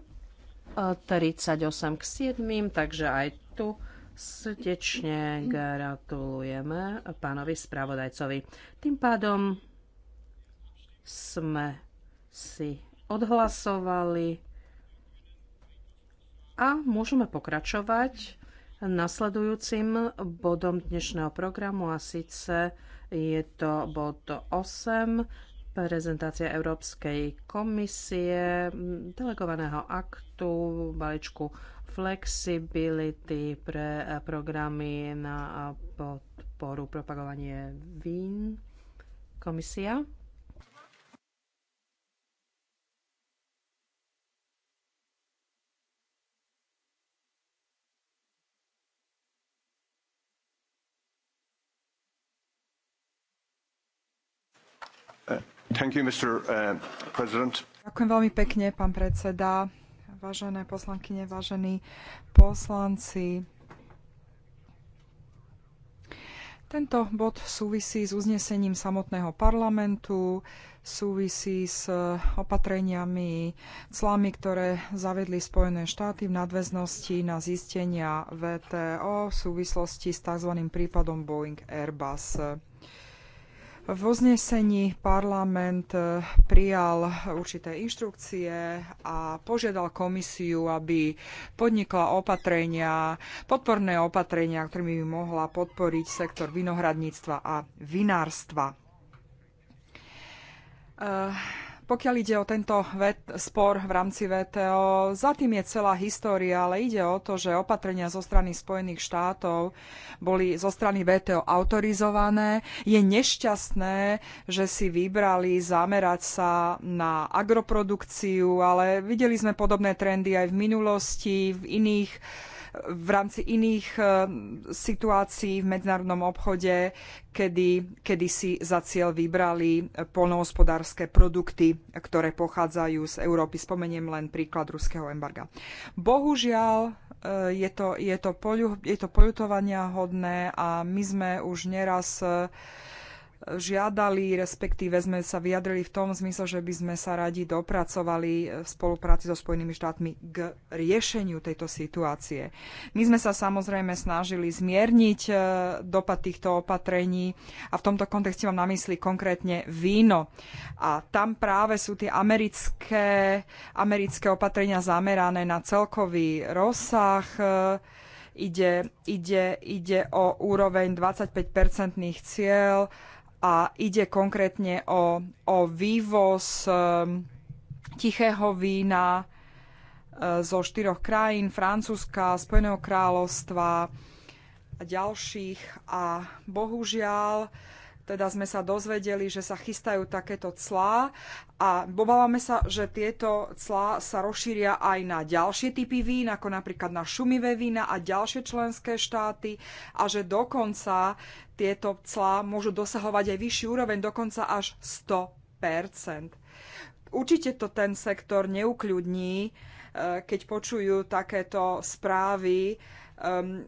38 äh, k 7, takže aj tu Srdečne gratulujeme pánovi spravodajcovi. Tým pádom sme si odhlasovali a môžeme pokračovať nasledujúcim bodom dnešného programu a síce je to bod 8 prezentácia Európskej komisie delegovaného aktu balíčku flexibility pre eh, programy na eh, podporu propagovanie vín. Komisia. You, eh, Ďakujem veľmi pekne, pán predseda. Vážené poslankyne, vážení poslanci, tento bod súvisí s uznesením samotného parlamentu, súvisí s opatreniami clami, ktoré zavedli Spojené štáty v nadväznosti na zistenia VTO v súvislosti s tzv. prípadom Boeing Airbus. V uznesení parlament e, prijal určité inštrukcie a požiadal komisiu, aby podnikla opatrenia, podporné opatrenia, ktorými by mohla podporiť sektor vinohradníctva a vinárstva. Uh, pokiaľ ide o tento vet, spor v rámci VTO, za tým je celá história, ale ide o to, že opatrenia zo strany Spojených štátov boli zo strany VTO autorizované. Je nešťastné, že si vybrali zamerať sa na agroprodukciu, ale videli sme podobné trendy aj v minulosti, v iných v rámci iných eh, situácií v medzinárodnom obchode, kedy, kedy si za cieľ vybrali eh, polnohospodárske produkty, ktoré pochádzajú z Európy. Spomeniem len príklad ruského embarga. Bohužiaľ, eh, je to, je to, poľu, je to poľutovania hodné a my sme už neraz žiadali, respektíve sme sa vyjadrili v tom zmysle, že by sme sa radi dopracovali v spolupráci so Spojenými štátmi k riešeniu tejto situácie. My sme sa samozrejme snažili zmierniť e, dopad týchto opatrení a v tomto kontexte mám na mysli konkrétne víno. A tam práve sú tie americké, americké opatrenia zamerané na celkový rozsah e, ide, ide, ide o úroveň 25-percentných cieľ, a ide konkrétne o, o vývoz um, tichého vína uh, zo štyroch krajín, Francúzska, Spojeného kráľovstva a ďalších. A bohužiaľ, teda sme sa dozvedeli, že sa chystajú takéto clá a obávame sa, že tieto clá sa rozšíria aj na ďalšie typy vín, ako napríklad na šumivé vína a ďalšie členské štáty a že dokonca tieto clá môžu dosahovať aj vyšší úroveň, dokonca až 100%. Určite to ten sektor neukľudní, eh, keď počujú takéto správy ehm,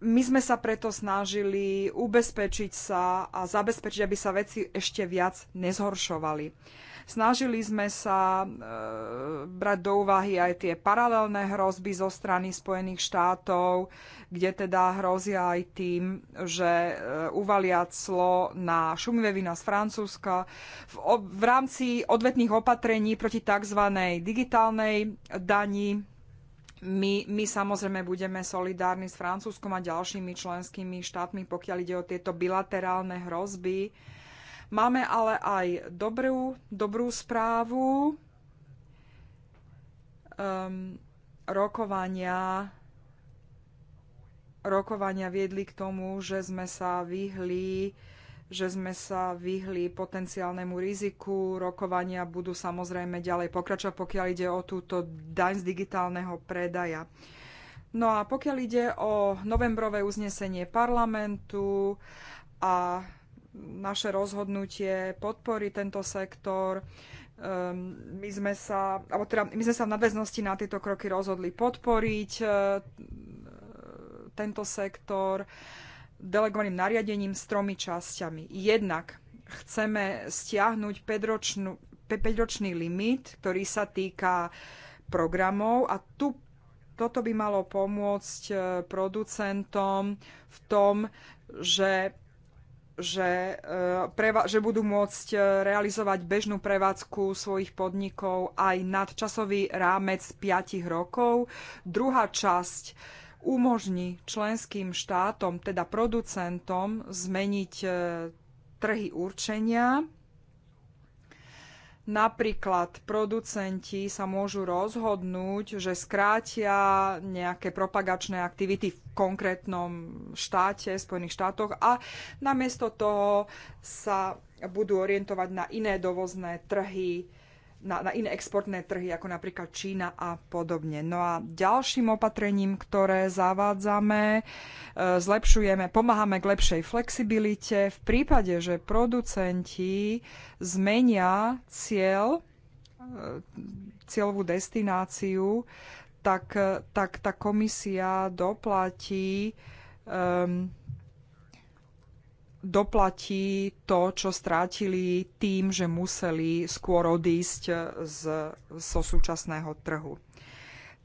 my sme sa preto snažili ubezpečiť sa a zabezpečiť, aby sa veci ešte viac nezhoršovali. Snažili sme sa e, brať do úvahy aj tie paralelné hrozby zo strany Spojených štátov, kde teda hrozia aj tým, že e, uvalia clo na šumivé vina z Francúzska. V, o, v rámci odvetných opatrení proti tzv. digitálnej dani my, my samozrejme budeme solidárni s Francúzskom a ďalšími členskými štátmi, pokiaľ ide o tieto bilaterálne hrozby. Máme ale aj dobrú, dobrú správu. Um, rokovania rokovania viedli k tomu, že sme sa vyhli že sme sa vyhli potenciálnemu riziku. Rokovania budú samozrejme ďalej pokračovať, pokiaľ ide o túto daň z digitálneho predaja. No a pokiaľ ide o novembrové uznesenie parlamentu a naše rozhodnutie podpory tento sektor, ehm, my sme sa, alebo teda my sme sa v nadväznosti na tieto kroky rozhodli podporiť ehm, tento sektor delegovaným nariadením s tromi časťami. Jednak chceme stiahnuť 5-ročný limit, ktorý sa týka programov a tu toto by malo pomôcť e, producentom v tom, že že, e, preva- že budú môcť e, realizovať bežnú prevádzku svojich podnikov aj nad časový rámec 5 rokov. Druhá časť umožní členským štátom, teda producentom, zmeniť e, trhy určenia. Napríklad producenti sa môžu rozhodnúť, že skrátia nejaké propagačné aktivity v konkrétnom štáte, Spojených štátoch a namiesto toho sa budú orientovať na iné dovozné trhy, na, na iné exportné trhy, ako napríklad Čína a podobne. No a ďalším opatrením, ktoré zavádzame, e, zlepšujeme, pomáhame k lepšej flexibilite v prípade, že producenti zmenia cieľ, e, cieľovú destináciu, tak, e, tak tá komisia doplatí um, doplatí to, čo strátili tým, že museli skôr odísť z, zo súčasného trhu.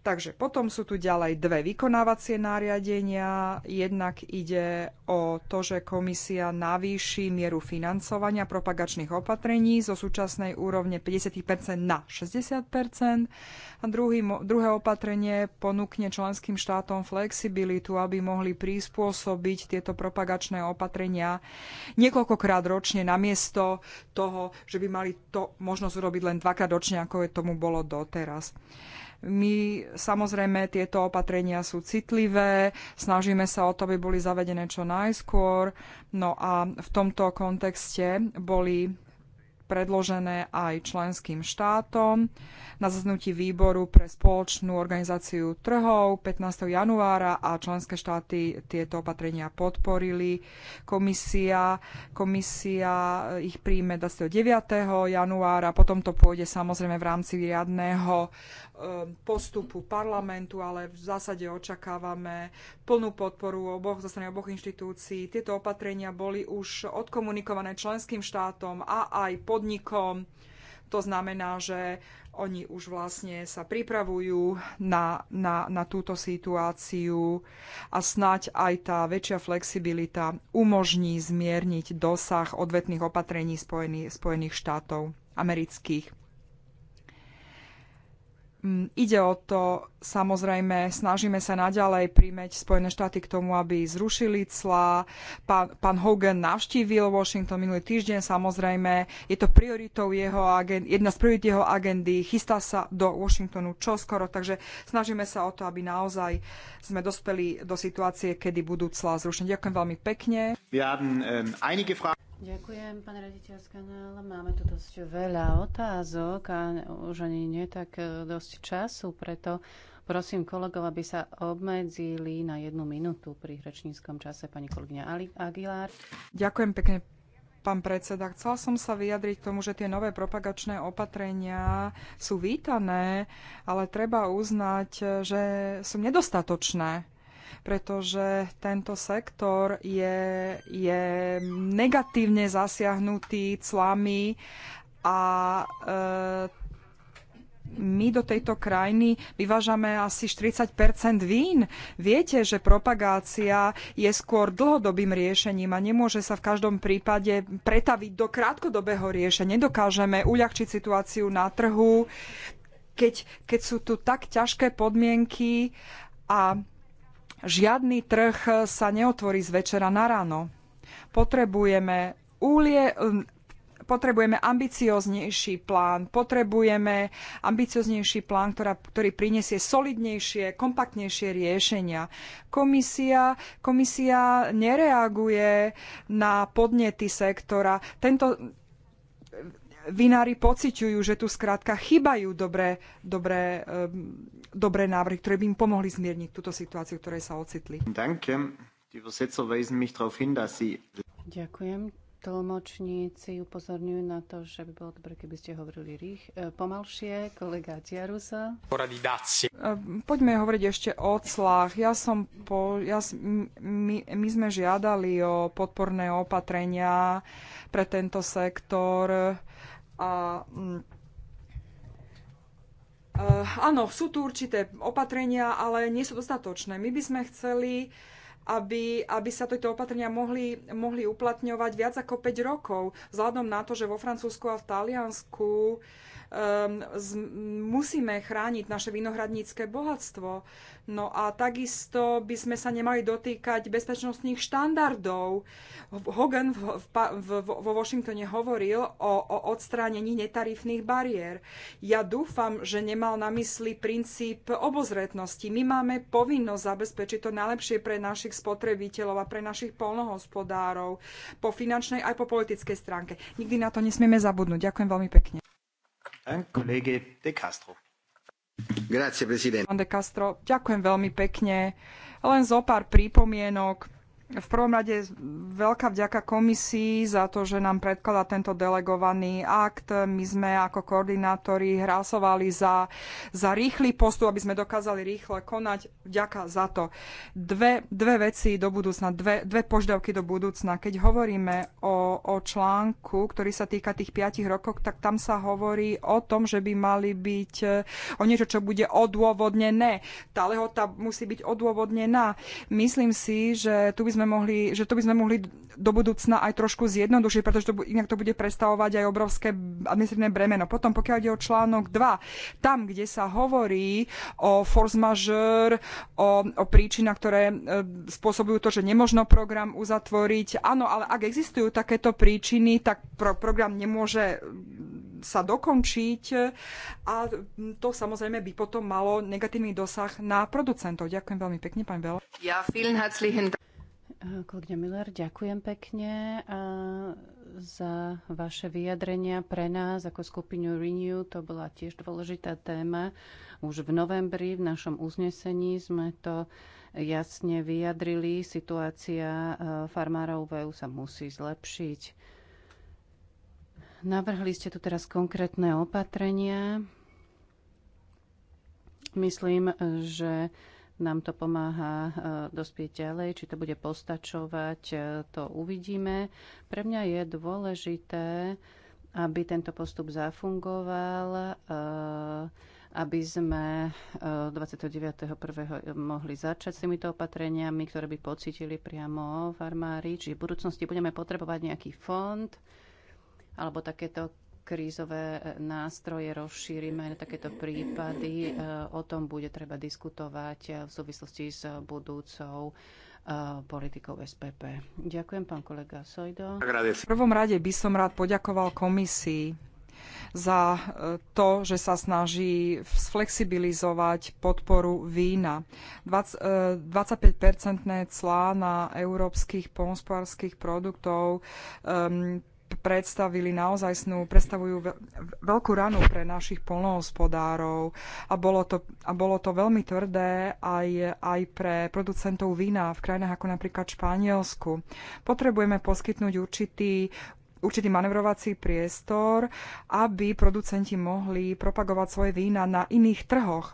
Takže potom sú tu ďalej dve vykonávacie nariadenia. Jednak ide o to, že komisia navýši mieru financovania propagačných opatrení zo súčasnej úrovne 50% na 60%. A druhý, druhé opatrenie ponúkne členským štátom flexibilitu, aby mohli prispôsobiť tieto propagačné opatrenia niekoľkokrát ročne namiesto toho, že by mali to možnosť urobiť len dvakrát ročne, ako je tomu bolo doteraz. My samozrejme tieto opatrenia sú citlivé, snažíme sa o to, aby boli zavedené čo najskôr. No a v tomto kontexte boli predložené aj členským štátom na zaznutí výboru pre spoločnú organizáciu trhov 15. januára a členské štáty tieto opatrenia podporili. Komisia, komisia ich príjme 29. januára, potom to pôjde samozrejme v rámci riadného Um, postupu parlamentu, ale v zásade očakávame plnú podporu oboch, zo strany oboch inštitúcií. Tieto opatrenia boli už odkomunikované členským štátom a aj podnikom. To znamená, že oni už vlastne sa pripravujú na, na, na túto situáciu a snať aj tá väčšia flexibilita umožní zmierniť dosah odvetných opatrení Spojených, Spojených štátov amerických. Mm, ide o to, samozrejme, snažíme sa naďalej prímeť Spojené štáty k tomu, aby zrušili clá. Pán, pán Hogan navštívil Washington minulý týždeň, samozrejme, je to prioritou jeho agend, jedna z priorit jeho agendy, chystá sa do Washingtonu čoskoro, takže snažíme sa o to, aby naozaj sme dospeli do situácie, kedy budú clá zrušené. Ďakujem veľmi pekne. Ähm, Ďakujem, pán raditeľ z kanála. Máme tu dosť veľa otázok a už ani nie tak e, dosť času, preto prosím kolegov, aby sa obmedzili na jednu minútu pri rečníckom čase. Pani kolegyňa Ali Aguilar. Ďakujem pekne, pán predseda. Chcela som sa vyjadriť k tomu, že tie nové propagačné opatrenia sú vítané, ale treba uznať, že sú nedostatočné pretože tento sektor je, je negatívne zasiahnutý clami a e, my do tejto krajiny vyvážame asi 40 vín. Viete, že propagácia je skôr dlhodobým riešením a nemôže sa v každom prípade pretaviť do krátkodobého riešenia. Nedokážeme uľahčiť situáciu na trhu, keď, keď sú tu tak ťažké podmienky a Žiadny trh sa neotvorí z večera na ráno. Potrebujeme úlie, potrebujeme ambicioznejší plán, potrebujeme ambicioznejší plán, ktorá, ktorý prinesie solidnejšie, kompaktnejšie riešenia. Komisia, komisia nereaguje na podnety sektora. Tento, vinári pociťujú, že tu skrátka chýbajú dobré, dobré, um, dobré návrhy, ktoré by im pomohli zmierniť túto situáciu, ktorej sa ocitli. Ďakujem. Tlmočníci upozorňujú na to, že by bolo dobre, keby ste hovorili rých. E, pomalšie, kolega Tiarusa. Ehm, poďme hovoriť ešte o clách. Ja som po, ja, my, my sme žiadali o podporné opatrenia pre tento sektor a mm, eh, áno, sú tu určité opatrenia, ale nie sú dostatočné. My by sme chceli, aby, aby sa tieto opatrenia mohli, mohli uplatňovať viac ako 5 rokov, vzhľadom na to, že vo Francúzsku a v Taliansku uh, Ehm, musíme chrániť naše vinohradnícke bohatstvo. No a takisto by sme sa nemali dotýkať bezpečnostných štandardov. Hogan v, v, v, vo Washingtone hovoril o, o odstránení netarifných bariér. Ja dúfam, že nemal na mysli princíp obozretnosti. My máme povinnosť zabezpečiť to najlepšie pre našich spotrebiteľov a pre našich polnohospodárov po finančnej aj po politickej stránke. Nikdy na to nesmieme zabudnúť. Ďakujem veľmi pekne. De Castro. Ďakujem veľmi pekne. Len zo pár prípomienok v prvom rade veľká vďaka komisii za to, že nám predkladá tento delegovaný akt. My sme ako koordinátori hlasovali za, za rýchly postup, aby sme dokázali rýchle konať. Vďaka za to. Dve, dve veci do budúcna, dve, dve požiadavky do budúcna. Keď hovoríme o, o článku, ktorý sa týka tých 5 rokov, tak tam sa hovorí o tom, že by mali byť eh, o niečo, čo bude odôvodnené. Tá lehota musí byť odôvodnená. Myslím si, že tu by sme mohli, že to by sme mohli do budúcna aj trošku zjednodušiť, pretože to, inak to bude predstavovať aj obrovské administratívne bremeno. Potom, pokiaľ ide o článok 2, tam, kde sa hovorí o force majeure, o, o príčinách, ktoré e, spôsobujú to, že nemožno program uzatvoriť. Áno, ale ak existujú takéto príčiny, tak pro, program nemôže mm, sa dokončiť a to samozrejme by potom malo negatívny dosah na producentov. Ďakujem veľmi pekne, pán Bel. Ja, vielen herzlichen Dank. Eh, kolegyňa Miller, ďakujem pekne eh, za vaše vyjadrenia pre nás ako skupinu Renew. To bola tiež dôležitá téma. Už v novembri v našom uznesení sme to jasne vyjadrili. Situácia eh, farmárov v EU sa musí zlepšiť. Navrhli ste tu teraz konkrétne opatrenia. Myslím, že nám to pomáha e, dospieť ďalej. Či to bude postačovať, e, to uvidíme. Pre mňa je dôležité, aby tento postup zafungoval, e, aby sme 29.1. mohli začať s týmito opatreniami, ktoré by pocitili priamo v armári. Čiže v budúcnosti budeme potrebovať nejaký fond alebo takéto krízové nástroje rozšírime na takéto prípady. E, o tom bude treba diskutovať v súvislosti s budúcou e, politikou SPP. Ďakujem, pán kolega Sojdo. V prvom rade by som rád poďakoval komisii za e, to, že sa snaží sflexibilizovať podporu vína. 25-percentné clá na európskych pomospárských produktov um, predstavili naozajstnú, predstavujú veľkú ranu pre našich polnohospodárov a bolo to, a bolo to veľmi tvrdé aj, aj pre producentov vína v krajinách ako napríklad Španielsku. Potrebujeme poskytnúť určitý určitý manevrovací priestor, aby producenti mohli propagovať svoje vína na iných trhoch. E,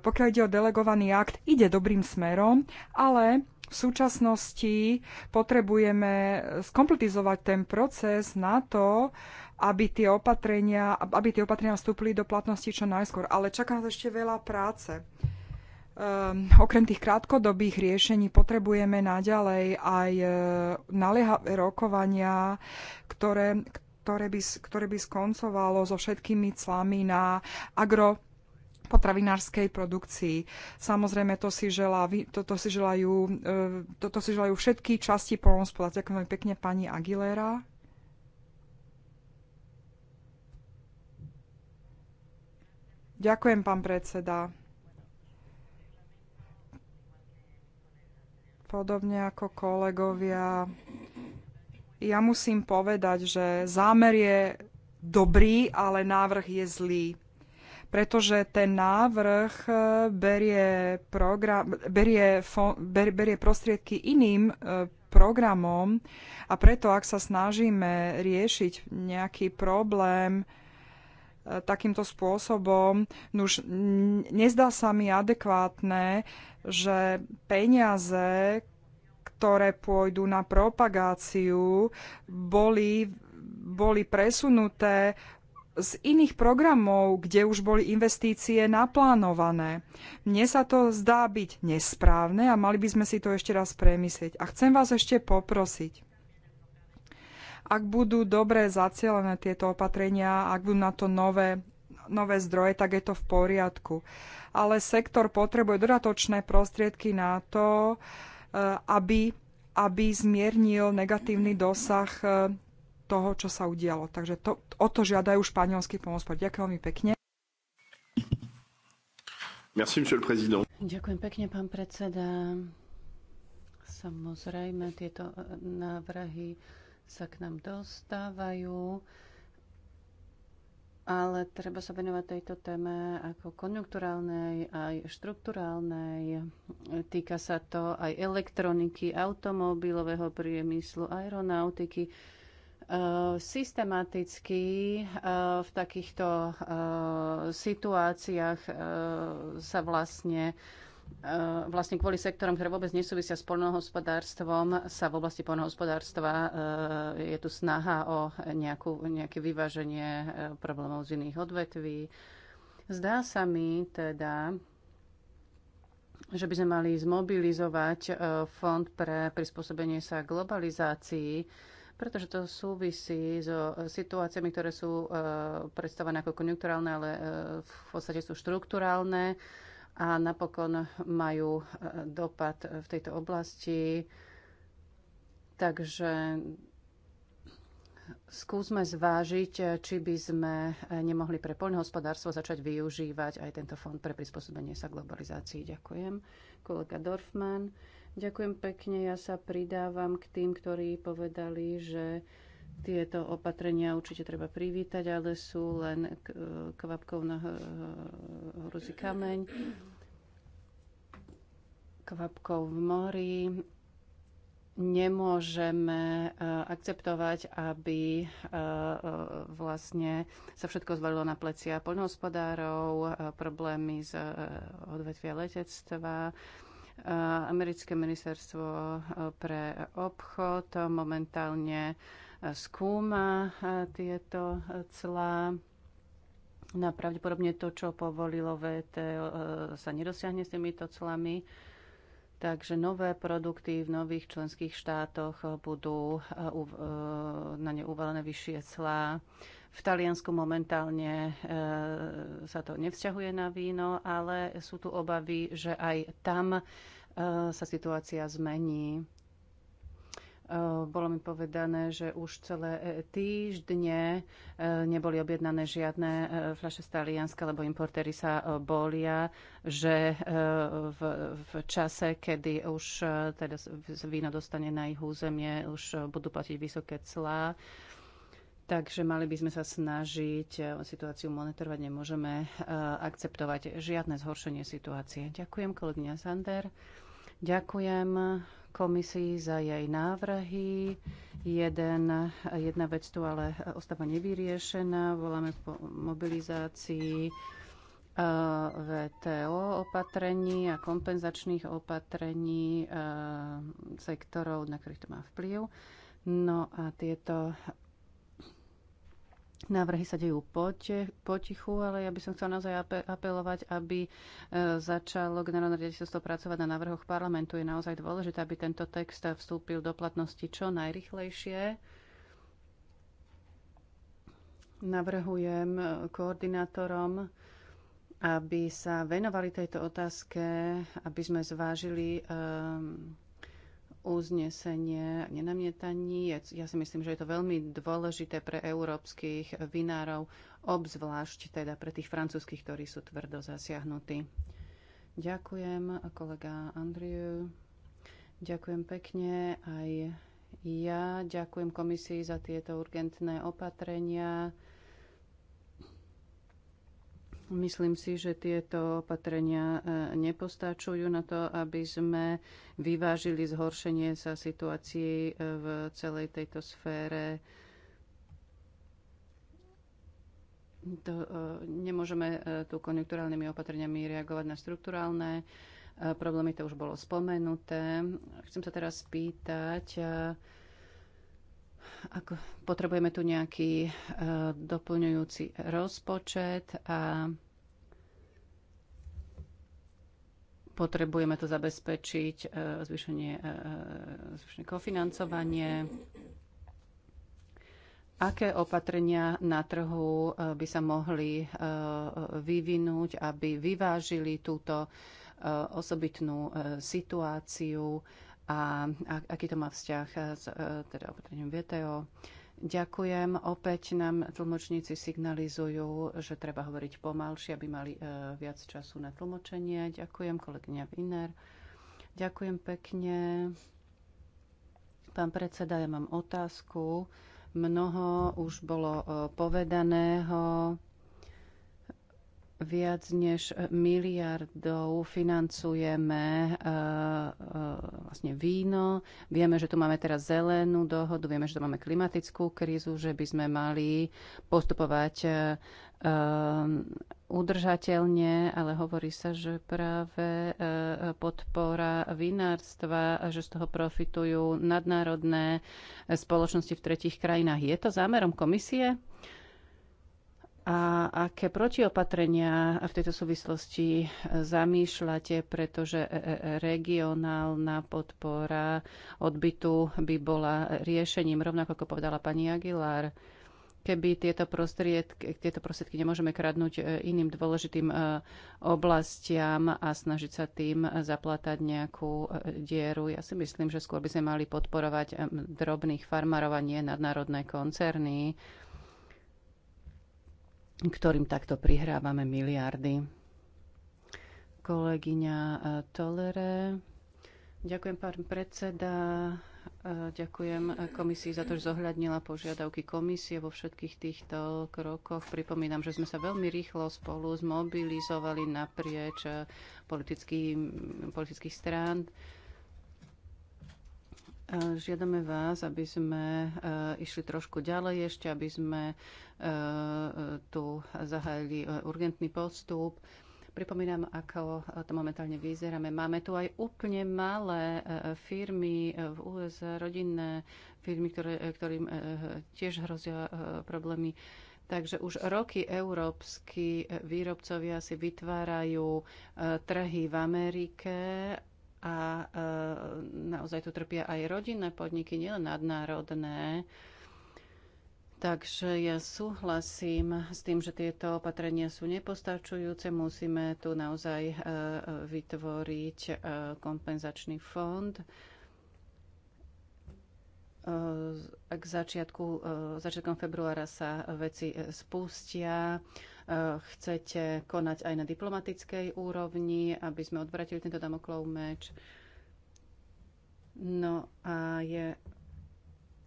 pokiaľ ide o delegovaný akt, ide dobrým smerom, ale v súčasnosti potrebujeme skompletizovať ten proces na to, aby tie opatrenia, aby tie opatrenia vstúpili do platnosti čo najskôr. Ale čaká nás ešte veľa práce. Um, okrem tých krátkodobých riešení potrebujeme naďalej aj uh, e, naliehavé rokovania, ktoré, ktoré, by, ktoré by skoncovalo so všetkými clami na agro potravinárskej produkcii. Samozrejme, to si, želá, to, to si, želajú, e, to, to si želajú všetky časti polnospodárstva. Ďakujem veľmi pekne pani Aguilera. Ďakujem, pán predseda. Podobne ako kolegovia, ja musím povedať, že zámer je dobrý, ale návrh je zlý pretože ten návrh eh, berie, program, berie, ber, berie prostriedky iným eh, programom a preto, ak sa snažíme riešiť nejaký problém eh, takýmto spôsobom, už nezdá sa mi adekvátne, že peniaze, ktoré pôjdu na propagáciu, boli, boli presunuté z iných programov, kde už boli investície naplánované. Mne sa to zdá byť nesprávne a mali by sme si to ešte raz premyslieť. A chcem vás ešte poprosiť. Ak budú dobre zacielené tieto opatrenia, ak budú na to nové, nové zdroje, tak je to v poriadku. Ale sektor potrebuje dodatočné prostriedky na to, eh, aby, aby zmiernil negatívny dosah eh, toho, čo sa udialo. Takže to, o to žiadajú španielský pomospor. Ďakujem veľmi pekne. Merci, monsieur le président. Ďakujem pekne, pán predseda. Samozrejme, tieto e, návrhy sa k nám dostávajú, ale treba sa venovať tejto téme ako konjunkturálnej, aj štrukturálnej. Týka sa to aj elektroniky, automobilového priemyslu, aeronautiky Eh, systematicky eh, v takýchto eh, situáciách sa vlastne vlastne kvôli sektorom, ktoré vôbec nesúvisia s poľnohospodárstvom, sa v oblasti poľnohospodárstva je tu snaha o nejakú, nejaké vyváženie problémov z iných odvetví. Zdá sa mi teda, že by sme mali zmobilizovať fond pre prispôsobenie sa globalizácii, pretože to súvisí so e, situáciami, ktoré sú e, predstavené ako konjunkturálne, ale e, v podstate sú štruktúrálne a napokon majú dopad v tejto oblasti. Takže skúsme zvážiť, či by sme nemohli pre poľnohospodárstvo začať využívať aj tento fond pre prispôsobenie sa globalizácii. Ďakujem. Kolega Dorfman. Ďakujem pekne. Ja sa pridávam k tým, ktorí povedali, že tieto opatrenia určite treba privítať, ale sú len kvapkou na horúci kameň, kvapkou v mori. Nemôžeme e, akceptovať, aby e, e, vlastne sa všetko zvalilo na plecia poľnohospodárov, problémy z odvetvia letectva, Americké ministerstvo e, pre obchod momentálne e, skúma e, tieto clá. Napravdepodobne no to, čo povolilo VT, sa nedosiahne s týmito clami. Takže nové produkty v nových členských štátoch budú eh, eh, na ne uvalené vyššie clá. V Taliansku momentálne eh, sa to nevzťahuje na víno, ale sú tu obavy, že aj tam sa situácia zmení Eh, bolo mi povedané, že už celé eh, týždne eh, neboli objednané žiadne fľaše z Talianska, lebo importéry sa bolia, že v, v čase, kedy už teda víno dostane na ich územie, už budú platiť vysoké clá. Takže mali by sme sa snažiť situáciu monitorovať. Nemôžeme akceptovať žiadne zhoršenie situácie. Ďakujem, kolegyňa Sander. Ďakujem, komisii za jej návrhy. Jeden, jedna vec tu ale ostáva nevyriešená. Voláme po mobilizácii e, VTO opatrení a kompenzačných opatrení e, sektorov, na ktorých to má vplyv. No a tieto Návrhy sa dejú potichu, ale ja by som chcel naozaj apelovať, aby e, začalo generálne riaditeľstvo pracovať na návrhoch parlamentu. Je naozaj dôležité, aby tento text vstúpil do platnosti čo najrychlejšie. Navrhujem e, koordinátorom, aby sa venovali tejto otázke, aby sme zvážili um, uznesenie nenamietaní. Ja si myslím, že je to veľmi dôležité pre európskych vinárov, obzvlášť teda pre tých francúzskych, ktorí sú tvrdo zasiahnutí. Ďakujem, kolega Andriu. Ďakujem pekne aj ja. Ďakujem komisii za tieto urgentné opatrenia Myslím si, že tieto opatrenia e, nepostačujú na to, aby sme vyvážili zhoršenie sa situácií e, v celej tejto sfére. To, e, nemôžeme tu konjunkturálnymi opatreniami reagovať na strukturálne problémy, to už bolo spomenuté. Chcem sa teraz spýtať, ako potrebujeme tu nejaký e, doplňujúci rozpočet a potrebujeme to zabezpečiť, e, zvýšenie, e, zvýšenie kofinancovanie. Aké opatrenia na trhu by sa mohli vyvinúť, aby vyvážili túto osobitnú situáciu? a, a aký to má vzťah e, s e, teda opatrením VTO. Ďakujem. Opäť nám tlmočníci signalizujú, že treba hovoriť pomalšie, aby mali e, viac času na tlmočenie. Ďakujem, kolegyňa Viner. Ďakujem pekne. Pán predseda, ja mám otázku. Mnoho už bolo povedaného viac než miliardov financujeme eh, eh, vlastne víno. Vieme, že tu máme teraz zelenú dohodu, vieme, že tu máme klimatickú krízu, že by sme mali postupovať eh, udržateľne, ale hovorí sa, že práve podpora vinárstva, že z toho profitujú nadnárodné spoločnosti v tretich krajinách. Je to zámerom komisie? a aké protiopatrenia v tejto súvislosti eh, zamýšľate, pretože eh, eh, regionálna podpora odbytu by bola riešením, rovnako ako povedala pani Aguilar keby tieto prostriedky, tieto prostriedky nemôžeme kradnúť iným dôležitým oblastiam a snažiť sa tým zaplatať nejakú dieru. Ja si myslím, že skôr by sme mali podporovať drobných farmárov a nie nadnárodné koncerny ktorým takto prihrávame miliardy. Kolegyňa e, Tolere. Ďakujem, pán predseda. E, ďakujem komisii za to, že zohľadnila požiadavky komisie vo všetkých týchto krokoch. Pripomínam, že sme sa veľmi rýchlo spolu zmobilizovali naprieč e, politických strán E, žiadame vás, aby sme e, išli trošku ďalej ešte, aby sme e, tu zahájili urgentný postup. Pripomínam, ako to momentálne vyzeráme. Máme tu aj úplne malé firmy v USA, rodinné firmy, ktoré, ktorým tiež hrozia problémy. Takže už roky európsky výrobcovia si vytvárajú trhy v Amerike a e, naozaj tu trpia aj rodinné podniky, nielen nadnárodné. Takže ja súhlasím s tým, že tieto opatrenia sú nepostačujúce. Musíme tu naozaj e, vytvoriť e, kompenzačný fond. K začiatku, začiatkom februára sa veci spustia chcete konať aj na diplomatickej úrovni, aby sme odvratili tento damoklov meč. No a je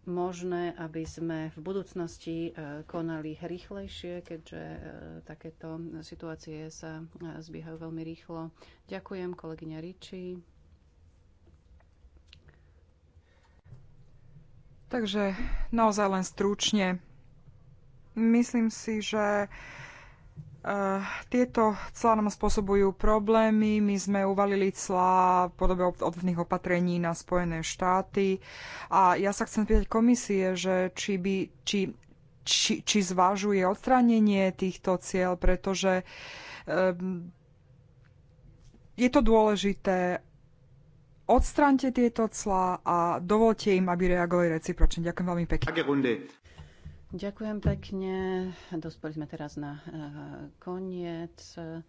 možné, aby sme v budúcnosti e, konali rýchlejšie, keďže e, takéto situácie sa e, zbiehajú veľmi rýchlo. Ďakujem, kolegyňa Riči. Takže naozaj len stručne. Myslím si, že tieto clá nám spôsobujú problémy. My sme uvalili clá v podobe odvetných opatrení na Spojené štáty. A ja sa chcem spýtať komisie, že či, by, či, či, či zvážuje odstránenie týchto cieľ, pretože um, je to dôležité. Odstráňte tieto clá a dovolte im, aby reagovali recipročne. Ďakujem veľmi pekne. Ďakujem pekne. Dospeli sme teraz na eh, koniec eh,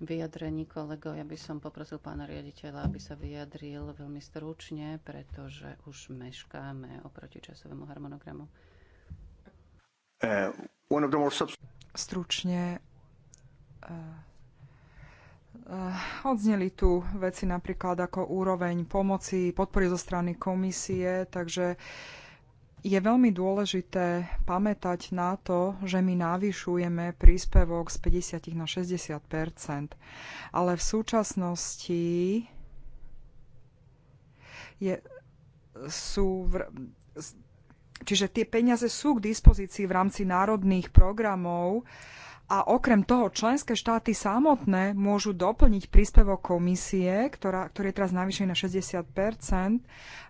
vyjadrení kolego. Ja by som poprosil pána riaditeľa, aby sa vyjadril veľmi stručne, pretože už meškáme oproti časovému harmonogramu. Eh, stručne Odzneli tu veci napríklad ako úroveň pomoci, podpory zo strany komisie, takže je veľmi dôležité pamätať na to, že my navyšujeme príspevok z 50 na 60 ale v súčasnosti je, sú v, Čiže tie peniaze sú k dispozícii v rámci národných programov, a okrem toho členské štáty samotné môžu doplniť príspevok komisie, ktorá, ktorý je teraz navýšený na 60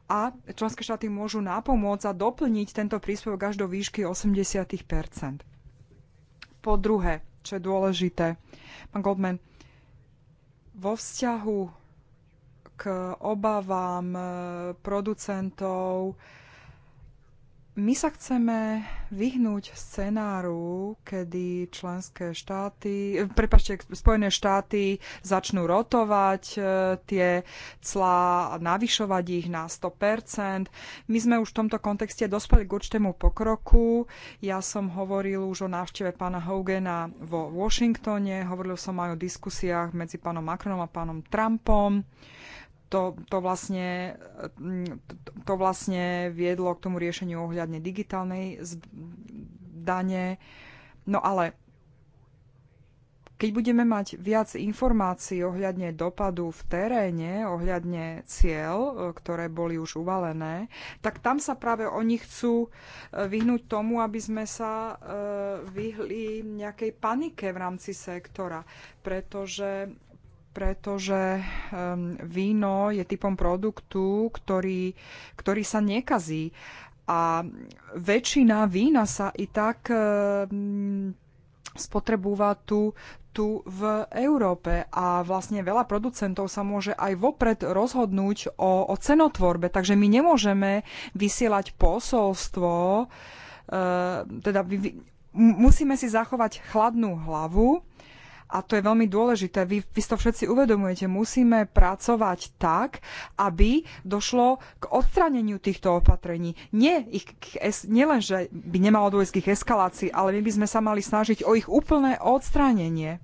a členské štáty môžu napomôcť a doplniť tento príspevok až do výšky 80 Po druhé, čo je dôležité, pán Goldman, vo vzťahu k obavám eh, producentov, my sa chceme vyhnúť scenáru, kedy členské štáty, prepačte, Spojené štáty začnú rotovať e, tie clá, navyšovať ich na 100%. My sme už v tomto kontexte dospeli k určitému pokroku. Ja som hovoril už o návšteve pána Hogana vo Washingtone, hovoril som aj o diskusiách medzi pánom Macronom a pánom Trumpom to, to, vlastne, mm, to vlastne viedlo k tomu riešeniu ohľadne digitálnej dane. No ale keď budeme mať viac informácií ohľadne dopadu v teréne, ohľadne cieľ, e, ktoré boli už uvalené, tak tam sa práve oni chcú e, vyhnúť tomu, aby sme sa e, vyhli nejakej panike v rámci sektora, pretože pretože víno je typom produktu, ktorý, ktorý sa nekazí. A väčšina vína sa i tak spotrebúva tu, tu v Európe a vlastne veľa producentov sa môže aj vopred rozhodnúť o, o cenotvorbe, takže my nemôžeme vysielať posolstvo, teda musíme si zachovať chladnú hlavu a to je veľmi dôležité, vy, vy to všetci uvedomujete, musíme pracovať tak, aby došlo k odstraneniu týchto opatrení. Nie, ich, nielen, že by nemalo dôjsť k ich eskalácii, ale my by sme sa mali snažiť o ich úplné odstránenie.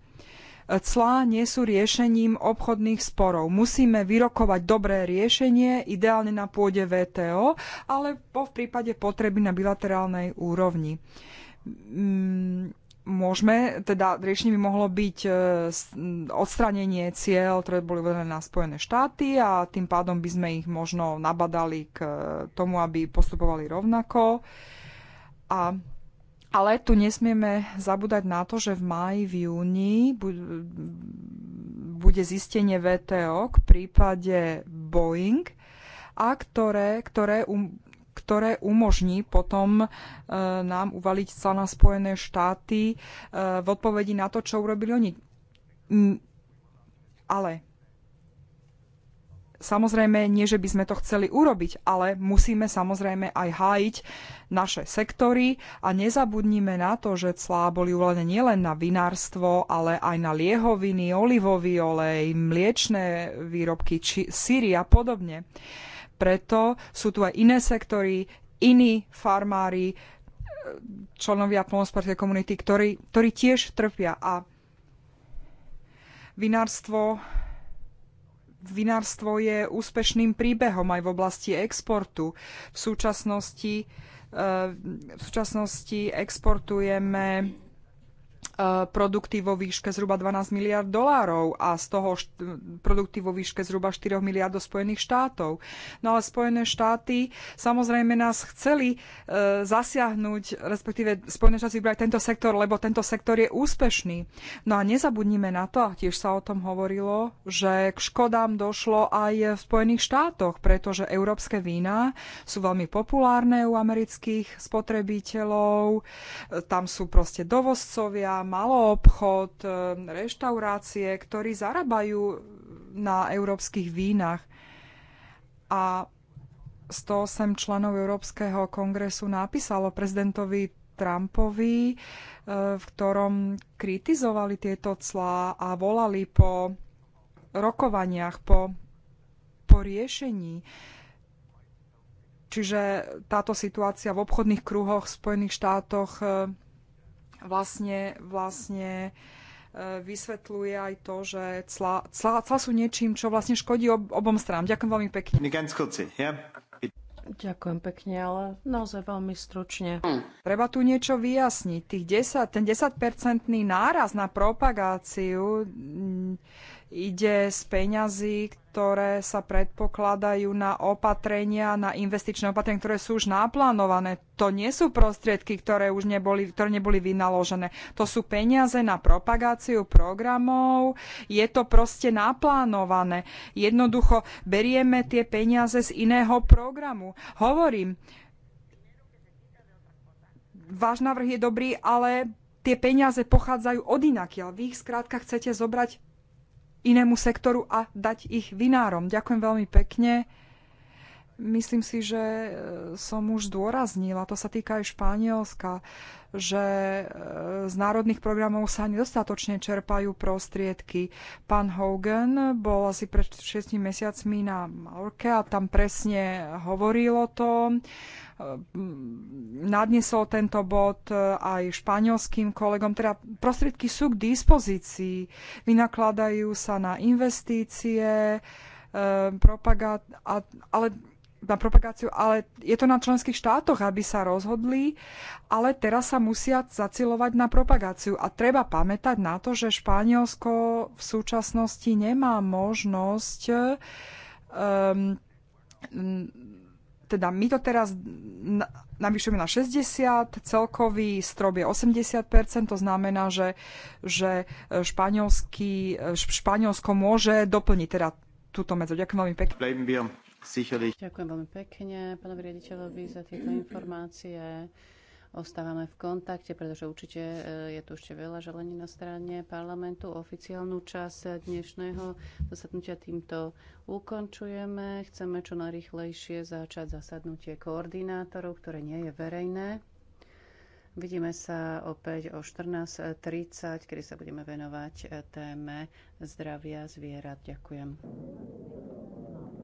Clá nie sú riešením obchodných sporov. Musíme vyrokovať dobré riešenie, ideálne na pôde VTO, po v prípade potreby na bilaterálnej úrovni. Mm môžeme, teda riešením by mohlo byť e, odstranenie cieľ, ktoré boli uvedené na Spojené štáty a tým pádom by sme ich možno nabadali k e, tomu, aby postupovali rovnako. A, ale tu nesmieme zabúdať na to, že v máji, v júni bude zistenie VTO k prípade Boeing, a ktoré, ktoré um, ktoré umožní potom e, nám uvaliť sa na Spojené štáty e, v odpovedi na to, čo urobili oni. ale samozrejme nie, že by sme to chceli urobiť, ale musíme samozrejme aj hájiť naše sektory a nezabudnime na to, že clá boli uvalené nielen na vinárstvo, ale aj na liehoviny, olivový olej, mliečné výrobky, či síry a podobne. Uh, preto sú tu aj iné sektory, iní farmári, e, členovia polnospodárskej komunity, ktorí, ktorí tiež trpia. A vinárstvo, vinárstvo je úspešným príbehom aj v oblasti exportu. V súčasnosti, e, v súčasnosti exportujeme produkty vo výške zhruba 12 miliard dolárov a z toho produkty vo výške zhruba 4 miliard do Spojených štátov. No ale Spojené štáty samozrejme nás chceli e, zasiahnuť, respektíve Spojené štáty vybrať tento sektor, lebo tento sektor je úspešný. No a nezabudnime na to, a tiež sa o tom hovorilo, že k škodám došlo aj v Spojených štátoch, pretože európske vína sú veľmi populárne u amerických spotrebiteľov, e, tam sú proste dovozcovia, maloobchod, e, reštaurácie, ktorí zarábajú na európskych vínach. A 108 členov Európskeho kongresu napísalo prezidentovi Trumpovi, e, v ktorom kritizovali tieto clá a volali po rokovaniach, po, po riešení. Čiže táto situácia v obchodných kruhoch v Spojených štátoch e, vlastne, vlastne e, vysvetľuje aj to, že cla, cla, cla sú niečím, čo vlastne škodí ob, obom stranám. Ďakujem veľmi pekne. Ďakujem pekne, ale naozaj veľmi stručne. Treba tu niečo vyjasniť. Tých 10, ten 10-percentný náraz na propagáciu ide z peňazí, ktoré sa predpokladajú na opatrenia, na investičné opatrenia, ktoré sú už naplánované. To nie sú prostriedky, ktoré už neboli, ktoré neboli vynaložené. To sú peniaze na propagáciu programov. Je to proste naplánované. Jednoducho berieme tie peniaze z iného programu. Hovorím, váš návrh je dobrý, ale tie peniaze pochádzajú od inakiaľ. Vy ich skrátka chcete zobrať inému sektoru a dať ich vinárom. Ďakujem veľmi pekne myslím si, že e, som už zdôraznila, to sa týka aj Španielska, že e, z národných programov sa nedostatočne čerpajú prostriedky. Pán Hogan bol asi pred 6 mesiacmi na Malorke a tam presne hovoril o tom. E, nadnesol tento bod aj španielským kolegom. Teda prostriedky sú k dispozícii, vynakladajú sa na investície, propagát, ale na propagáciu, ale je to na členských štátoch, aby sa rozhodli, ale teraz sa musia zacilovať na propagáciu. A treba pamätať na to, že Španielsko v súčasnosti nemá možnosť um, teda my to teraz navýšime na 60, celkový strop je 80%, to znamená, že, že Španielsko môže doplniť teda túto medzoď. Ďakujem veľmi pekne sicherlich... Ďakujem veľmi pekne pánovi riaditeľovi za tieto informácie. Ostávame v kontakte, pretože určite e, je tu ešte veľa želení na strane parlamentu. Oficiálnu časť dnešného zasadnutia týmto ukončujeme. Chceme čo najrychlejšie začať zasadnutie koordinátorov, ktoré nie je verejné. Vidíme sa opäť o 14.30, kedy sa budeme venovať e, téme zdravia zvierat. Ďakujem.